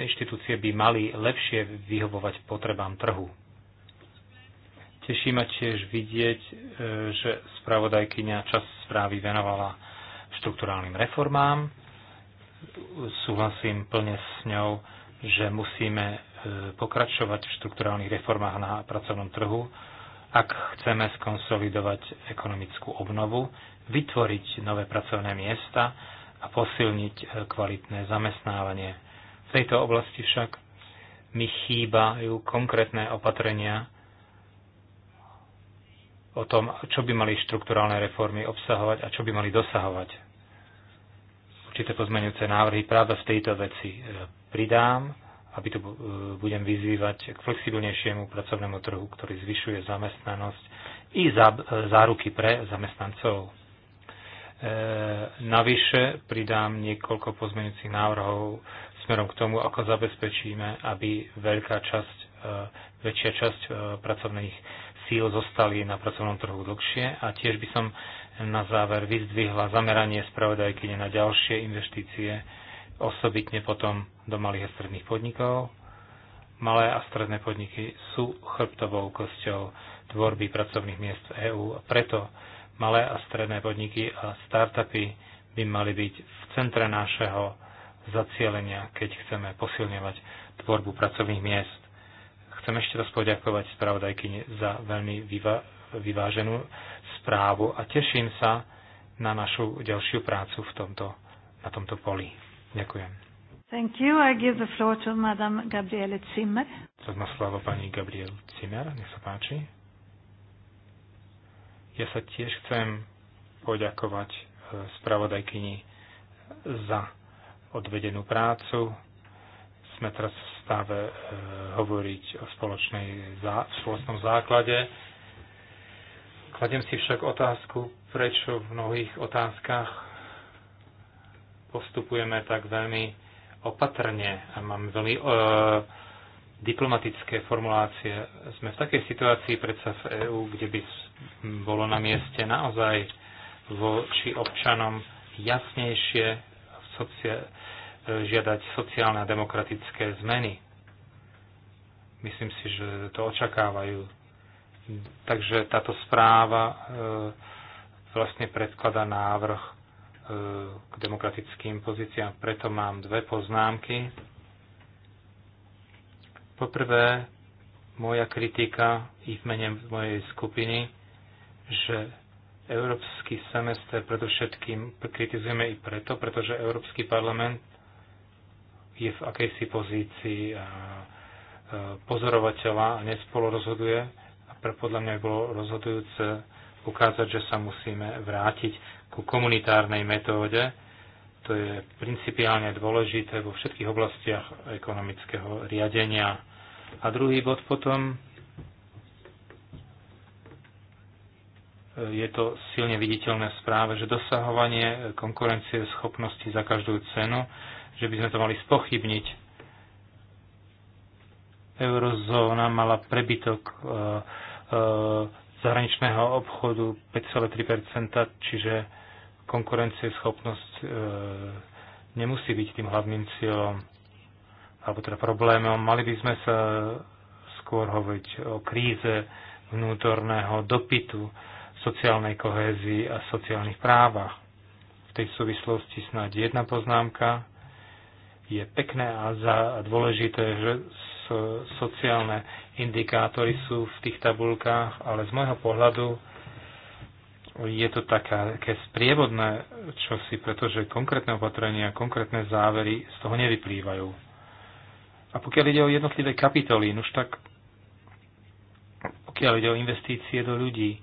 inštitúcie by mali lepšie vyhovovať potrebám trhu. Teší ma tiež vidieť, e, že spravodajkyňa čas správy venovala štruktúrálnym reformám. Súhlasím plne s ňou, že musíme e, pokračovať v štruktúrálnych reformách na pracovnom trhu, ak chceme skonsolidovať ekonomickú obnovu, vytvoriť nové pracovné miesta a posilniť e, kvalitné zamestnávanie. V tejto oblasti však mi chýbajú konkrétne opatrenia, o tom, čo by mali štrukturálne reformy obsahovať a čo by mali dosahovať. Určité pozmenujúce návrhy práve v tejto veci e, pridám, aby tu e, budem vyzývať k flexibilnejšiemu pracovnému trhu, ktorý zvyšuje zamestnanosť i e, záruky pre zamestnancov. Navyše pridám niekoľko pozmenujúcich návrhov smerom k tomu, ako zabezpečíme, aby veľká časť, väčšia časť pracovných síl zostali na pracovnom trhu dlhšie a tiež by som na záver vyzdvihla zameranie spravodajkyne na ďalšie investície, osobitne potom do malých a stredných podnikov. Malé a stredné podniky sú chrbtovou kosťou tvorby pracovných miest v EÚ a preto malé a stredné podniky a startupy by mali byť v centre nášho zacielenia, keď chceme posilňovať tvorbu pracovných miest. Chcem ešte raz poďakovať spravodajkyni za veľmi vyva- vyváženú správu a teším sa na našu ďalšiu prácu v tomto, na tomto poli. Ďakujem. Thank you. I give the floor to Madame Gabriele Zimmer. Teraz má slovo pani Gabriele Zimmer, nech sa páči. Ja sa tiež chcem poďakovať e, spravodajkyni za odvedenú prácu. Sme teraz v stave e, hovoriť o spoločnej zá, spoločnom základe. Kladiem si však otázku, prečo v mnohých otázkach postupujeme tak veľmi opatrne a máme veľmi e, diplomatické formulácie. Sme v takej situácii predsa v EÚ, kde by bolo na mieste naozaj voči občanom jasnejšie v socia- žiadať sociálne a demokratické zmeny. Myslím si, že to očakávajú. Takže táto správa e, vlastne predklada návrh e, k demokratickým pozíciám. Preto mám dve poznámky. Poprvé, moja kritika i v mene mojej skupiny, že európsky semester predovšetkým kritizujeme i preto, pretože Európsky parlament je v akejsi pozícii pozorovateľa a nespolo rozhoduje. A pre, podľa mňa by bolo rozhodujúce ukázať, že sa musíme vrátiť ku komunitárnej metóde. To je principiálne dôležité vo všetkých oblastiach ekonomického riadenia. A druhý bod potom e, je to silne viditeľné správe, že dosahovanie konkurencie schopnosti za každú cenu že by sme to mali spochybniť. Eurozóna mala prebytok e, e, zahraničného obchodu 5,3%, čiže konkurencieschopnosť e, nemusí byť tým hlavným cieľom alebo teda problémom. Mali by sme sa skôr hovoriť o kríze vnútorného dopytu, sociálnej kohézii a sociálnych právach. V tej súvislosti snáď jedna poznámka je pekné a za dôležité, že sociálne indikátory sú v tých tabulkách, ale z môjho pohľadu je to také sprievodné čosi, pretože konkrétne opatrenia, konkrétne závery z toho nevyplývajú. A pokiaľ ide o jednotlivé kapitoly, už tak pokiaľ ide o investície do ľudí,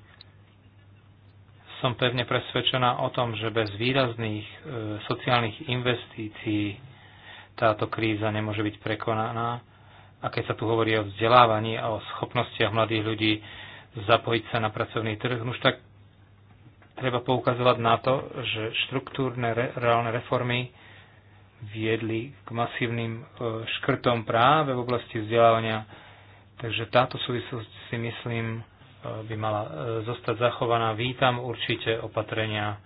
som pevne presvedčená o tom, že bez výrazných e, sociálnych investícií táto kríza nemôže byť prekonaná. A keď sa tu hovorí o vzdelávaní a o schopnostiach mladých ľudí zapojiť sa na pracovný trh, no už tak treba poukazovať na to, že štruktúrne re, reálne reformy viedli k masívnym e, škrtom práve v oblasti vzdelávania. Takže táto súvislosť si myslím e, by mala e, zostať zachovaná. Vítam určite opatrenia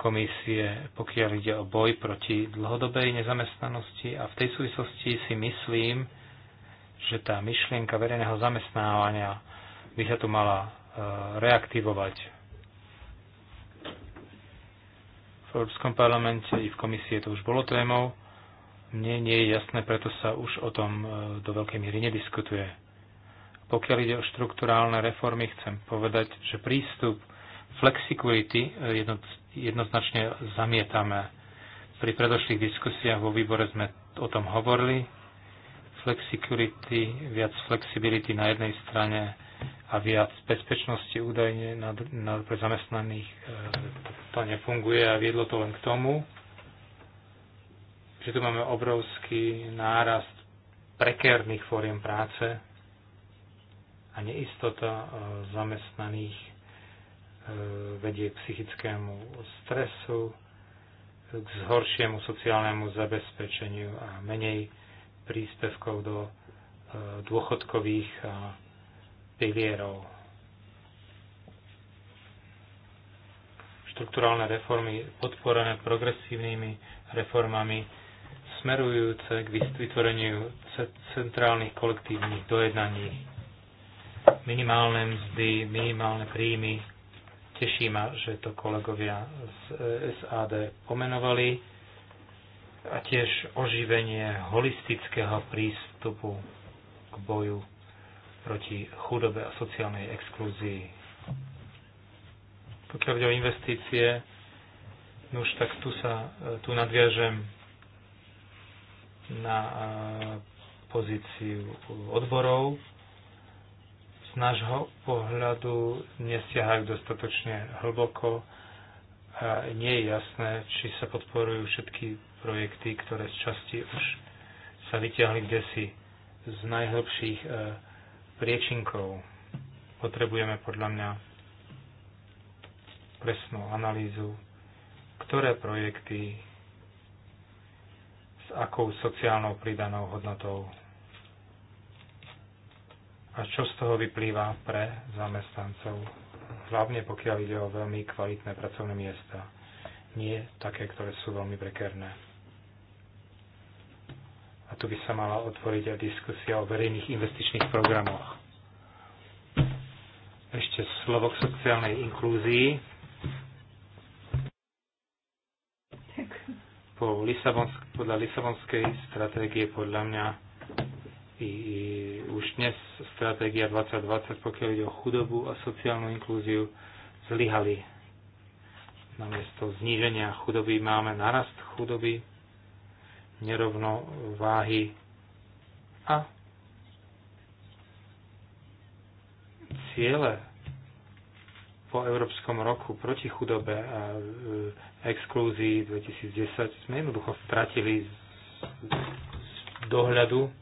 komisie, pokiaľ ide o boj proti dlhodobej nezamestnanosti a v tej súvislosti si myslím, že tá myšlienka verejného zamestnávania by sa tu mala e, reaktivovať. V Európskom parlamente i v komisie to už bolo témou. Mne nie je jasné, preto sa už o tom e, do veľkej míry nediskutuje. Pokiaľ ide o štruktúrálne reformy, chcem povedať, že prístup Flexicurity e, jednoznačne zamietame. Pri predošlých diskusiách vo výbore sme o tom hovorili. Flexicurity, viac flexibility na jednej strane a viac bezpečnosti údajne na, na, pre zamestnaných e, to nefunguje a viedlo to len k tomu, že tu máme obrovský nárast prekérnych fóriem práce a neistota e, zamestnaných Eh, vedie k psychickému stresu, k zhoršiemu sociálnemu zabezpečeniu a menej príspevkov do eh, dôchodkových eh, pilierov. Štrukturálne reformy podporené progresívnymi reformami smerujúce k vytvoreniu centrálnych kolektívnych dojednaní minimálne mzdy, minimálne príjmy, Teší ma, že to kolegovia z eh, SAD pomenovali a tiež oživenie holistického prístupu k boju proti chudobe a sociálnej exklúzii. Pokiaľ ide o investície, no už tak tu sa eh, tu nadviažem na eh, pozíciu odborov z nášho pohľadu nesiahajú dostatočne hlboko a nie je jasné, či sa podporujú všetky projekty, ktoré z časti už sa vyťahli kde si z najhlbších e, priečinkov. Potrebujeme podľa mňa presnú analýzu, ktoré projekty s akou sociálnou pridanou hodnotou a čo z toho vyplýva pre zamestnancov, hlavne pokiaľ ide o veľmi kvalitné pracovné miesta, nie také, ktoré sú veľmi prekerné. A tu by sa mala otvoriť aj diskusia o verejných investičných programoch. Ešte slovo k sociálnej inklúzii. Po Lisabonsk- podľa Lisabonskej stratégie podľa mňa i, už dnes stratégia 2020, pokiaľ ide o chudobu a sociálnu inklúziu, zlyhali. Namiesto zníženia chudoby máme narast chudoby, nerovnováhy a ciele po Európskom roku proti chudobe a e, exklúzii 2010 sme jednoducho stratili z dohľadu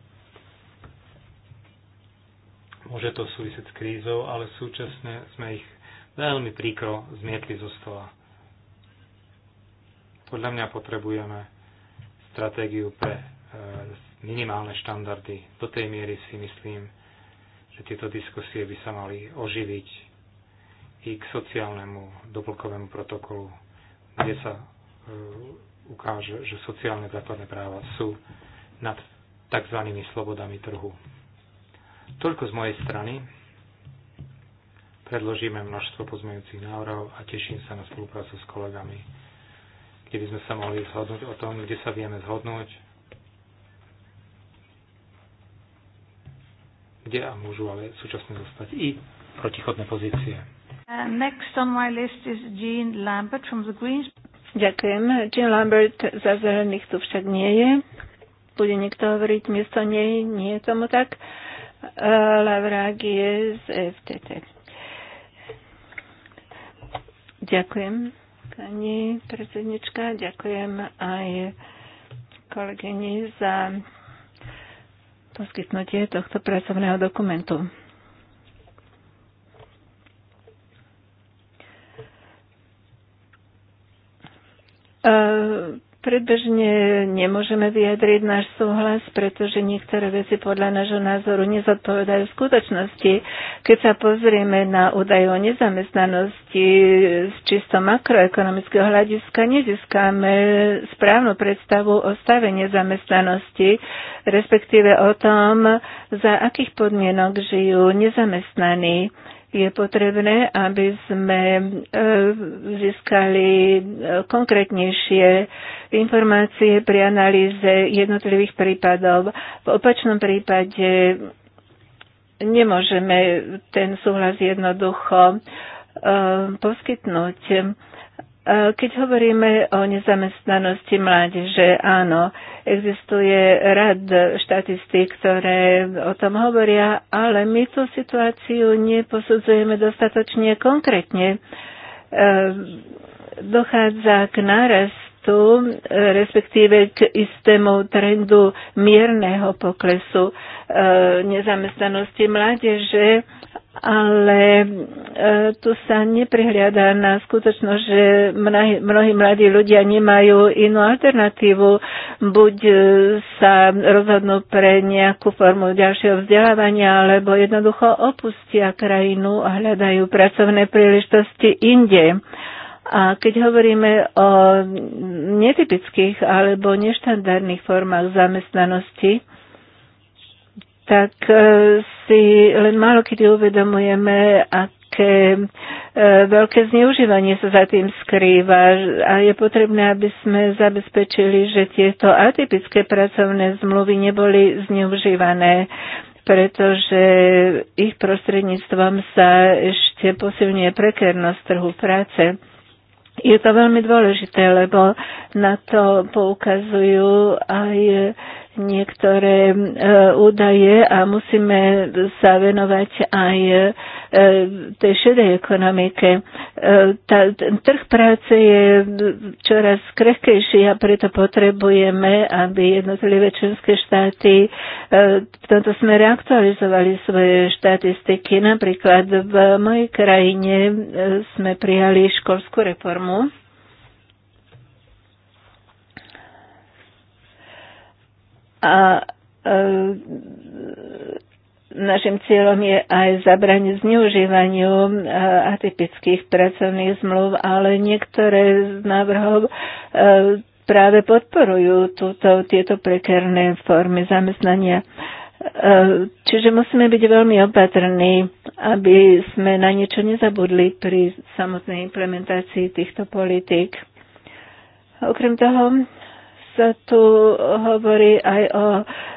Môže to súvisieť s krízou, ale súčasne sme ich veľmi príkro zmietli zo stola. Podľa mňa potrebujeme stratégiu pre e, minimálne štandardy. Do tej miery si myslím, že tieto diskusie by sa mali oživiť i k sociálnemu doplkovému protokolu, kde sa e, ukáže, že sociálne základné práva sú nad tzv. slobodami trhu. Toľko z mojej strany. Predložíme množstvo pozmejúcich návrhov a teším sa na spoluprácu s kolegami, kde by sme sa mohli zhodnúť o tom, kde sa vieme zhodnúť, kde a môžu ale súčasne zostať i protichodné pozície. Uh, next on my list is Jean Lambert from the Greens. Ďakujem. Jean Lambert za zelených tu však nie je. Bude niekto hovoriť miesto nej? Nie je tomu tak. Uh, la Lavragie z FTT. Ďakujem, pani predsednička. Ďakujem aj kolegyni za poskytnutie tohto pracovného dokumentu. Uh, Predbežne nemôžeme vyjadriť náš súhlas, pretože niektoré veci podľa nášho názoru nezodpovedajú skutočnosti. Keď sa pozrieme na údaje o nezamestnanosti z čisto makroekonomického hľadiska, nezískame správnu predstavu o stave nezamestnanosti, respektíve o tom, za akých podmienok žijú nezamestnaní je potrebné, aby sme e, získali e, konkrétnejšie informácie pri analýze jednotlivých prípadov. V opačnom prípade nemôžeme ten súhlas jednoducho e, poskytnúť. E, keď hovoríme o nezamestnanosti mládeže, áno, existuje rad štatistík, ktoré o tom hovoria, ale my tú situáciu neposudzujeme dostatočne konkrétne. E, dochádza k nárast rastu, respektíve k istému trendu mierneho poklesu e, nezamestnanosti mládeže, ale e, tu sa neprihliada na skutočnosť, že mnohí, mnohí mladí ľudia nemajú inú alternatívu. Buď e, sa rozhodnú pre nejakú formu ďalšieho vzdelávania, alebo jednoducho opustia krajinu a hľadajú pracovné príležitosti inde. A keď hovoríme o netypických alebo neštandardných formách zamestnanosti, tak e, si len málo kedy uvedomujeme, aké e, veľké zneužívanie sa za tým skrýva a je potrebné, aby sme zabezpečili, že tieto atypické pracovné zmluvy neboli zneužívané pretože ich prostredníctvom sa ešte posilňuje prekernosť trhu práce. Je to veľmi dôležité, lebo na to poukazujú aj niektoré e, údaje a musíme sa venovať aj E, tej šedej ekonomike. E, tá, trh práce je čoraz krehkejší a preto potrebujeme, aby jednotlivé členské štáty e, v tomto smere aktualizovali svoje štatistiky. Napríklad v mojej krajine sme prijali školskú reformu. A a Našim cieľom je aj zabraniť zneužívaniu eh, atypických pracovných zmluv, ale niektoré z návrhov eh, práve podporujú túto, tieto prekerné formy zamestnania. Eh, čiže musíme byť veľmi opatrní, aby sme na niečo nezabudli pri samotnej implementácii týchto politík. Okrem toho sa tu hovorí aj o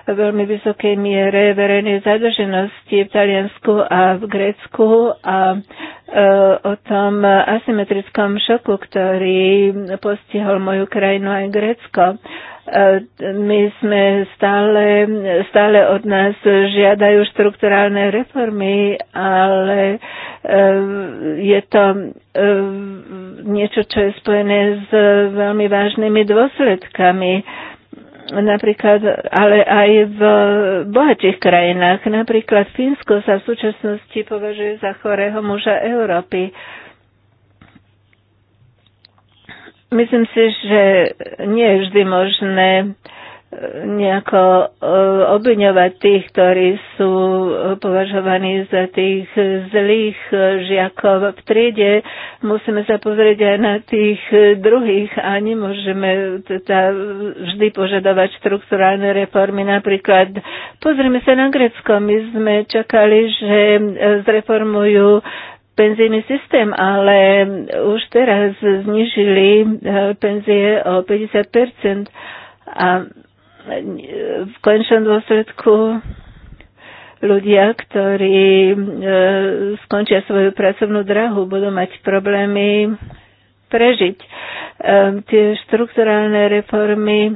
veľmi vysokej miere verejnej zadrženosti v Taliansku a v Grécku a e, o tom asymetrickom šoku, ktorý postihol moju krajinu aj Grécko. E, my sme stále, stále od nás žiadajú štrukturálne reformy, ale e, je to niečo, čo je spojené s veľmi vážnymi dôsledkami napríklad, ale aj v bohatých krajinách. Napríklad Fínsko sa v súčasnosti považuje za chorého muža Európy. Myslím si, že nie je vždy možné nejako e, obviňovať tých, ktorí sú považovaní za tých zlých e, žiakov v triede. Musíme sa pozrieť aj na tých druhých a nemôžeme teda vždy požadovať štruktúrálne reformy. Napríklad pozrieme sa na Grecko. My sme čakali, že zreformujú penzijný systém, ale už teraz znižili e, penzie o 50 a v končnom dôsledku ľudia, ktorí e, skončia svoju pracovnú drahu, budú mať problémy prežiť. E, tie štrukturálne reformy e,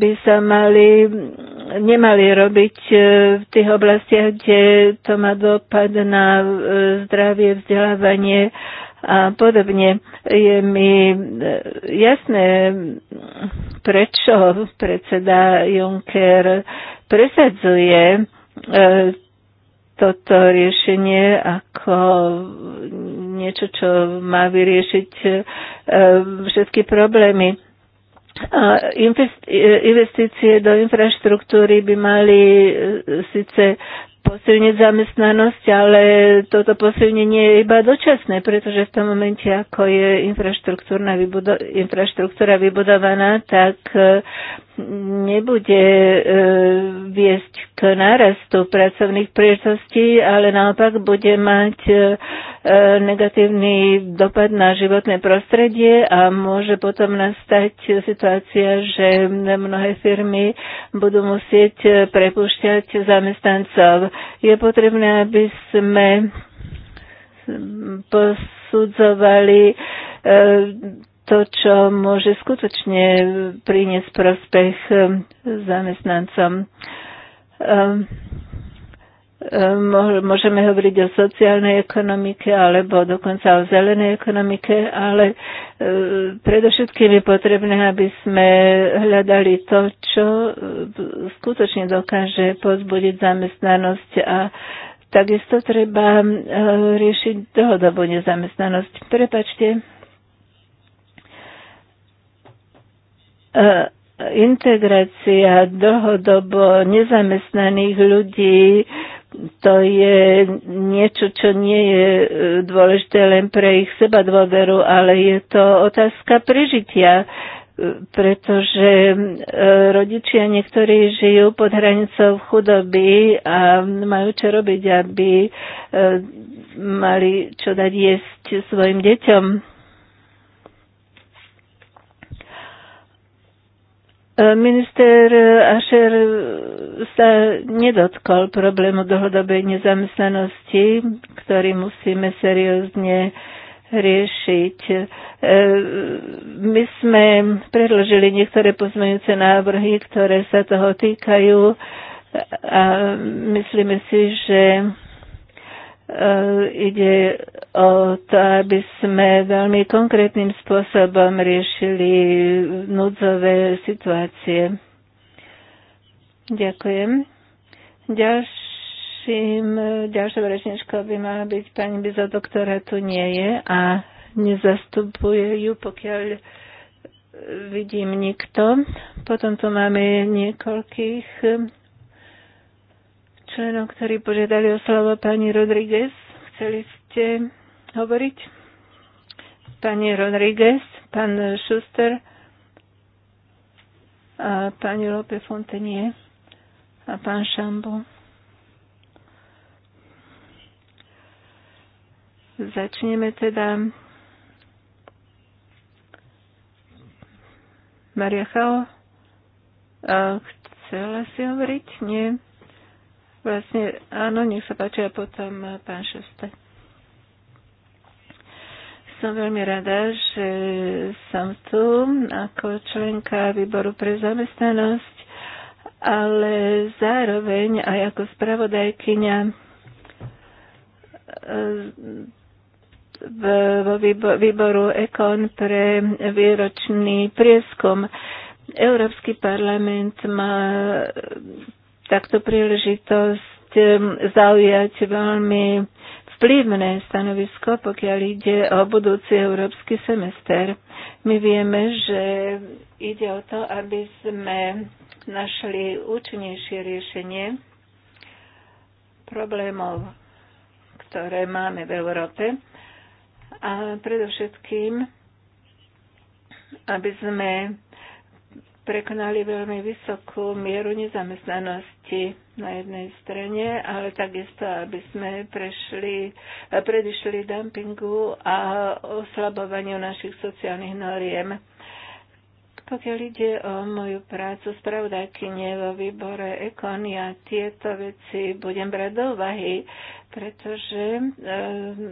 by sa mali, nemali robiť e, v tých oblastiach, kde to má dopad na e, zdravie, vzdelávanie a podobne. Je mi e, jasné, prečo predseda Juncker presadzuje e, toto riešenie ako niečo, čo má vyriešiť e, všetky problémy. Investície do infraštruktúry by mali síce posilniť zamestnanosť, ale toto posilnenie je iba dočasné, pretože v tom momente, ako je infraštruktúra, vybudo- infraštruktúra vybudovaná, tak nebude e, viesť k nárastu pracovných príležitostí, ale naopak bude mať e, e, negatívny dopad na životné prostredie a môže potom nastať situácia, že mnohé firmy budú musieť prepušťať zamestnancov. Je potrebné, aby sme posudzovali to, čo môže skutočne priniesť prospech ehm, zamestnancom. Ehm, ehm, môžeme hovoriť o sociálnej ekonomike alebo dokonca o zelenej ekonomike, ale e, predovšetkým je potrebné, aby sme hľadali to, čo e, skutočne dokáže pozbudiť zamestnanosť a takisto treba e, riešiť dlhodobú nezamestnanosť. Prepačte. E, integrácia dlhodobo nezamestnaných ľudí to je niečo, čo nie je e, dôležité len pre ich seba dôveru, ale je to otázka prežitia e, pretože rodičia niektorí žijú pod hranicou chudoby a majú čo robiť, aby mali čo dať jesť svojim deťom. Minister Asher sa nedotkol problému dlhodobej nezamestnanosti, ktorý musíme seriózne riešiť. E, my sme predložili niektoré pozmeňujúce návrhy, ktoré sa toho týkajú a myslíme si, že Eh, ide o to, aby sme veľmi konkrétnym spôsobom riešili núdzové situácie. Ďakujem. Ďalším, ďalšou rečničkou by mala byť pani Bizodo, doktora, tu nie je a nezastupuje ju, pokiaľ vidím nikto. Potom tu máme niekoľkých členov, ktorí požiadali o slovo. Pani Rodriguez, chceli ste hovoriť? Pani Rodriguez, pán Schuster a pani Lope Fontenie a pán Šambo. Začneme teda Maria Chao. Chcela si hovoriť? Nie. Vlastne, áno, nech sa páči a potom eh, pán Šeste. Som veľmi rada, že som tu ako členka výboru pre zamestnanosť, ale zároveň aj ako spravodajkyňa eh, vo výboru EKON pre výročný prieskum. Európsky parlament má takto príležitosť zaujať veľmi vplyvné stanovisko, pokiaľ ide o budúci európsky semester. My vieme, že ide o to, aby sme našli účinnejšie riešenie problémov, ktoré máme v Európe a predovšetkým, aby sme prekonali veľmi vysokú mieru nezamestnanosti na jednej strane, ale takisto, aby sme prešli, predišli dumpingu a oslabovaniu našich sociálnych noriem. Pokiaľ ide o moju prácu spravodajkyne vo výbore Ekon, ja tieto veci budem brať do úvahy, pretože e,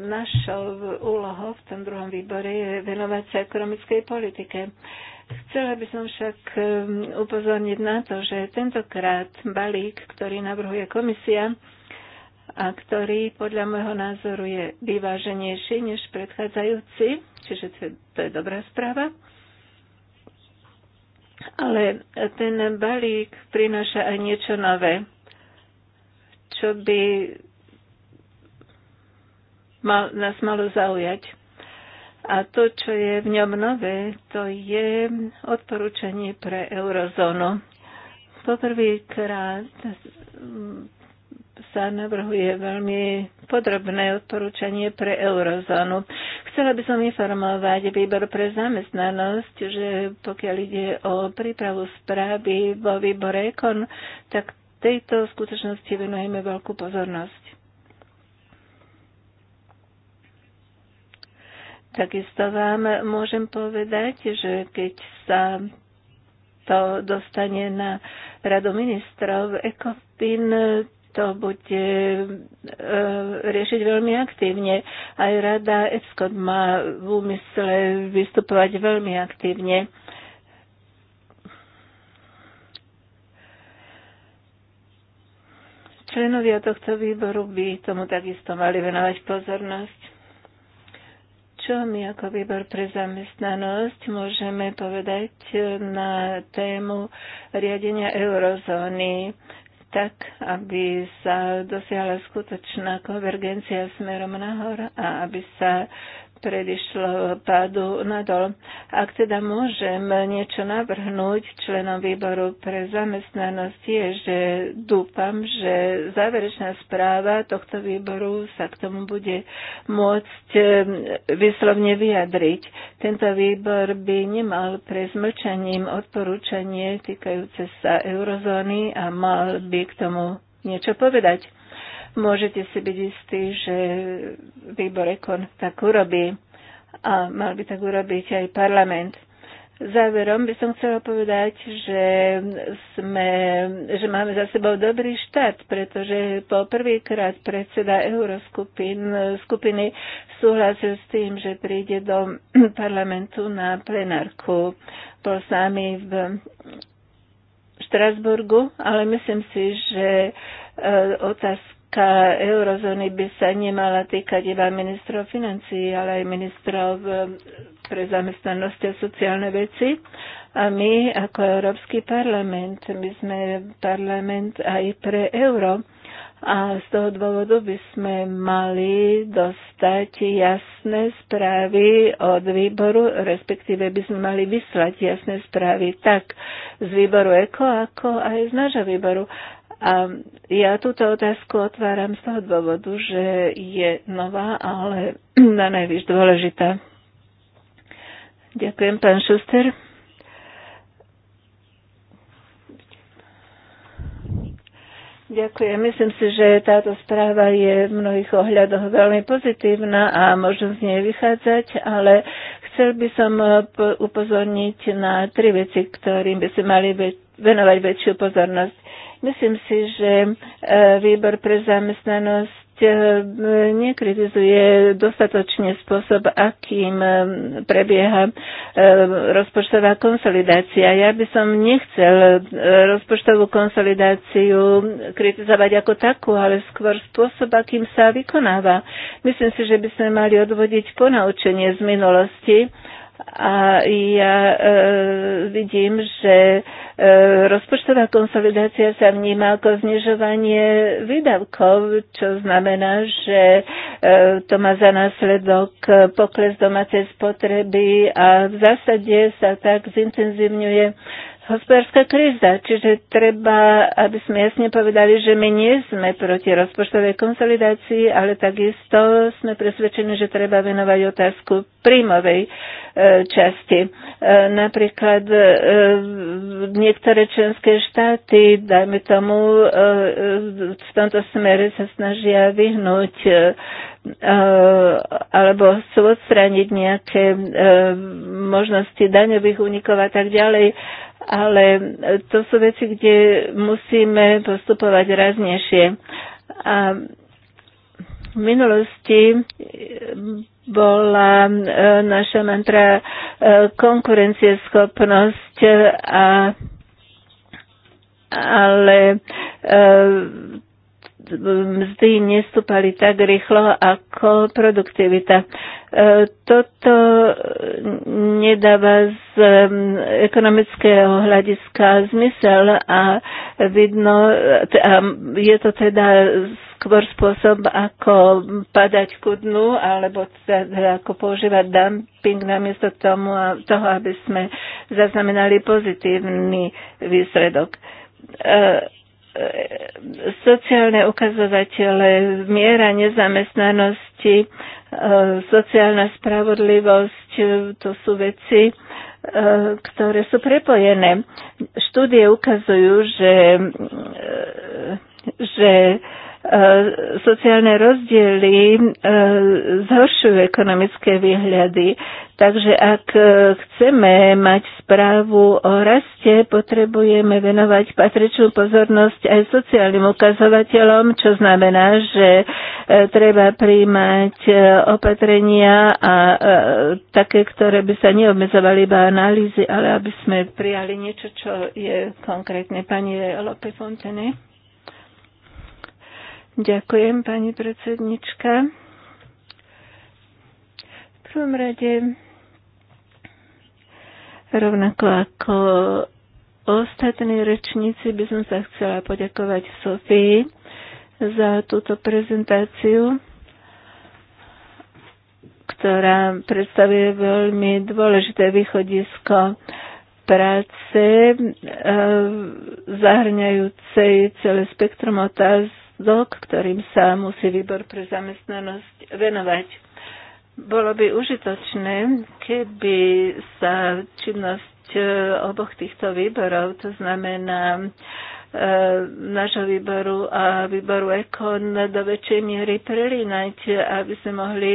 našou úlohou v tom druhom výbore je venovať sa ekonomickej politike. E, Chcela by som však um, upozorniť na to, že tentokrát balík, ktorý navrhuje komisia a ktorý podľa môjho názoru je vyváženejší než predchádzajúci, čiže to je, to je dobrá správa. Ale ten balík prináša aj niečo nové, čo by mal, nás malo zaujať a to, čo je v ňom nové, to je odporúčanie pre eurozónu. Poprvýkrát sa navrhuje veľmi podrobné odporúčanie pre eurozónu. Chcela by som informovať výbor pre zamestnanosť, že pokiaľ ide o prípravu správy vo výbore EKON, tak tejto skutočnosti venujeme veľkú pozornosť. Takisto vám môžem povedať, že keď sa to dostane na radu ministrov ECOFIN, to bude e, riešiť veľmi aktívne. Aj rada EPSCOT má v úmysle vystupovať veľmi aktívne. Členovia tohto výboru by tomu takisto mali venovať pozornosť. Čo my ako výbor pre zamestnanosť môžeme povedať na tému riadenia eurozóny? tak, aby sa dosiahla skutočná konvergencia smerom nahor a aby sa predišlo e, pádu nadol. Ak teda môžem niečo navrhnúť členom výboru pre zamestnanosť je, že dúfam, že záverečná správa tohto výboru sa k tomu bude môcť e, vyslovne vyjadriť. Tento výbor by nemal pre zmlčaním odporúčanie týkajúce sa eurozóny a mal by k tomu niečo povedať. Môžete si byť istí, že výbor Ekon tak urobí a mal by tak urobiť aj parlament. Záverom by som chcela povedať, že, sme, že máme za sebou dobrý štát, pretože po prvýkrát predseda euroskupin skupiny súhlasil s tým, že príde do parlamentu na plenárku. Bol sami v Štrasburgu, ale myslím si, že e, otázka politika eurozóny by sa nemala týkať iba ministrov financií, ale aj ministrov eh, pre zamestnanosť a sociálne veci. A my ako Európsky parlament, my sme parlament aj pre euro. A z toho dôvodu by sme mali dostať jasné správy od výboru, respektíve by sme mali vyslať jasné správy tak z výboru ECO, ako aj z nášho výboru. A ja túto otázku otváram z toho dôvodu, že je nová, ale na najvyš dôležitá. Ďakujem, pán Šuster. Ďakujem. Myslím si, že táto správa je v mnohých ohľadoch veľmi pozitívna a môžem z nej vychádzať, ale chcel by som upozorniť na tri veci, ktorým by si mali venovať väčšiu pozornosť. Myslím si, že e, výbor pre zamestnanosť e, nekritizuje dostatočne spôsob, akým e, prebieha rozpočtová konsolidácia. Ja by som nechcel rozpočtovú konsolidáciu kritizovať ako takú, ale skôr spôsob, akým sa vykonáva. Myslím si, že by sme mali odvodiť ponaučenie z minulosti a ja e, vidím, že e, rozpočtová konsolidácia sa vníma ako znižovanie výdavkov, čo znamená, že e, to má za následok pokles domácej spotreby a v zásade sa tak zintenzívňuje hospodárska kríza. Čiže treba, aby sme jasne povedali, že my nie sme proti rozpočtovej konsolidácii, ale takisto sme presvedčení, že treba venovať otázku príjmovej e, časti. E, napríklad e, niektoré členské štáty, dajme tomu, v tomto smere sa snažia vyhnúť E, alebo chcú odstrániť nejaké e, možnosti daňových únikov a tak ďalej, ale to sú veci, kde musíme postupovať raznejšie. A v minulosti bola e, naša mantra konkurencieschopnosť a ale e, mzdy nestúpali tak rýchlo ako produktivita. E, toto nedáva z ekonomického hľadiska zmysel a vidno, a je to teda skôr spôsob, ako padať ku dnu, alebo teda ako používať dumping namiesto tomu, toho, aby sme zaznamenali pozitívny výsledok. E, sociálne ukazovatele, miera nezamestnanosti, e, sociálna spravodlivosť, e, to sú veci, e, ktoré sú prepojené. Štúdie ukazujú, že, že E, sociálne rozdiely e, zhoršujú ekonomické výhľady. Takže ak e, chceme mať správu o raste, potrebujeme venovať patričnú pozornosť aj sociálnym ukazovateľom, čo znamená, že treba príjmať opatrenia a také, ktoré by sa neobmedzovali iba analýzy, ale aby sme prijali niečo, čo je konkrétne. Pani Lope Fontene. Ďakujem, pani predsednička. V prvom rade, rovnako ako ostatní rečníci, by som sa chcela poďakovať Sofii za túto prezentáciu ktorá predstavuje veľmi dôležité východisko práce, eh, zahrňajúcej celé spektrum otáz, otázok, ktorým sa musí výbor pre zamestnanosť venovať. Bolo by užitočné, keby sa činnosť e, oboch týchto výborov, to znamená e, nášho výboru a výboru EKON do väčšej miery prelínať, aby sme mohli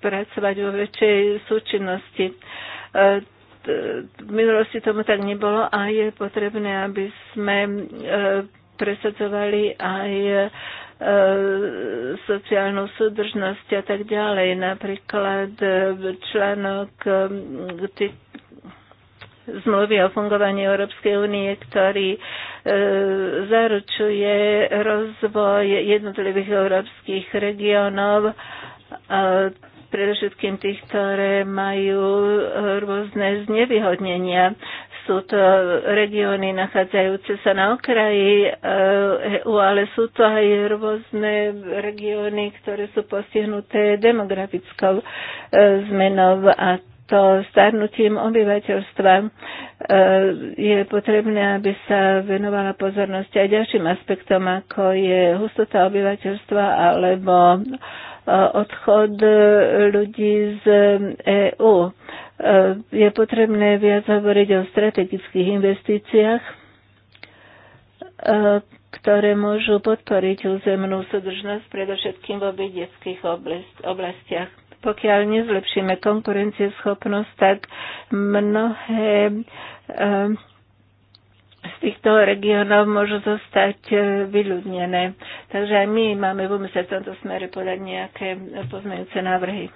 pracovať vo väčšej súčinnosti. E, v minulosti tomu tak nebolo a je potrebné, aby sme presadzovali aj e, sociálnu súdržnosť a tak ďalej. Napríklad e, článok e, zmluvy o fungovaní Európskej únie, ktorý zaručuje rozvoj jednotlivých európskych regiónov, predovšetkým tých, ktoré majú rôzne znevýhodnenia sú to e, regióny nachádzajúce sa na okraji EU, e ale sú to aj rôzne regióny, ktoré sú postihnuté demografickou e, zmenou a to starnutím obyvateľstva je potrebné, aby sa venovala pozornosť aj ďalším aspektom, ako je hustota obyvateľstva alebo odchod ľudí z EÚ. E, je potrebné viac hovoriť o strategických investíciách, e, ktoré môžu podporiť územnú súdržnosť predovšetkým v obidetských oblastiach. Pokiaľ nezlepšíme konkurencieschopnosť, tak mnohé e, z týchto regiónov môžu zostať vyľudnené. Takže aj my máme v úmysle v tomto smere podať nejaké pozmeňujúce návrhy.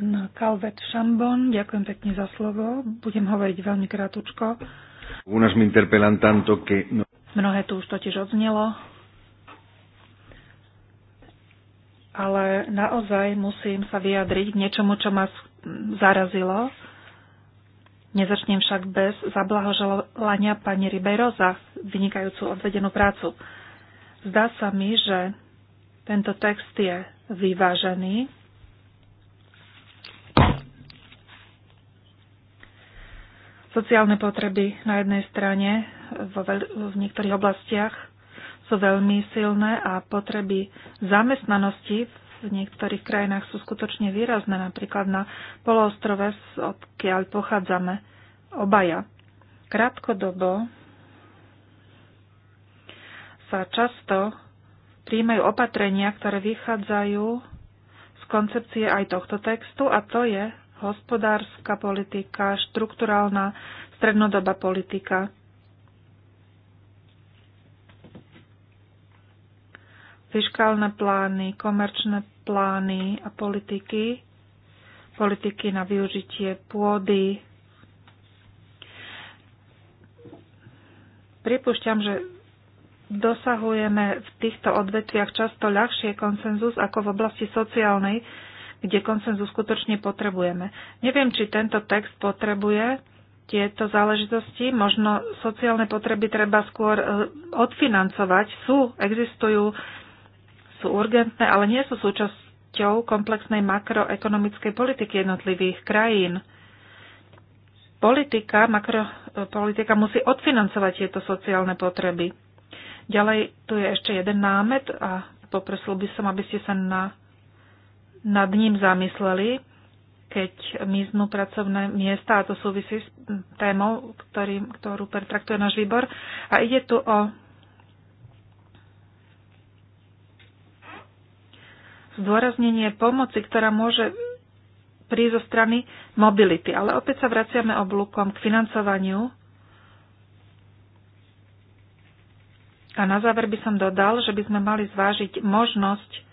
na Calvet Šambon, ďakujem pekne za slovo. Budem hovoriť veľmi krátučko. U nás mi interpelan tanto, que... No... Mnohé tu už totiž odznelo. Ale naozaj musím sa vyjadriť k niečomu, čo ma zarazilo. Nezačnem však bez zablahoželania pani Ribeiro za vynikajúcu odvedenú prácu. Zdá sa mi, že tento text je vyvážený, Sociálne potreby na jednej strane vo veľ- v niektorých oblastiach sú veľmi silné a potreby zamestnanosti v niektorých krajinách sú skutočne výrazné, napríklad na poloostrove, odkiaľ pochádzame obaja. Krátkodobo sa často príjmajú opatrenia, ktoré vychádzajú z koncepcie aj tohto textu a to je hospodárska politika, štrukturálna strednodobá politika. fiskálne plány, komerčné plány a politiky, politiky na využitie pôdy. Pripúšťam, že dosahujeme v týchto odvetviach často ľahšie konsenzus ako v oblasti sociálnej, kde konsenzus skutočne potrebujeme. Neviem, či tento text potrebuje tieto záležitosti. Možno sociálne potreby treba skôr e, odfinancovať. Sú, existujú, sú urgentné, ale nie sú súčasťou komplexnej makroekonomickej politiky jednotlivých krajín. Politika, makropolitika e, musí odfinancovať tieto sociálne potreby. Ďalej tu je ešte jeden námet a poprosil by som, aby ste sa na nad ním zamysleli, keď miznú pracovné miesta, a to súvisí s témou, ktorý, ktorú pertraktuje náš výbor. A ide tu o zdôraznenie pomoci, ktorá môže prísť zo strany mobility. Ale opäť sa vraciame oblúkom k financovaniu. A na záver by som dodal, že by sme mali zvážiť možnosť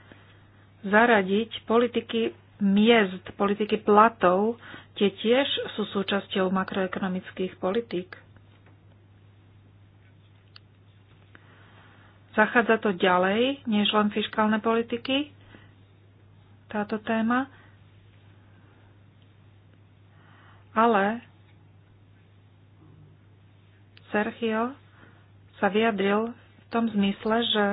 zaradiť politiky miest, politiky platov, tie tiež sú súčasťou makroekonomických politík. Zachádza to ďalej, než len fiskálne politiky, táto téma, ale Sergio sa vyjadril v tom zmysle, že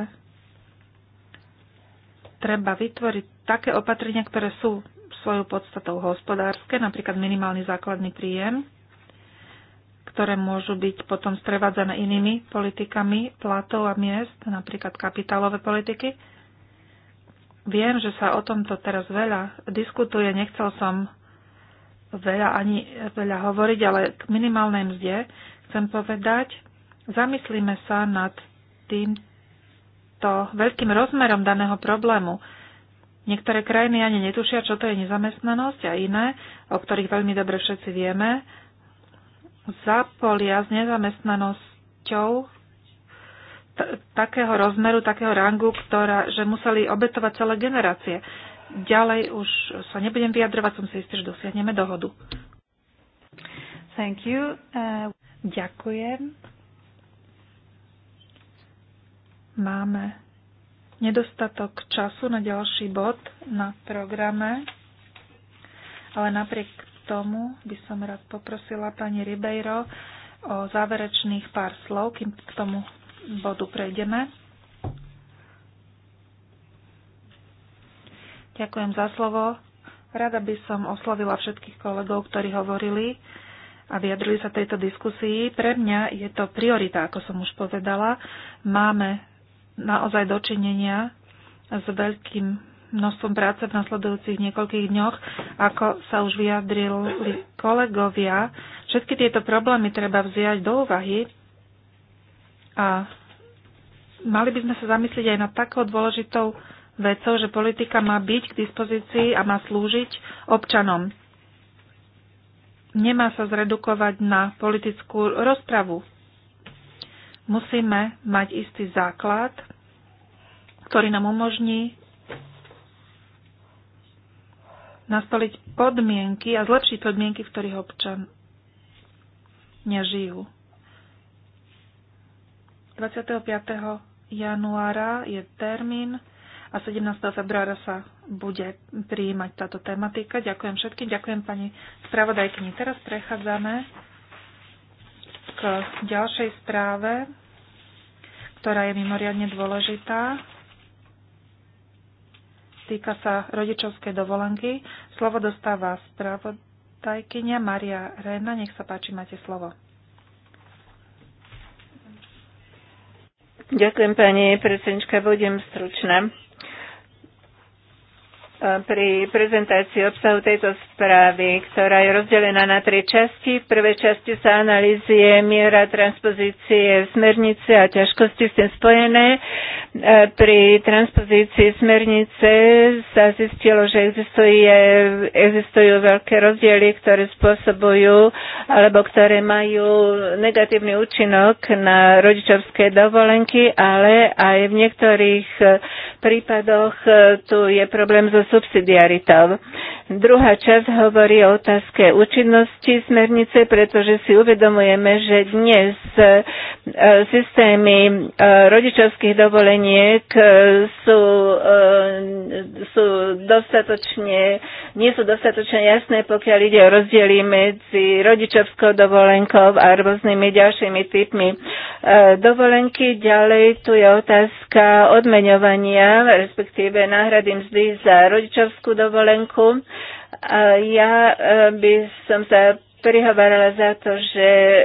treba vytvoriť také opatrenia, ktoré sú svojou podstatou hospodárske, napríklad minimálny základný príjem, ktoré môžu byť potom sprevádzané inými politikami platov a miest, napríklad kapitálové politiky. Viem, že sa o tomto teraz veľa diskutuje, nechcel som veľa ani veľa hovoriť, ale k minimálnej mzde chcem povedať, zamyslíme sa nad tým, to veľkým rozmerom daného problému. Niektoré krajiny ani netušia, čo to je nezamestnanosť a iné, o ktorých veľmi dobre všetci vieme, zapolia s nezamestnanosťou takého rozmeru, takého rangu, ktorá, že museli obetovať celé generácie. Ďalej už sa nebudem vyjadrovať, som si istý, že dosiahneme dohodu. Thank you. Uh... Ďakujem máme nedostatok času na ďalší bod na programe, ale napriek tomu by som rád poprosila pani Ribeiro o záverečných pár slov, kým k tomu bodu prejdeme. Ďakujem za slovo. Rada by som oslovila všetkých kolegov, ktorí hovorili a vyjadrili sa tejto diskusii. Pre mňa je to priorita, ako som už povedala. Máme naozaj dočinenia s veľkým množstvom práce v nasledujúcich niekoľkých dňoch. Ako sa už vyjadrili kolegovia, všetky tieto problémy treba vziať do úvahy a mali by sme sa zamyslieť aj nad takou dôležitou vecou, že politika má byť k dispozícii a má slúžiť občanom. Nemá sa zredukovať na politickú rozpravu. Musíme mať istý základ, ktorý nám umožní nastoliť podmienky a zlepšiť podmienky, v ktorých občan nežijú. 25. januára je termín a 17. februára sa bude prijímať táto tematika. Ďakujem všetkým, ďakujem pani spravodajkyni. Teraz prechádzame k ďalšej správe, ktorá je mimoriadne dôležitá týka sa rodičovskej dovolenky. Slovo dostáva spravodajkynia Maria Rena. Nech sa páči, máte slovo. Ďakujem, pani predsednička, budem stručná pri prezentácii obsahu tejto správy, ktorá je rozdelená na tri časti. V prvej časti sa analýzuje miera transpozície smernice a ťažkosti s tým spojené. E, pri transpozícii smernice sa zistilo, že existuje, existujú veľké rozdiely, ktoré spôsobujú alebo ktoré majú negatívny účinok na rodičovské dovolenky, ale aj v niektorých prípadoch tu je problém so subsidiaritou. Druhá časť hovorí o otázke účinnosti smernice, pretože si uvedomujeme, že dnes e, systémy e, rodičovských dovoleniek sú, e, sú dostatočne, nie sú dostatočne jasné, pokiaľ ide o rozdiely medzi rodičovskou dovolenkou a rôznymi ďalšími typmi dovolenky. Ďalej tu je otázka odmeňovania, respektíve náhrady mzdy za rodičovskú dovolenku ja e, by som sa prihovárala za to, že e,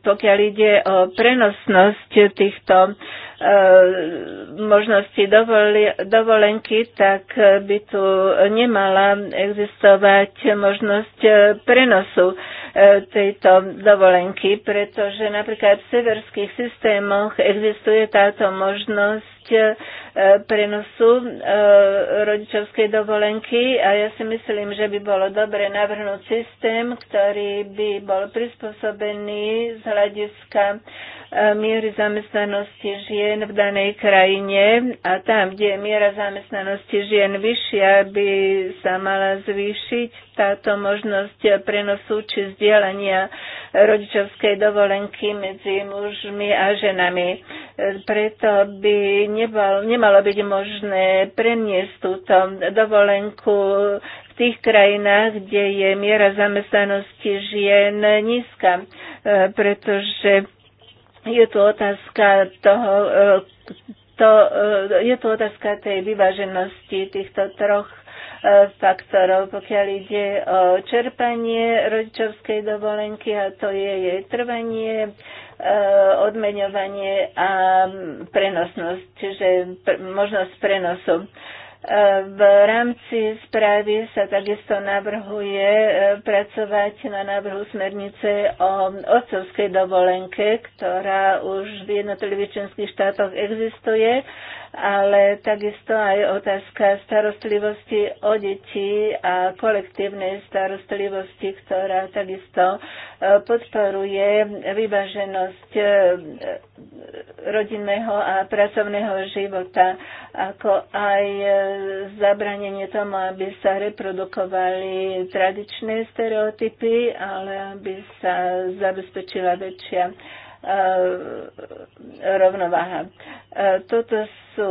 pokiaľ ide o prenosnosť týchto e, možností dovolenky, tak by tu nemala existovať možnosť prenosu tejto dovolenky, pretože napríklad v severských systémoch existuje táto možnosť e, prenosu e, rodičovskej dovolenky a ja si myslím, že by bolo dobre navrhnúť systém, ktorý by bol prispôsobený z hľadiska miery zamestnanosti žien v danej krajine a tam, kde je miera zamestnanosti žien vyššia, by sa mala zvýšiť táto možnosť prenosu či zdieľania rodičovskej dovolenky medzi mužmi a ženami. Preto by nebol, nemalo byť možné preniesť túto dovolenku v tých krajinách, kde je miera zamestnanosti žien nízka, pretože je tu otázka toho, e, to, e, je to otázka tej vyváženosti týchto troch e, faktorov, pokiaľ ide o čerpanie rodičovskej dovolenky a to je jej trvanie, odmeňovanie a prenosnosť, čiže možnosť prenosu. E, v rámci správy sa takisto navrhuje e, pracovať na návrhu smernice o otcovskej dovolenke, ktorá už v jednotlivých členských štátoch existuje ale takisto aj otázka starostlivosti o deti a kolektívnej starostlivosti, ktorá takisto e, podporuje vyváženosť e, rodinného a pracovného života, ako aj e, zabranenie tomu, aby sa reprodukovali tradičné stereotypy, ale aby sa zabezpečila väčšia Eh, rovnováha. Eh, toto, sú,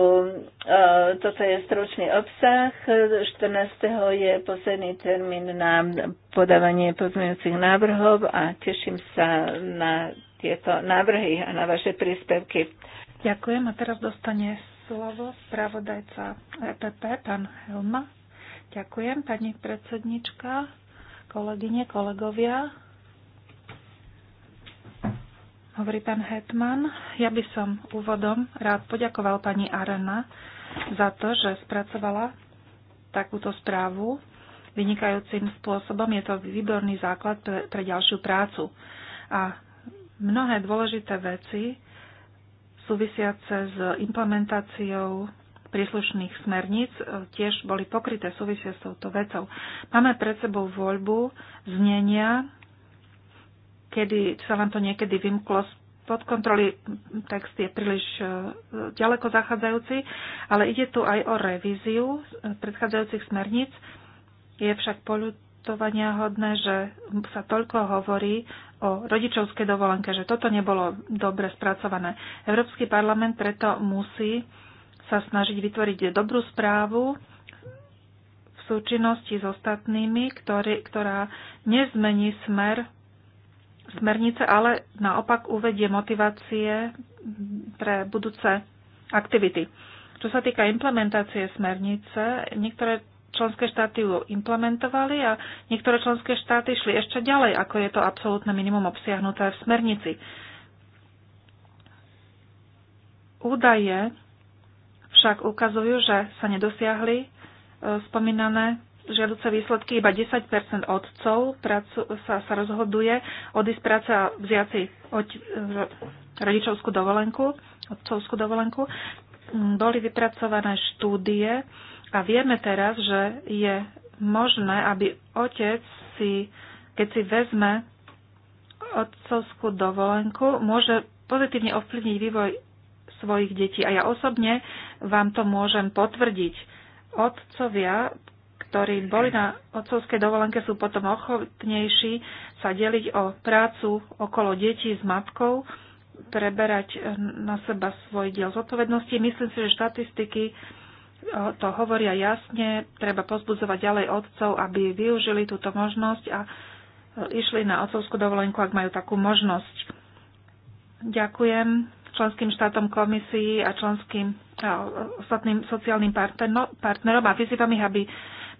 eh, toto je stručný obsah. 14. je posledný termín na podávanie pozmeňujúcich návrhov a teším sa na tieto návrhy a na vaše príspevky. Ďakujem a teraz dostane slovo spravodajca EPP, pán Helma. Ďakujem, pani predsednička, kolegyne, kolegovia hovorí pán Hetman. Ja by som úvodom rád poďakoval pani Arena za to, že spracovala takúto správu vynikajúcim spôsobom. Je to výborný základ pre, pre ďalšiu prácu. A mnohé dôležité veci súvisiace s implementáciou príslušných smerníc e, tiež boli pokryté súvisia s touto vecou. Máme pred sebou voľbu znenia kedy sa vám to niekedy vymklo pod kontroly, text je príliš e, ďaleko zachádzajúci, ale ide tu aj o revíziu e, predchádzajúcich smerníc. Je však poľutovania hodné, že sa toľko hovorí o rodičovskej dovolenke, že toto nebolo dobre spracované. Európsky parlament preto musí sa snažiť vytvoriť dobrú správu v súčinnosti s ostatnými, ktorý, ktorá nezmení smer smernice, ale naopak uvedie motivácie pre budúce aktivity. Čo sa týka implementácie smernice, niektoré členské štáty ju implementovali a niektoré členské štáty šli ešte ďalej, ako je to absolútne minimum obsiahnuté v smernici. Údaje však ukazujú, že sa nedosiahli e, spomínané žiaduce výsledky, iba 10 otcov pracu, sa, sa rozhoduje odísť práca a vziať si rodičovskú dovolenku, otcovskú dovolenku. Mm, boli vypracované štúdie a vieme teraz, že je možné, aby otec si, keď si vezme otcovskú dovolenku, môže pozitívne ovplyvniť vývoj svojich detí. A ja osobne vám to môžem potvrdiť. Otcovia ktorí boli na otcovskej dovolenke, sú potom ochotnejší sa deliť o prácu okolo detí s matkou, preberať na seba svoj diel zodpovednosti. Myslím si, že štatistiky e, to hovoria jasne, treba pozbudzovať ďalej otcov, aby využili túto možnosť a e, išli na otcovskú dovolenku, ak majú takú možnosť. Ďakujem členským štátom komisii a členským a ostatným sociálnym partnerom a vyzývam ich, aby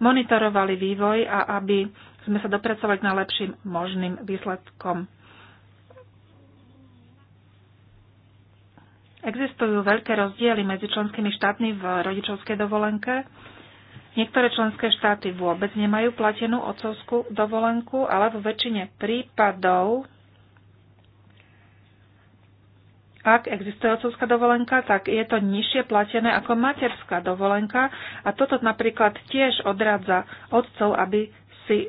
monitorovali vývoj a aby sme sa dopracovali k najlepším možným výsledkom. Existujú veľké rozdiely medzi členskými štátmi v rodičovskej dovolenke. Niektoré členské štáty vôbec nemajú platenú otcovskú dovolenku, ale vo väčšine prípadov ak existuje otcovská dovolenka, tak je to nižšie platené ako materská dovolenka a toto napríklad tiež odradza otcov, aby si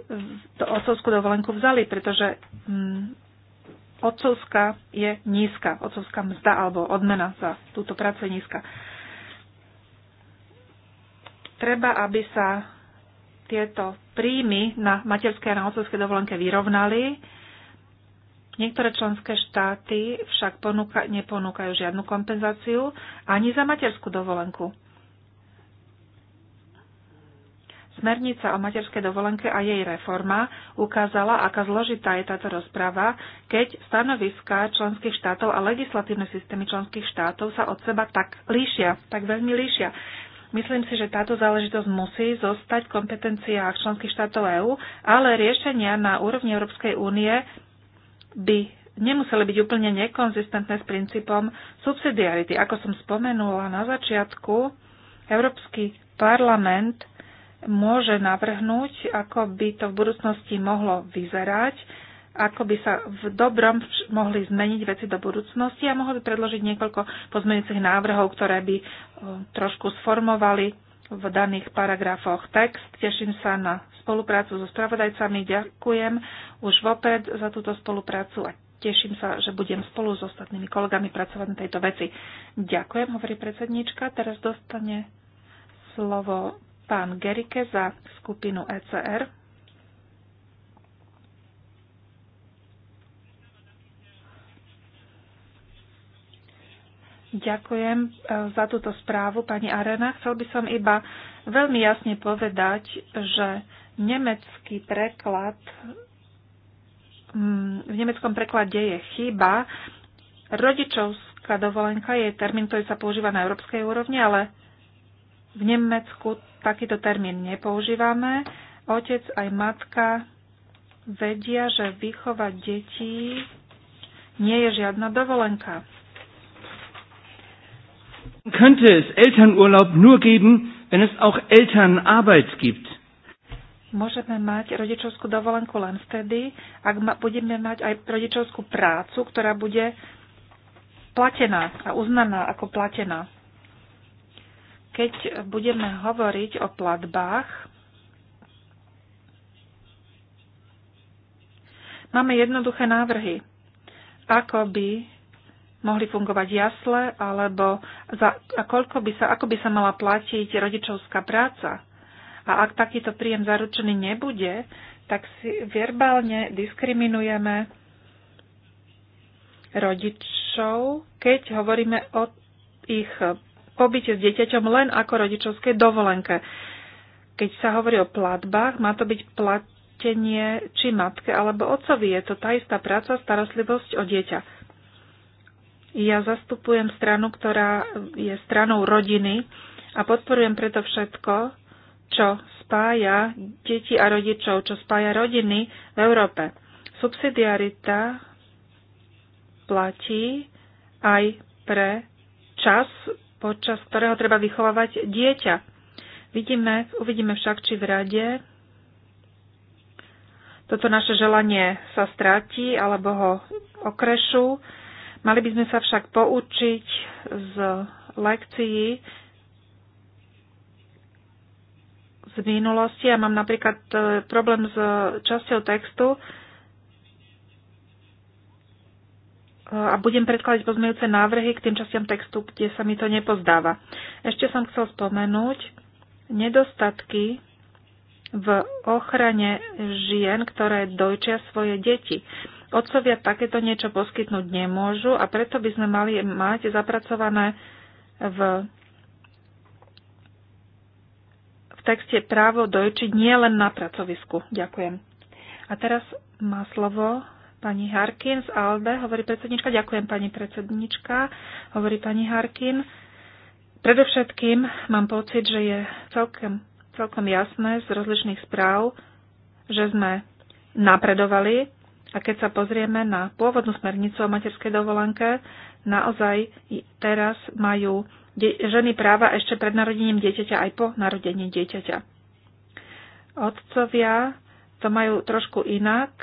to otcovskú dovolenku vzali, pretože hm, otcovská je nízka, otcovská mzda alebo odmena za túto prácu je nízka. Treba, aby sa tieto príjmy na materské a na otcovské dovolenke vyrovnali Niektoré členské štáty však ponúka, neponúkajú žiadnu kompenzáciu ani za materskú dovolenku. Smernica o materskej dovolenke a jej reforma ukázala, aká zložitá je táto rozprava, keď stanoviská členských štátov a legislatívne systémy členských štátov sa od seba tak líšia, tak veľmi líšia. Myslím si, že táto záležitosť musí zostať v kompetenciách členských štátov EÚ, ale riešenia na úrovni Európskej únie by nemuseli byť úplne nekonzistentné s princípom subsidiarity. Ako som spomenula na začiatku, Európsky parlament môže navrhnúť, ako by to v budúcnosti mohlo vyzerať, ako by sa v dobrom mohli zmeniť veci do budúcnosti a mohli by predložiť niekoľko pozmeňujúcich návrhov, ktoré by eh, trošku sformovali v daných paragrafoch text. Teším sa na spoluprácu so spravodajcami. Ďakujem už vopred za túto spoluprácu a teším sa, že budem spolu s ostatnými kolegami pracovať na tejto veci. Ďakujem, hovorí predsednička. Teraz dostane slovo pán Gerike za skupinu ECR. Ďakujem e, za túto správu, pani Arena. Chcel by som iba veľmi jasne povedať, že nemecký preklad, mm, v nemeckom preklade je chyba. Rodičovská dovolenka je termín, ktorý sa používa na európskej úrovni, ale v Nemecku takýto termín nepoužívame. Otec aj matka vedia, že vychovať detí nie je žiadna dovolenka. Könnte es Elternurlaub nur geben, wenn es auch Elternarbeit gibt? Môžeme mať rodičovskú dovolenku len vtedy, ak ma, budeme mať aj rodičovskú prácu, ktorá bude platená a uznaná ako platená. Keď budeme hovoriť o platbách, máme jednoduché návrhy, ako by mohli fungovať jasle, alebo za, a koľko by sa, ako by sa mala platiť rodičovská práca. A ak takýto príjem zaručený nebude, tak si verbálne diskriminujeme rodičov, keď hovoríme o ich pobyte s dieťaťom len ako rodičovskej dovolenke. Keď sa hovorí o platbách, má to byť platenie či matke alebo otcovi. Je to tá istá práca, starostlivosť o dieťa. Ja zastupujem stranu, ktorá je stranou rodiny a podporujem preto všetko, čo spája deti a rodičov, čo spája rodiny v Európe. Subsidiarita platí aj pre čas, počas ktorého treba vychovávať dieťa. Vidíme, uvidíme však, či v rade toto naše želanie sa stráti alebo ho okrešú Mali by sme sa však poučiť z lekcií z minulosti. Ja mám napríklad e, problém s časťou textu e, a budem predkladať pozmejúce návrhy k tým častiam textu, kde sa mi to nepozdáva. Ešte som chcel spomenúť nedostatky v ochrane žien, ktoré dojčia svoje deti. Otcovia takéto niečo poskytnúť nemôžu a preto by sme mali mať zapracované v, v texte právo dojčiť nie len na pracovisku. Ďakujem. A teraz má slovo pani Harkin z Albe. hovorí predsednička. Ďakujem, pani predsednička, hovorí pani Harkin. Predovšetkým mám pocit, že je celkem, celkom jasné z rozličných správ, že sme napredovali a keď sa pozrieme na pôvodnú smernicu o materskej dovolenke, naozaj teraz majú ženy práva ešte pred narodením dieťaťa aj po narodení dieťaťa. Otcovia to majú trošku inak,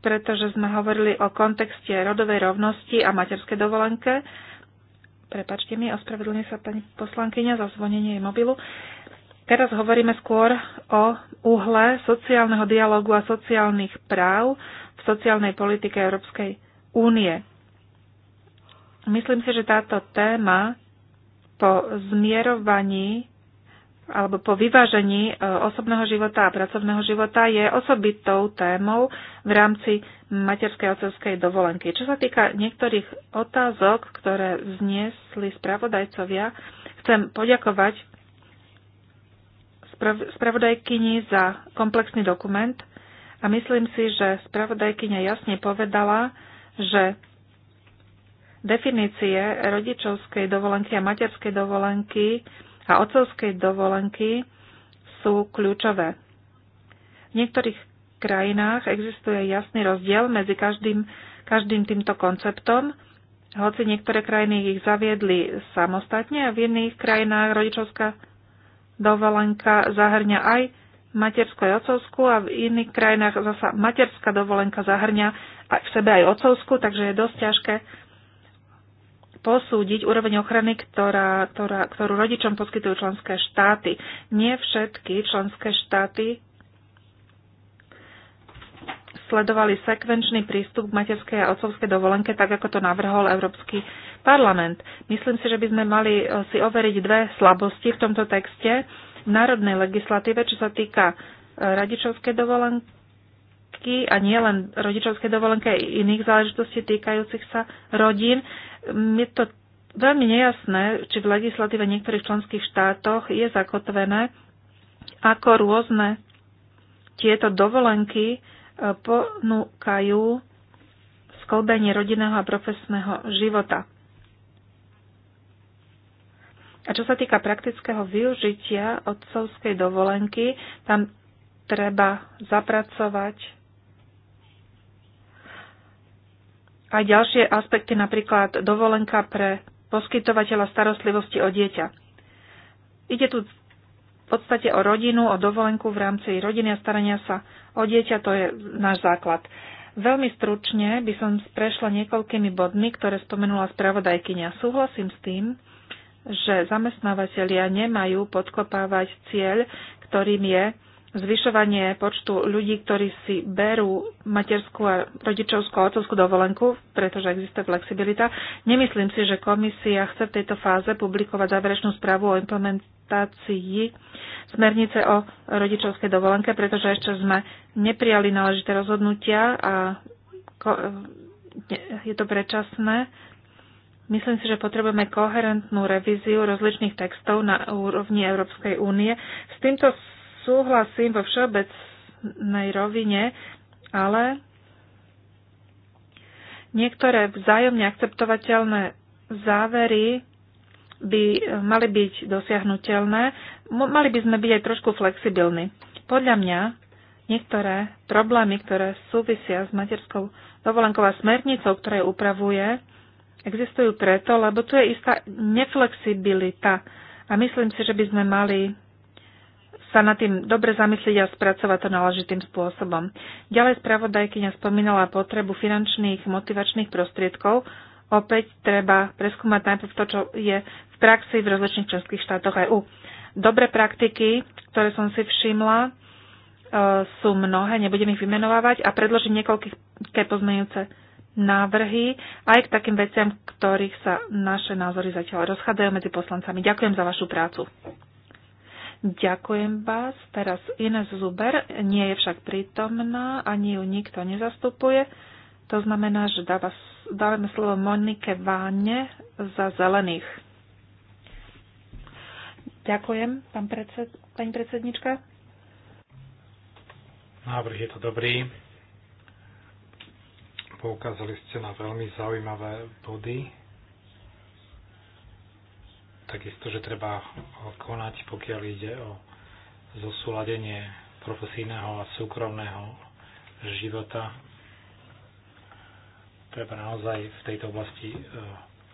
pretože sme hovorili o kontexte rodovej rovnosti a materskej dovolenke. Prepačte mi, ospravedlňuje sa pani poslankyňa za zvonenie mobilu. Teraz hovoríme skôr o uhle sociálneho dialogu a sociálnych práv v sociálnej politike Európskej únie. Myslím si, že táto téma po zmierovaní alebo po vyvážení e, osobného života a pracovného života je osobitou témou v rámci materskej otcovskej dovolenky. Čo sa týka niektorých otázok, ktoré vzniesli spravodajcovia, chcem poďakovať spravodajkyni za komplexný dokument a myslím si, že spravodajkyňa jasne povedala, že definície rodičovskej dovolenky a materskej dovolenky a otcovskej dovolenky sú kľúčové. V niektorých krajinách existuje jasný rozdiel medzi každým, každým týmto konceptom, hoci niektoré krajiny ich zaviedli samostatne a v iných krajinách rodičovská dovolenka zahrňa aj materskú aj otcovskú a v iných krajinách zasa materská dovolenka zahrňa aj v sebe aj otcovskú, takže je dosť ťažké posúdiť úroveň ochrany, ktorá, ktorá, ktorú rodičom poskytujú členské štáty. Nie všetky členské štáty sledovali sekvenčný prístup k materskej a otcovskej dovolenke, tak ako to navrhol Európsky parlament. Myslím si, že by sme mali e, si overiť dve slabosti v tomto texte v národnej legislatíve, čo sa týka e, radičovskej dovolenky a nie len rodičovskej dovolenky, aj iných záležitostí týkajúcich sa rodín. Je to veľmi nejasné, či v legislatíve niektorých členských štátoch je zakotvené, ako rôzne tieto dovolenky ponúkajú skolbenie rodinného a profesného života. A čo sa týka praktického využitia otcovskej dovolenky, tam treba zapracovať aj ďalšie aspekty, napríklad dovolenka pre poskytovateľa starostlivosti o dieťa. Ide tu v podstate o rodinu, o dovolenku v rámci rodiny a starania sa o dieťa, to je náš základ. Veľmi stručne by som prešla niekoľkými bodmi, ktoré spomenula spravodajkynia. Súhlasím s tým, že zamestnávateľia nemajú podkopávať cieľ, ktorým je zvyšovanie počtu ľudí, ktorí si berú materskú a rodičovskú a otcovskú dovolenku, pretože existuje flexibilita. Nemyslím si, že komisia chce v tejto fáze publikovať záverečnú správu o implementácii smernice o rodičovskej dovolenke, pretože ešte sme neprijali náležité rozhodnutia a e, je to predčasné. Myslím si, že potrebujeme koherentnú revíziu rozličných textov na úrovni Európskej únie s týmto súhlasím vo všeobecnej rovine, ale niektoré vzájomne akceptovateľné závery by eh, mali byť dosiahnutelné, mali by sme byť aj trošku flexibilní. Podľa mňa niektoré problémy, ktoré súvisia s materskou dovolenkou a smernicou, ktoré upravuje, existujú preto, lebo tu je istá neflexibilita. A myslím si, že by sme mali sa nad tým dobre zamyslieť a spracovať to náležitým spôsobom. Ďalej spravodajkyňa spomínala potrebu finančných motivačných prostriedkov. Opäť treba preskúmať najprv to, čo je v praxi v rozličných členských štátoch EU. Dobré praktiky, ktoré som si všimla, e, sú mnohé, nebudem ich vymenovávať a predložím niekoľké pozmeňujúce návrhy aj k takým veciam, ktorých sa naše názory zatiaľ rozchádzajú medzi poslancami. Ďakujem za vašu prácu. Ďakujem vás. Teraz Ines Zuber nie je však prítomná, ani ju nikto nezastupuje. To znamená, že dáva, dávame slovo Monike Váne za zelených. Ďakujem, pán predsed, pani predsednička. Návrh je to dobrý. Poukázali ste na veľmi zaujímavé body takisto, že treba konať, pokiaľ ide o zosúladenie profesijného a súkromného života. Treba naozaj v tejto oblasti e,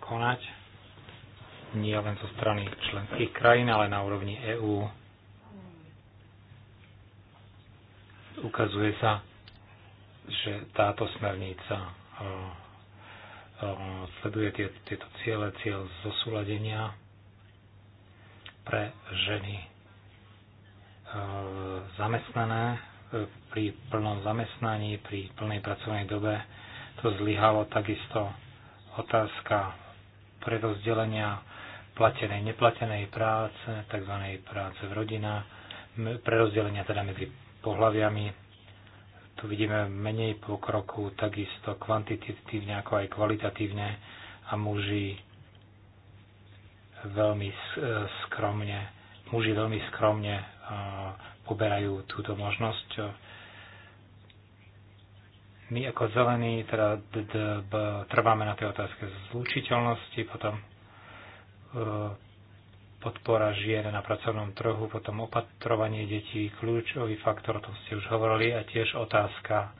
konať, nie len zo strany členských krajín, ale na úrovni EÚ. Ukazuje sa, že táto smernica e, e, sleduje tieto ciele, cieľ zosúladenia pre ženy e, zamestnané e, pri plnom zamestnaní, pri plnej pracovnej dobe. To zlyhalo takisto otázka prerozdelenia platenej, neplatenej práce, tzv. práce v rodinách, prerozdelenia teda medzi pohľaviami. Tu vidíme menej pokroku, takisto kvantitatívne ako aj kvalitatívne a muži veľmi e, skromne, muži veľmi skromne e, poberajú túto možnosť. My ako zelení teda trváme na tej otázke zlučiteľnosti, potom e, podpora žien na pracovnom trhu, potom opatrovanie detí, kľúčový faktor, o tom ste už hovorili, a tiež otázka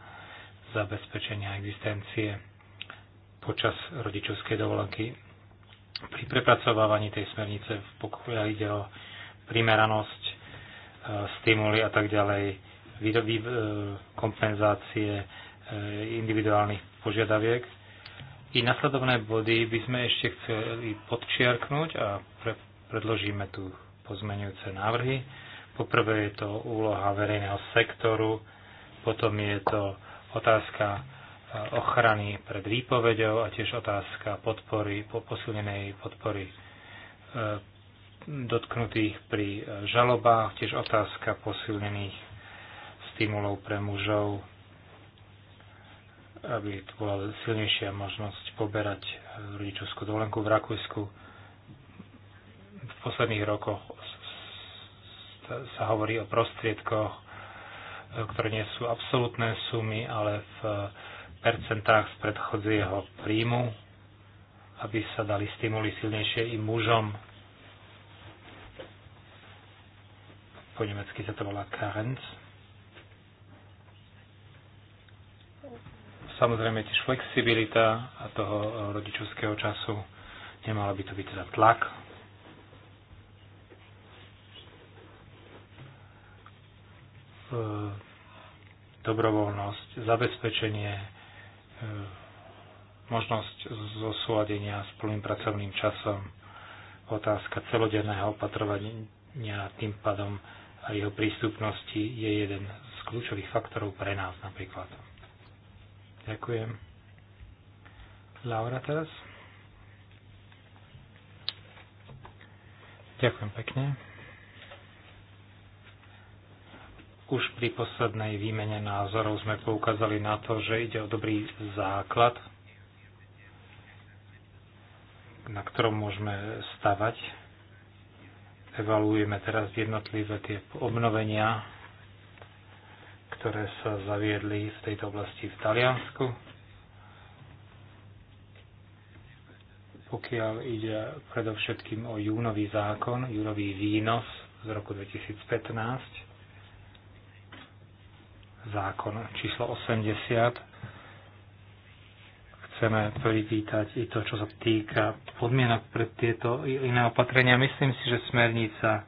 zabezpečenia existencie počas rodičovskej dovolenky pri prepracovávaní tej smernice, pokiaľ ide o primeranosť, e, stimuly a tak ďalej, e, kompenzácie e, individuálnych požiadaviek. I nasledovné body by sme ešte chceli podčiarknúť a pre, predložíme tu pozmenujúce návrhy. Poprvé je to úloha verejného sektoru, potom je to otázka ochrany pred výpovedou a tiež otázka podpory, posilnenej podpory e, dotknutých pri e, žalobách, tiež otázka posilnených stimulov pre mužov, aby tu bola silnejšia možnosť poberať e, rodičovskú dovolenku v Rakúsku. V posledných rokoch sa hovorí o prostriedkoch, ktoré nie sú absolútne sumy, ale v z predchodzieho príjmu, aby sa dali stimuli silnejšie i mužom. Po nemecky sa to volá Karenz. Samozrejme tiež flexibilita a toho rodičovského času. Nemala by to byť teda tlak, e, dobrovoľnosť, zabezpečenie Eh, možnosť zosúladenia s plným pracovným časom, otázka celodenného opatrovania tým pádom a jeho prístupnosti je jeden z kľúčových faktorov pre nás napríklad. Ďakujem. Laura teraz. Ďakujem pekne. Už pri poslednej výmene názorov sme poukázali na to, že ide o dobrý základ, na ktorom môžeme stavať. Evaluujeme teraz jednotlivé tie obnovenia, ktoré sa zaviedli v tejto oblasti v Taliansku. Pokiaľ ide predovšetkým o júnový zákon, júnový výnos z roku 2015, zákon číslo 80. Chceme privítať i to, čo sa týka podmienok pre tieto iné opatrenia. Myslím si, že smernica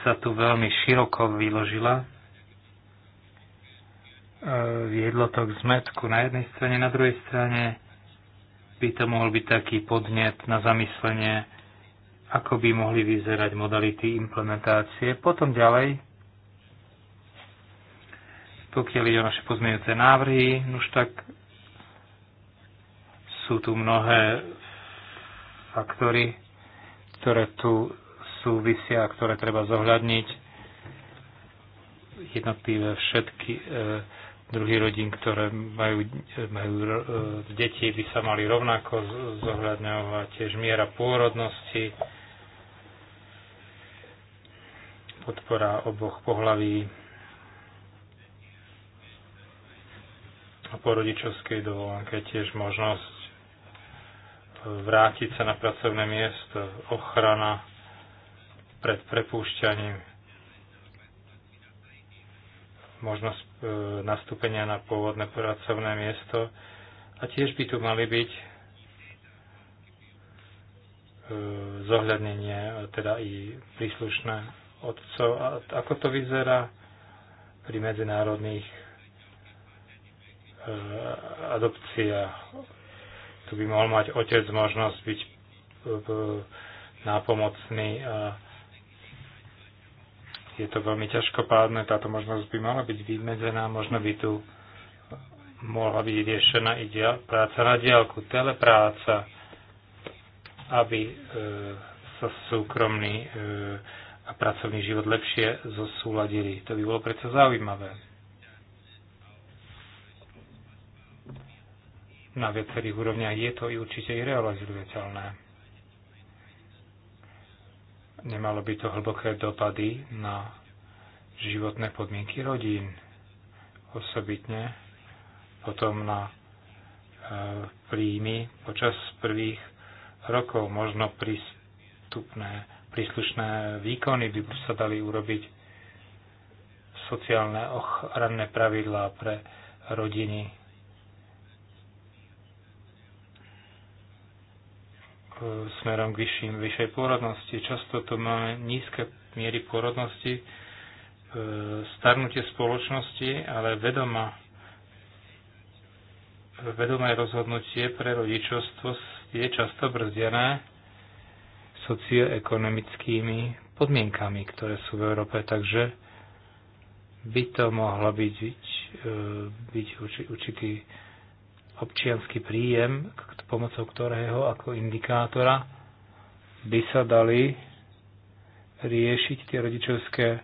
sa tu veľmi široko vyložila. E, viedlo to k zmetku na jednej strane, na druhej strane by to mohol byť taký podnet na zamyslenie, ako by mohli vyzerať modality implementácie. Potom ďalej pokiaľ ide o naše pozmeňujúce návrhy, už tak sú tu mnohé faktory, ktoré tu súvisia a ktoré treba zohľadniť. Jednotlivé všetky e, druhy rodín, ktoré majú, e, majú e, deti, by sa mali rovnako zohľadňovať tiež miera pôrodnosti, podpora oboch pohlaví, po rodičovskej dovolenke tiež možnosť vrátiť sa na pracovné miesto, ochrana pred prepúšťaním, možnosť e, nastúpenia na pôvodné pracovné miesto a tiež by tu mali byť e, zohľadnenie, teda i príslušné otcov. A ako to vyzerá pri medzinárodných Eh, adopcia. Tu by mohol mať otec možnosť byť eh, nápomocný a je to veľmi ťažkopádne. Táto možnosť by mala byť vymedzená, možno by tu mohla byť riešená i dia- práca na diálku, telepráca, aby e, sa súkromný e, a pracovný život lepšie zosúladili. To by bolo predsa zaujímavé. na viacerých úrovniach je to i určite i realizovateľné. Nemalo by to hlboké dopady na životné podmienky rodín, osobitne potom na e, príjmy počas prvých rokov. Možno prístupné, príslušné výkony by sa dali urobiť sociálne ochranné pravidlá pre rodiny E, smerom k vyšším, vyššej pôrodnosti. Často to má nízke miery pôrodnosti, e, starnutie spoločnosti, ale vedoma, vedomé rozhodnutie pre rodičovstvo je často brzdené socioekonomickými podmienkami, ktoré sú v Európe, takže by to mohlo byť, e, byť určitý občianský príjem, pomocou ktorého ako indikátora by sa dali riešiť tie rodičovské e,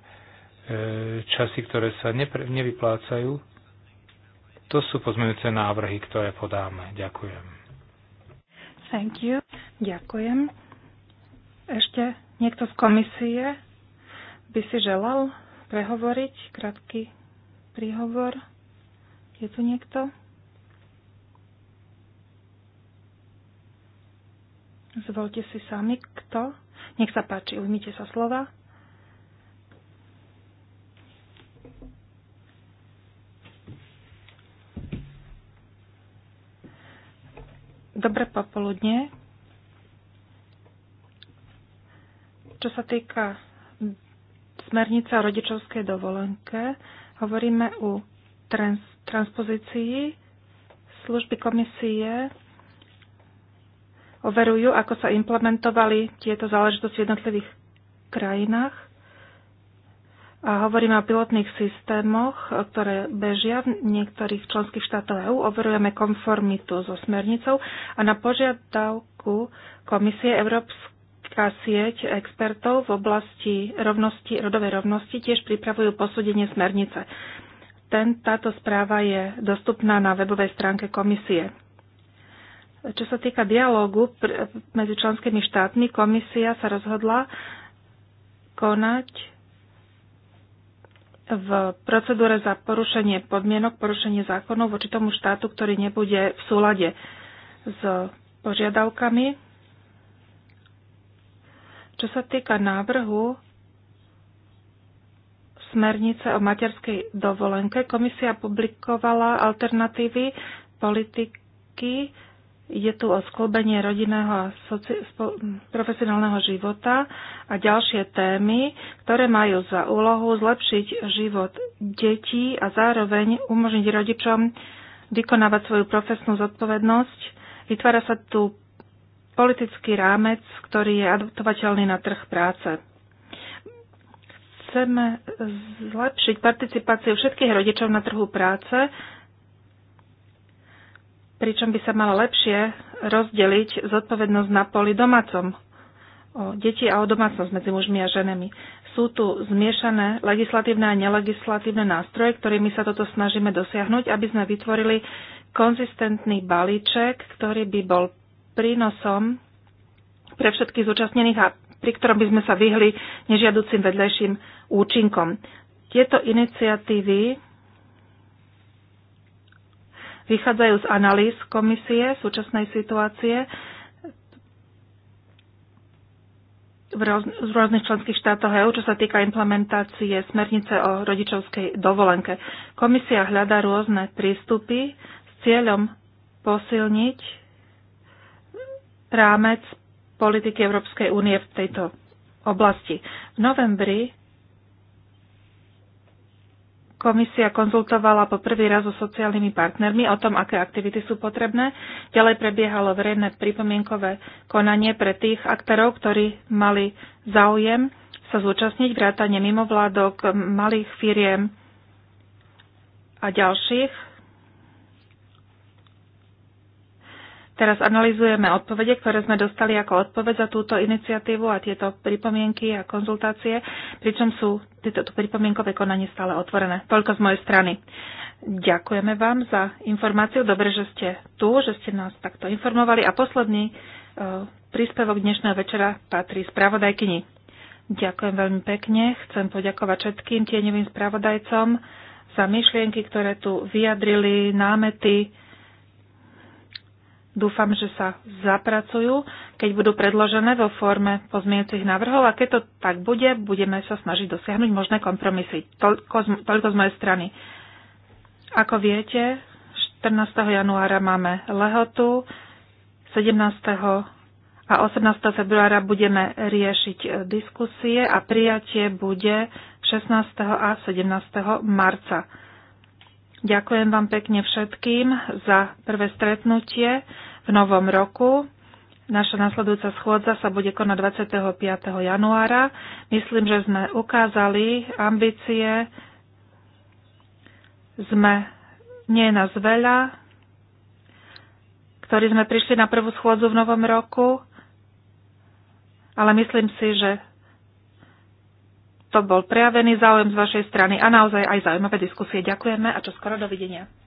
časy, ktoré sa nevyplácajú. To sú pozmeňujúce návrhy, ktoré podáme. Ďakujem. Thank you. Ďakujem. Ešte niekto z komisie by si želal prehovoriť krátky príhovor. Je tu niekto? Zvolte si sami, kto. Nech sa páči, ujmite sa slova. Dobré popoludne. Čo sa týka smernica o rodičovskej dovolenke, hovoríme o trans- transpozícii služby komisie overujú, ako sa implementovali tieto záležitosti v jednotlivých krajinách. A hovoríme o pilotných systémoch, ktoré bežia v niektorých členských štátoch EÚ. Overujeme konformitu so smernicou a na požiadavku Komisie Európska sieť expertov v oblasti rovnosti, rodovej rovnosti tiež pripravujú posúdenie smernice. Ten, táto správa je dostupná na webovej stránke komisie. Čo sa týka dialógu medzi členskými štátmi, komisia sa rozhodla konať v procedúre za porušenie podmienok, porušenie zákonov voči tomu štátu, ktorý nebude v súlade s požiadavkami. Čo sa týka návrhu smernice o materskej dovolenke, komisia publikovala alternatívy politiky je tu o sklbenie rodinného a soci- profesionálneho života a ďalšie témy, ktoré majú za úlohu zlepšiť život detí a zároveň umožniť rodičom vykonávať svoju profesnú zodpovednosť. Vytvára sa tu politický rámec, ktorý je adoptovateľný na trh práce. Chceme zlepšiť participáciu všetkých rodičov na trhu práce pričom by sa mala lepšie rozdeliť zodpovednosť na poli domácom. O deti a o domácnosť medzi mužmi a ženami. Sú tu zmiešané legislatívne a nelegislatívne nástroje, ktorými sa toto snažíme dosiahnuť, aby sme vytvorili konzistentný balíček, ktorý by bol prínosom pre všetkých zúčastnených a pri ktorom by sme sa vyhli nežiaducim vedľajším účinkom. Tieto iniciatívy vychádzajú z analýz komisie súčasnej situácie v roz, v rôznych členských štátoch EU, čo sa týka implementácie smernice o rodičovskej dovolenke. Komisia hľadá rôzne prístupy s cieľom posilniť rámec politiky Európskej únie v tejto oblasti. V novembri Komisia konzultovala po prvý raz so sociálnymi partnermi o tom, aké aktivity sú potrebné. Ďalej prebiehalo verejné pripomienkové konanie pre tých aktérov, ktorí mali záujem sa zúčastniť vrátane mimovládok, malých firiem a ďalších. Teraz analizujeme odpovede, ktoré sme dostali ako odpoveď za túto iniciatívu a tieto pripomienky a konzultácie, pričom sú tieto pripomienkové konanie stále otvorené. Toľko z mojej strany. Ďakujeme vám za informáciu. Dobre, že ste tu, že ste nás takto informovali. A posledný e, príspevok dnešného večera patrí spravodajkyni. Ďakujem veľmi pekne. Chcem poďakovať všetkým tieňovým spravodajcom za myšlienky, ktoré tu vyjadrili, námety, Dúfam, že sa zapracujú, keď budú predložené vo forme pozmiecich návrhov a keď to tak bude, budeme sa snažiť dosiahnuť možné kompromisy. Toľko, toľko z mojej strany. Ako viete, 14. januára máme lehotu, 17. a 18. februára budeme riešiť e, diskusie a prijatie bude 16. a 17. marca. Ďakujem vám pekne všetkým za prvé stretnutie v novom roku. Naša nasledujúca schôdza sa bude konať 25. januára. Myslím, že sme ukázali ambície. Sme, nie je nás veľa, ktorí sme prišli na prvú schôdzu v novom roku, ale myslím si, že to bol prejavený záujem z vašej strany a naozaj aj zaujímavé diskusie. Ďakujeme a čo skoro dovidenia.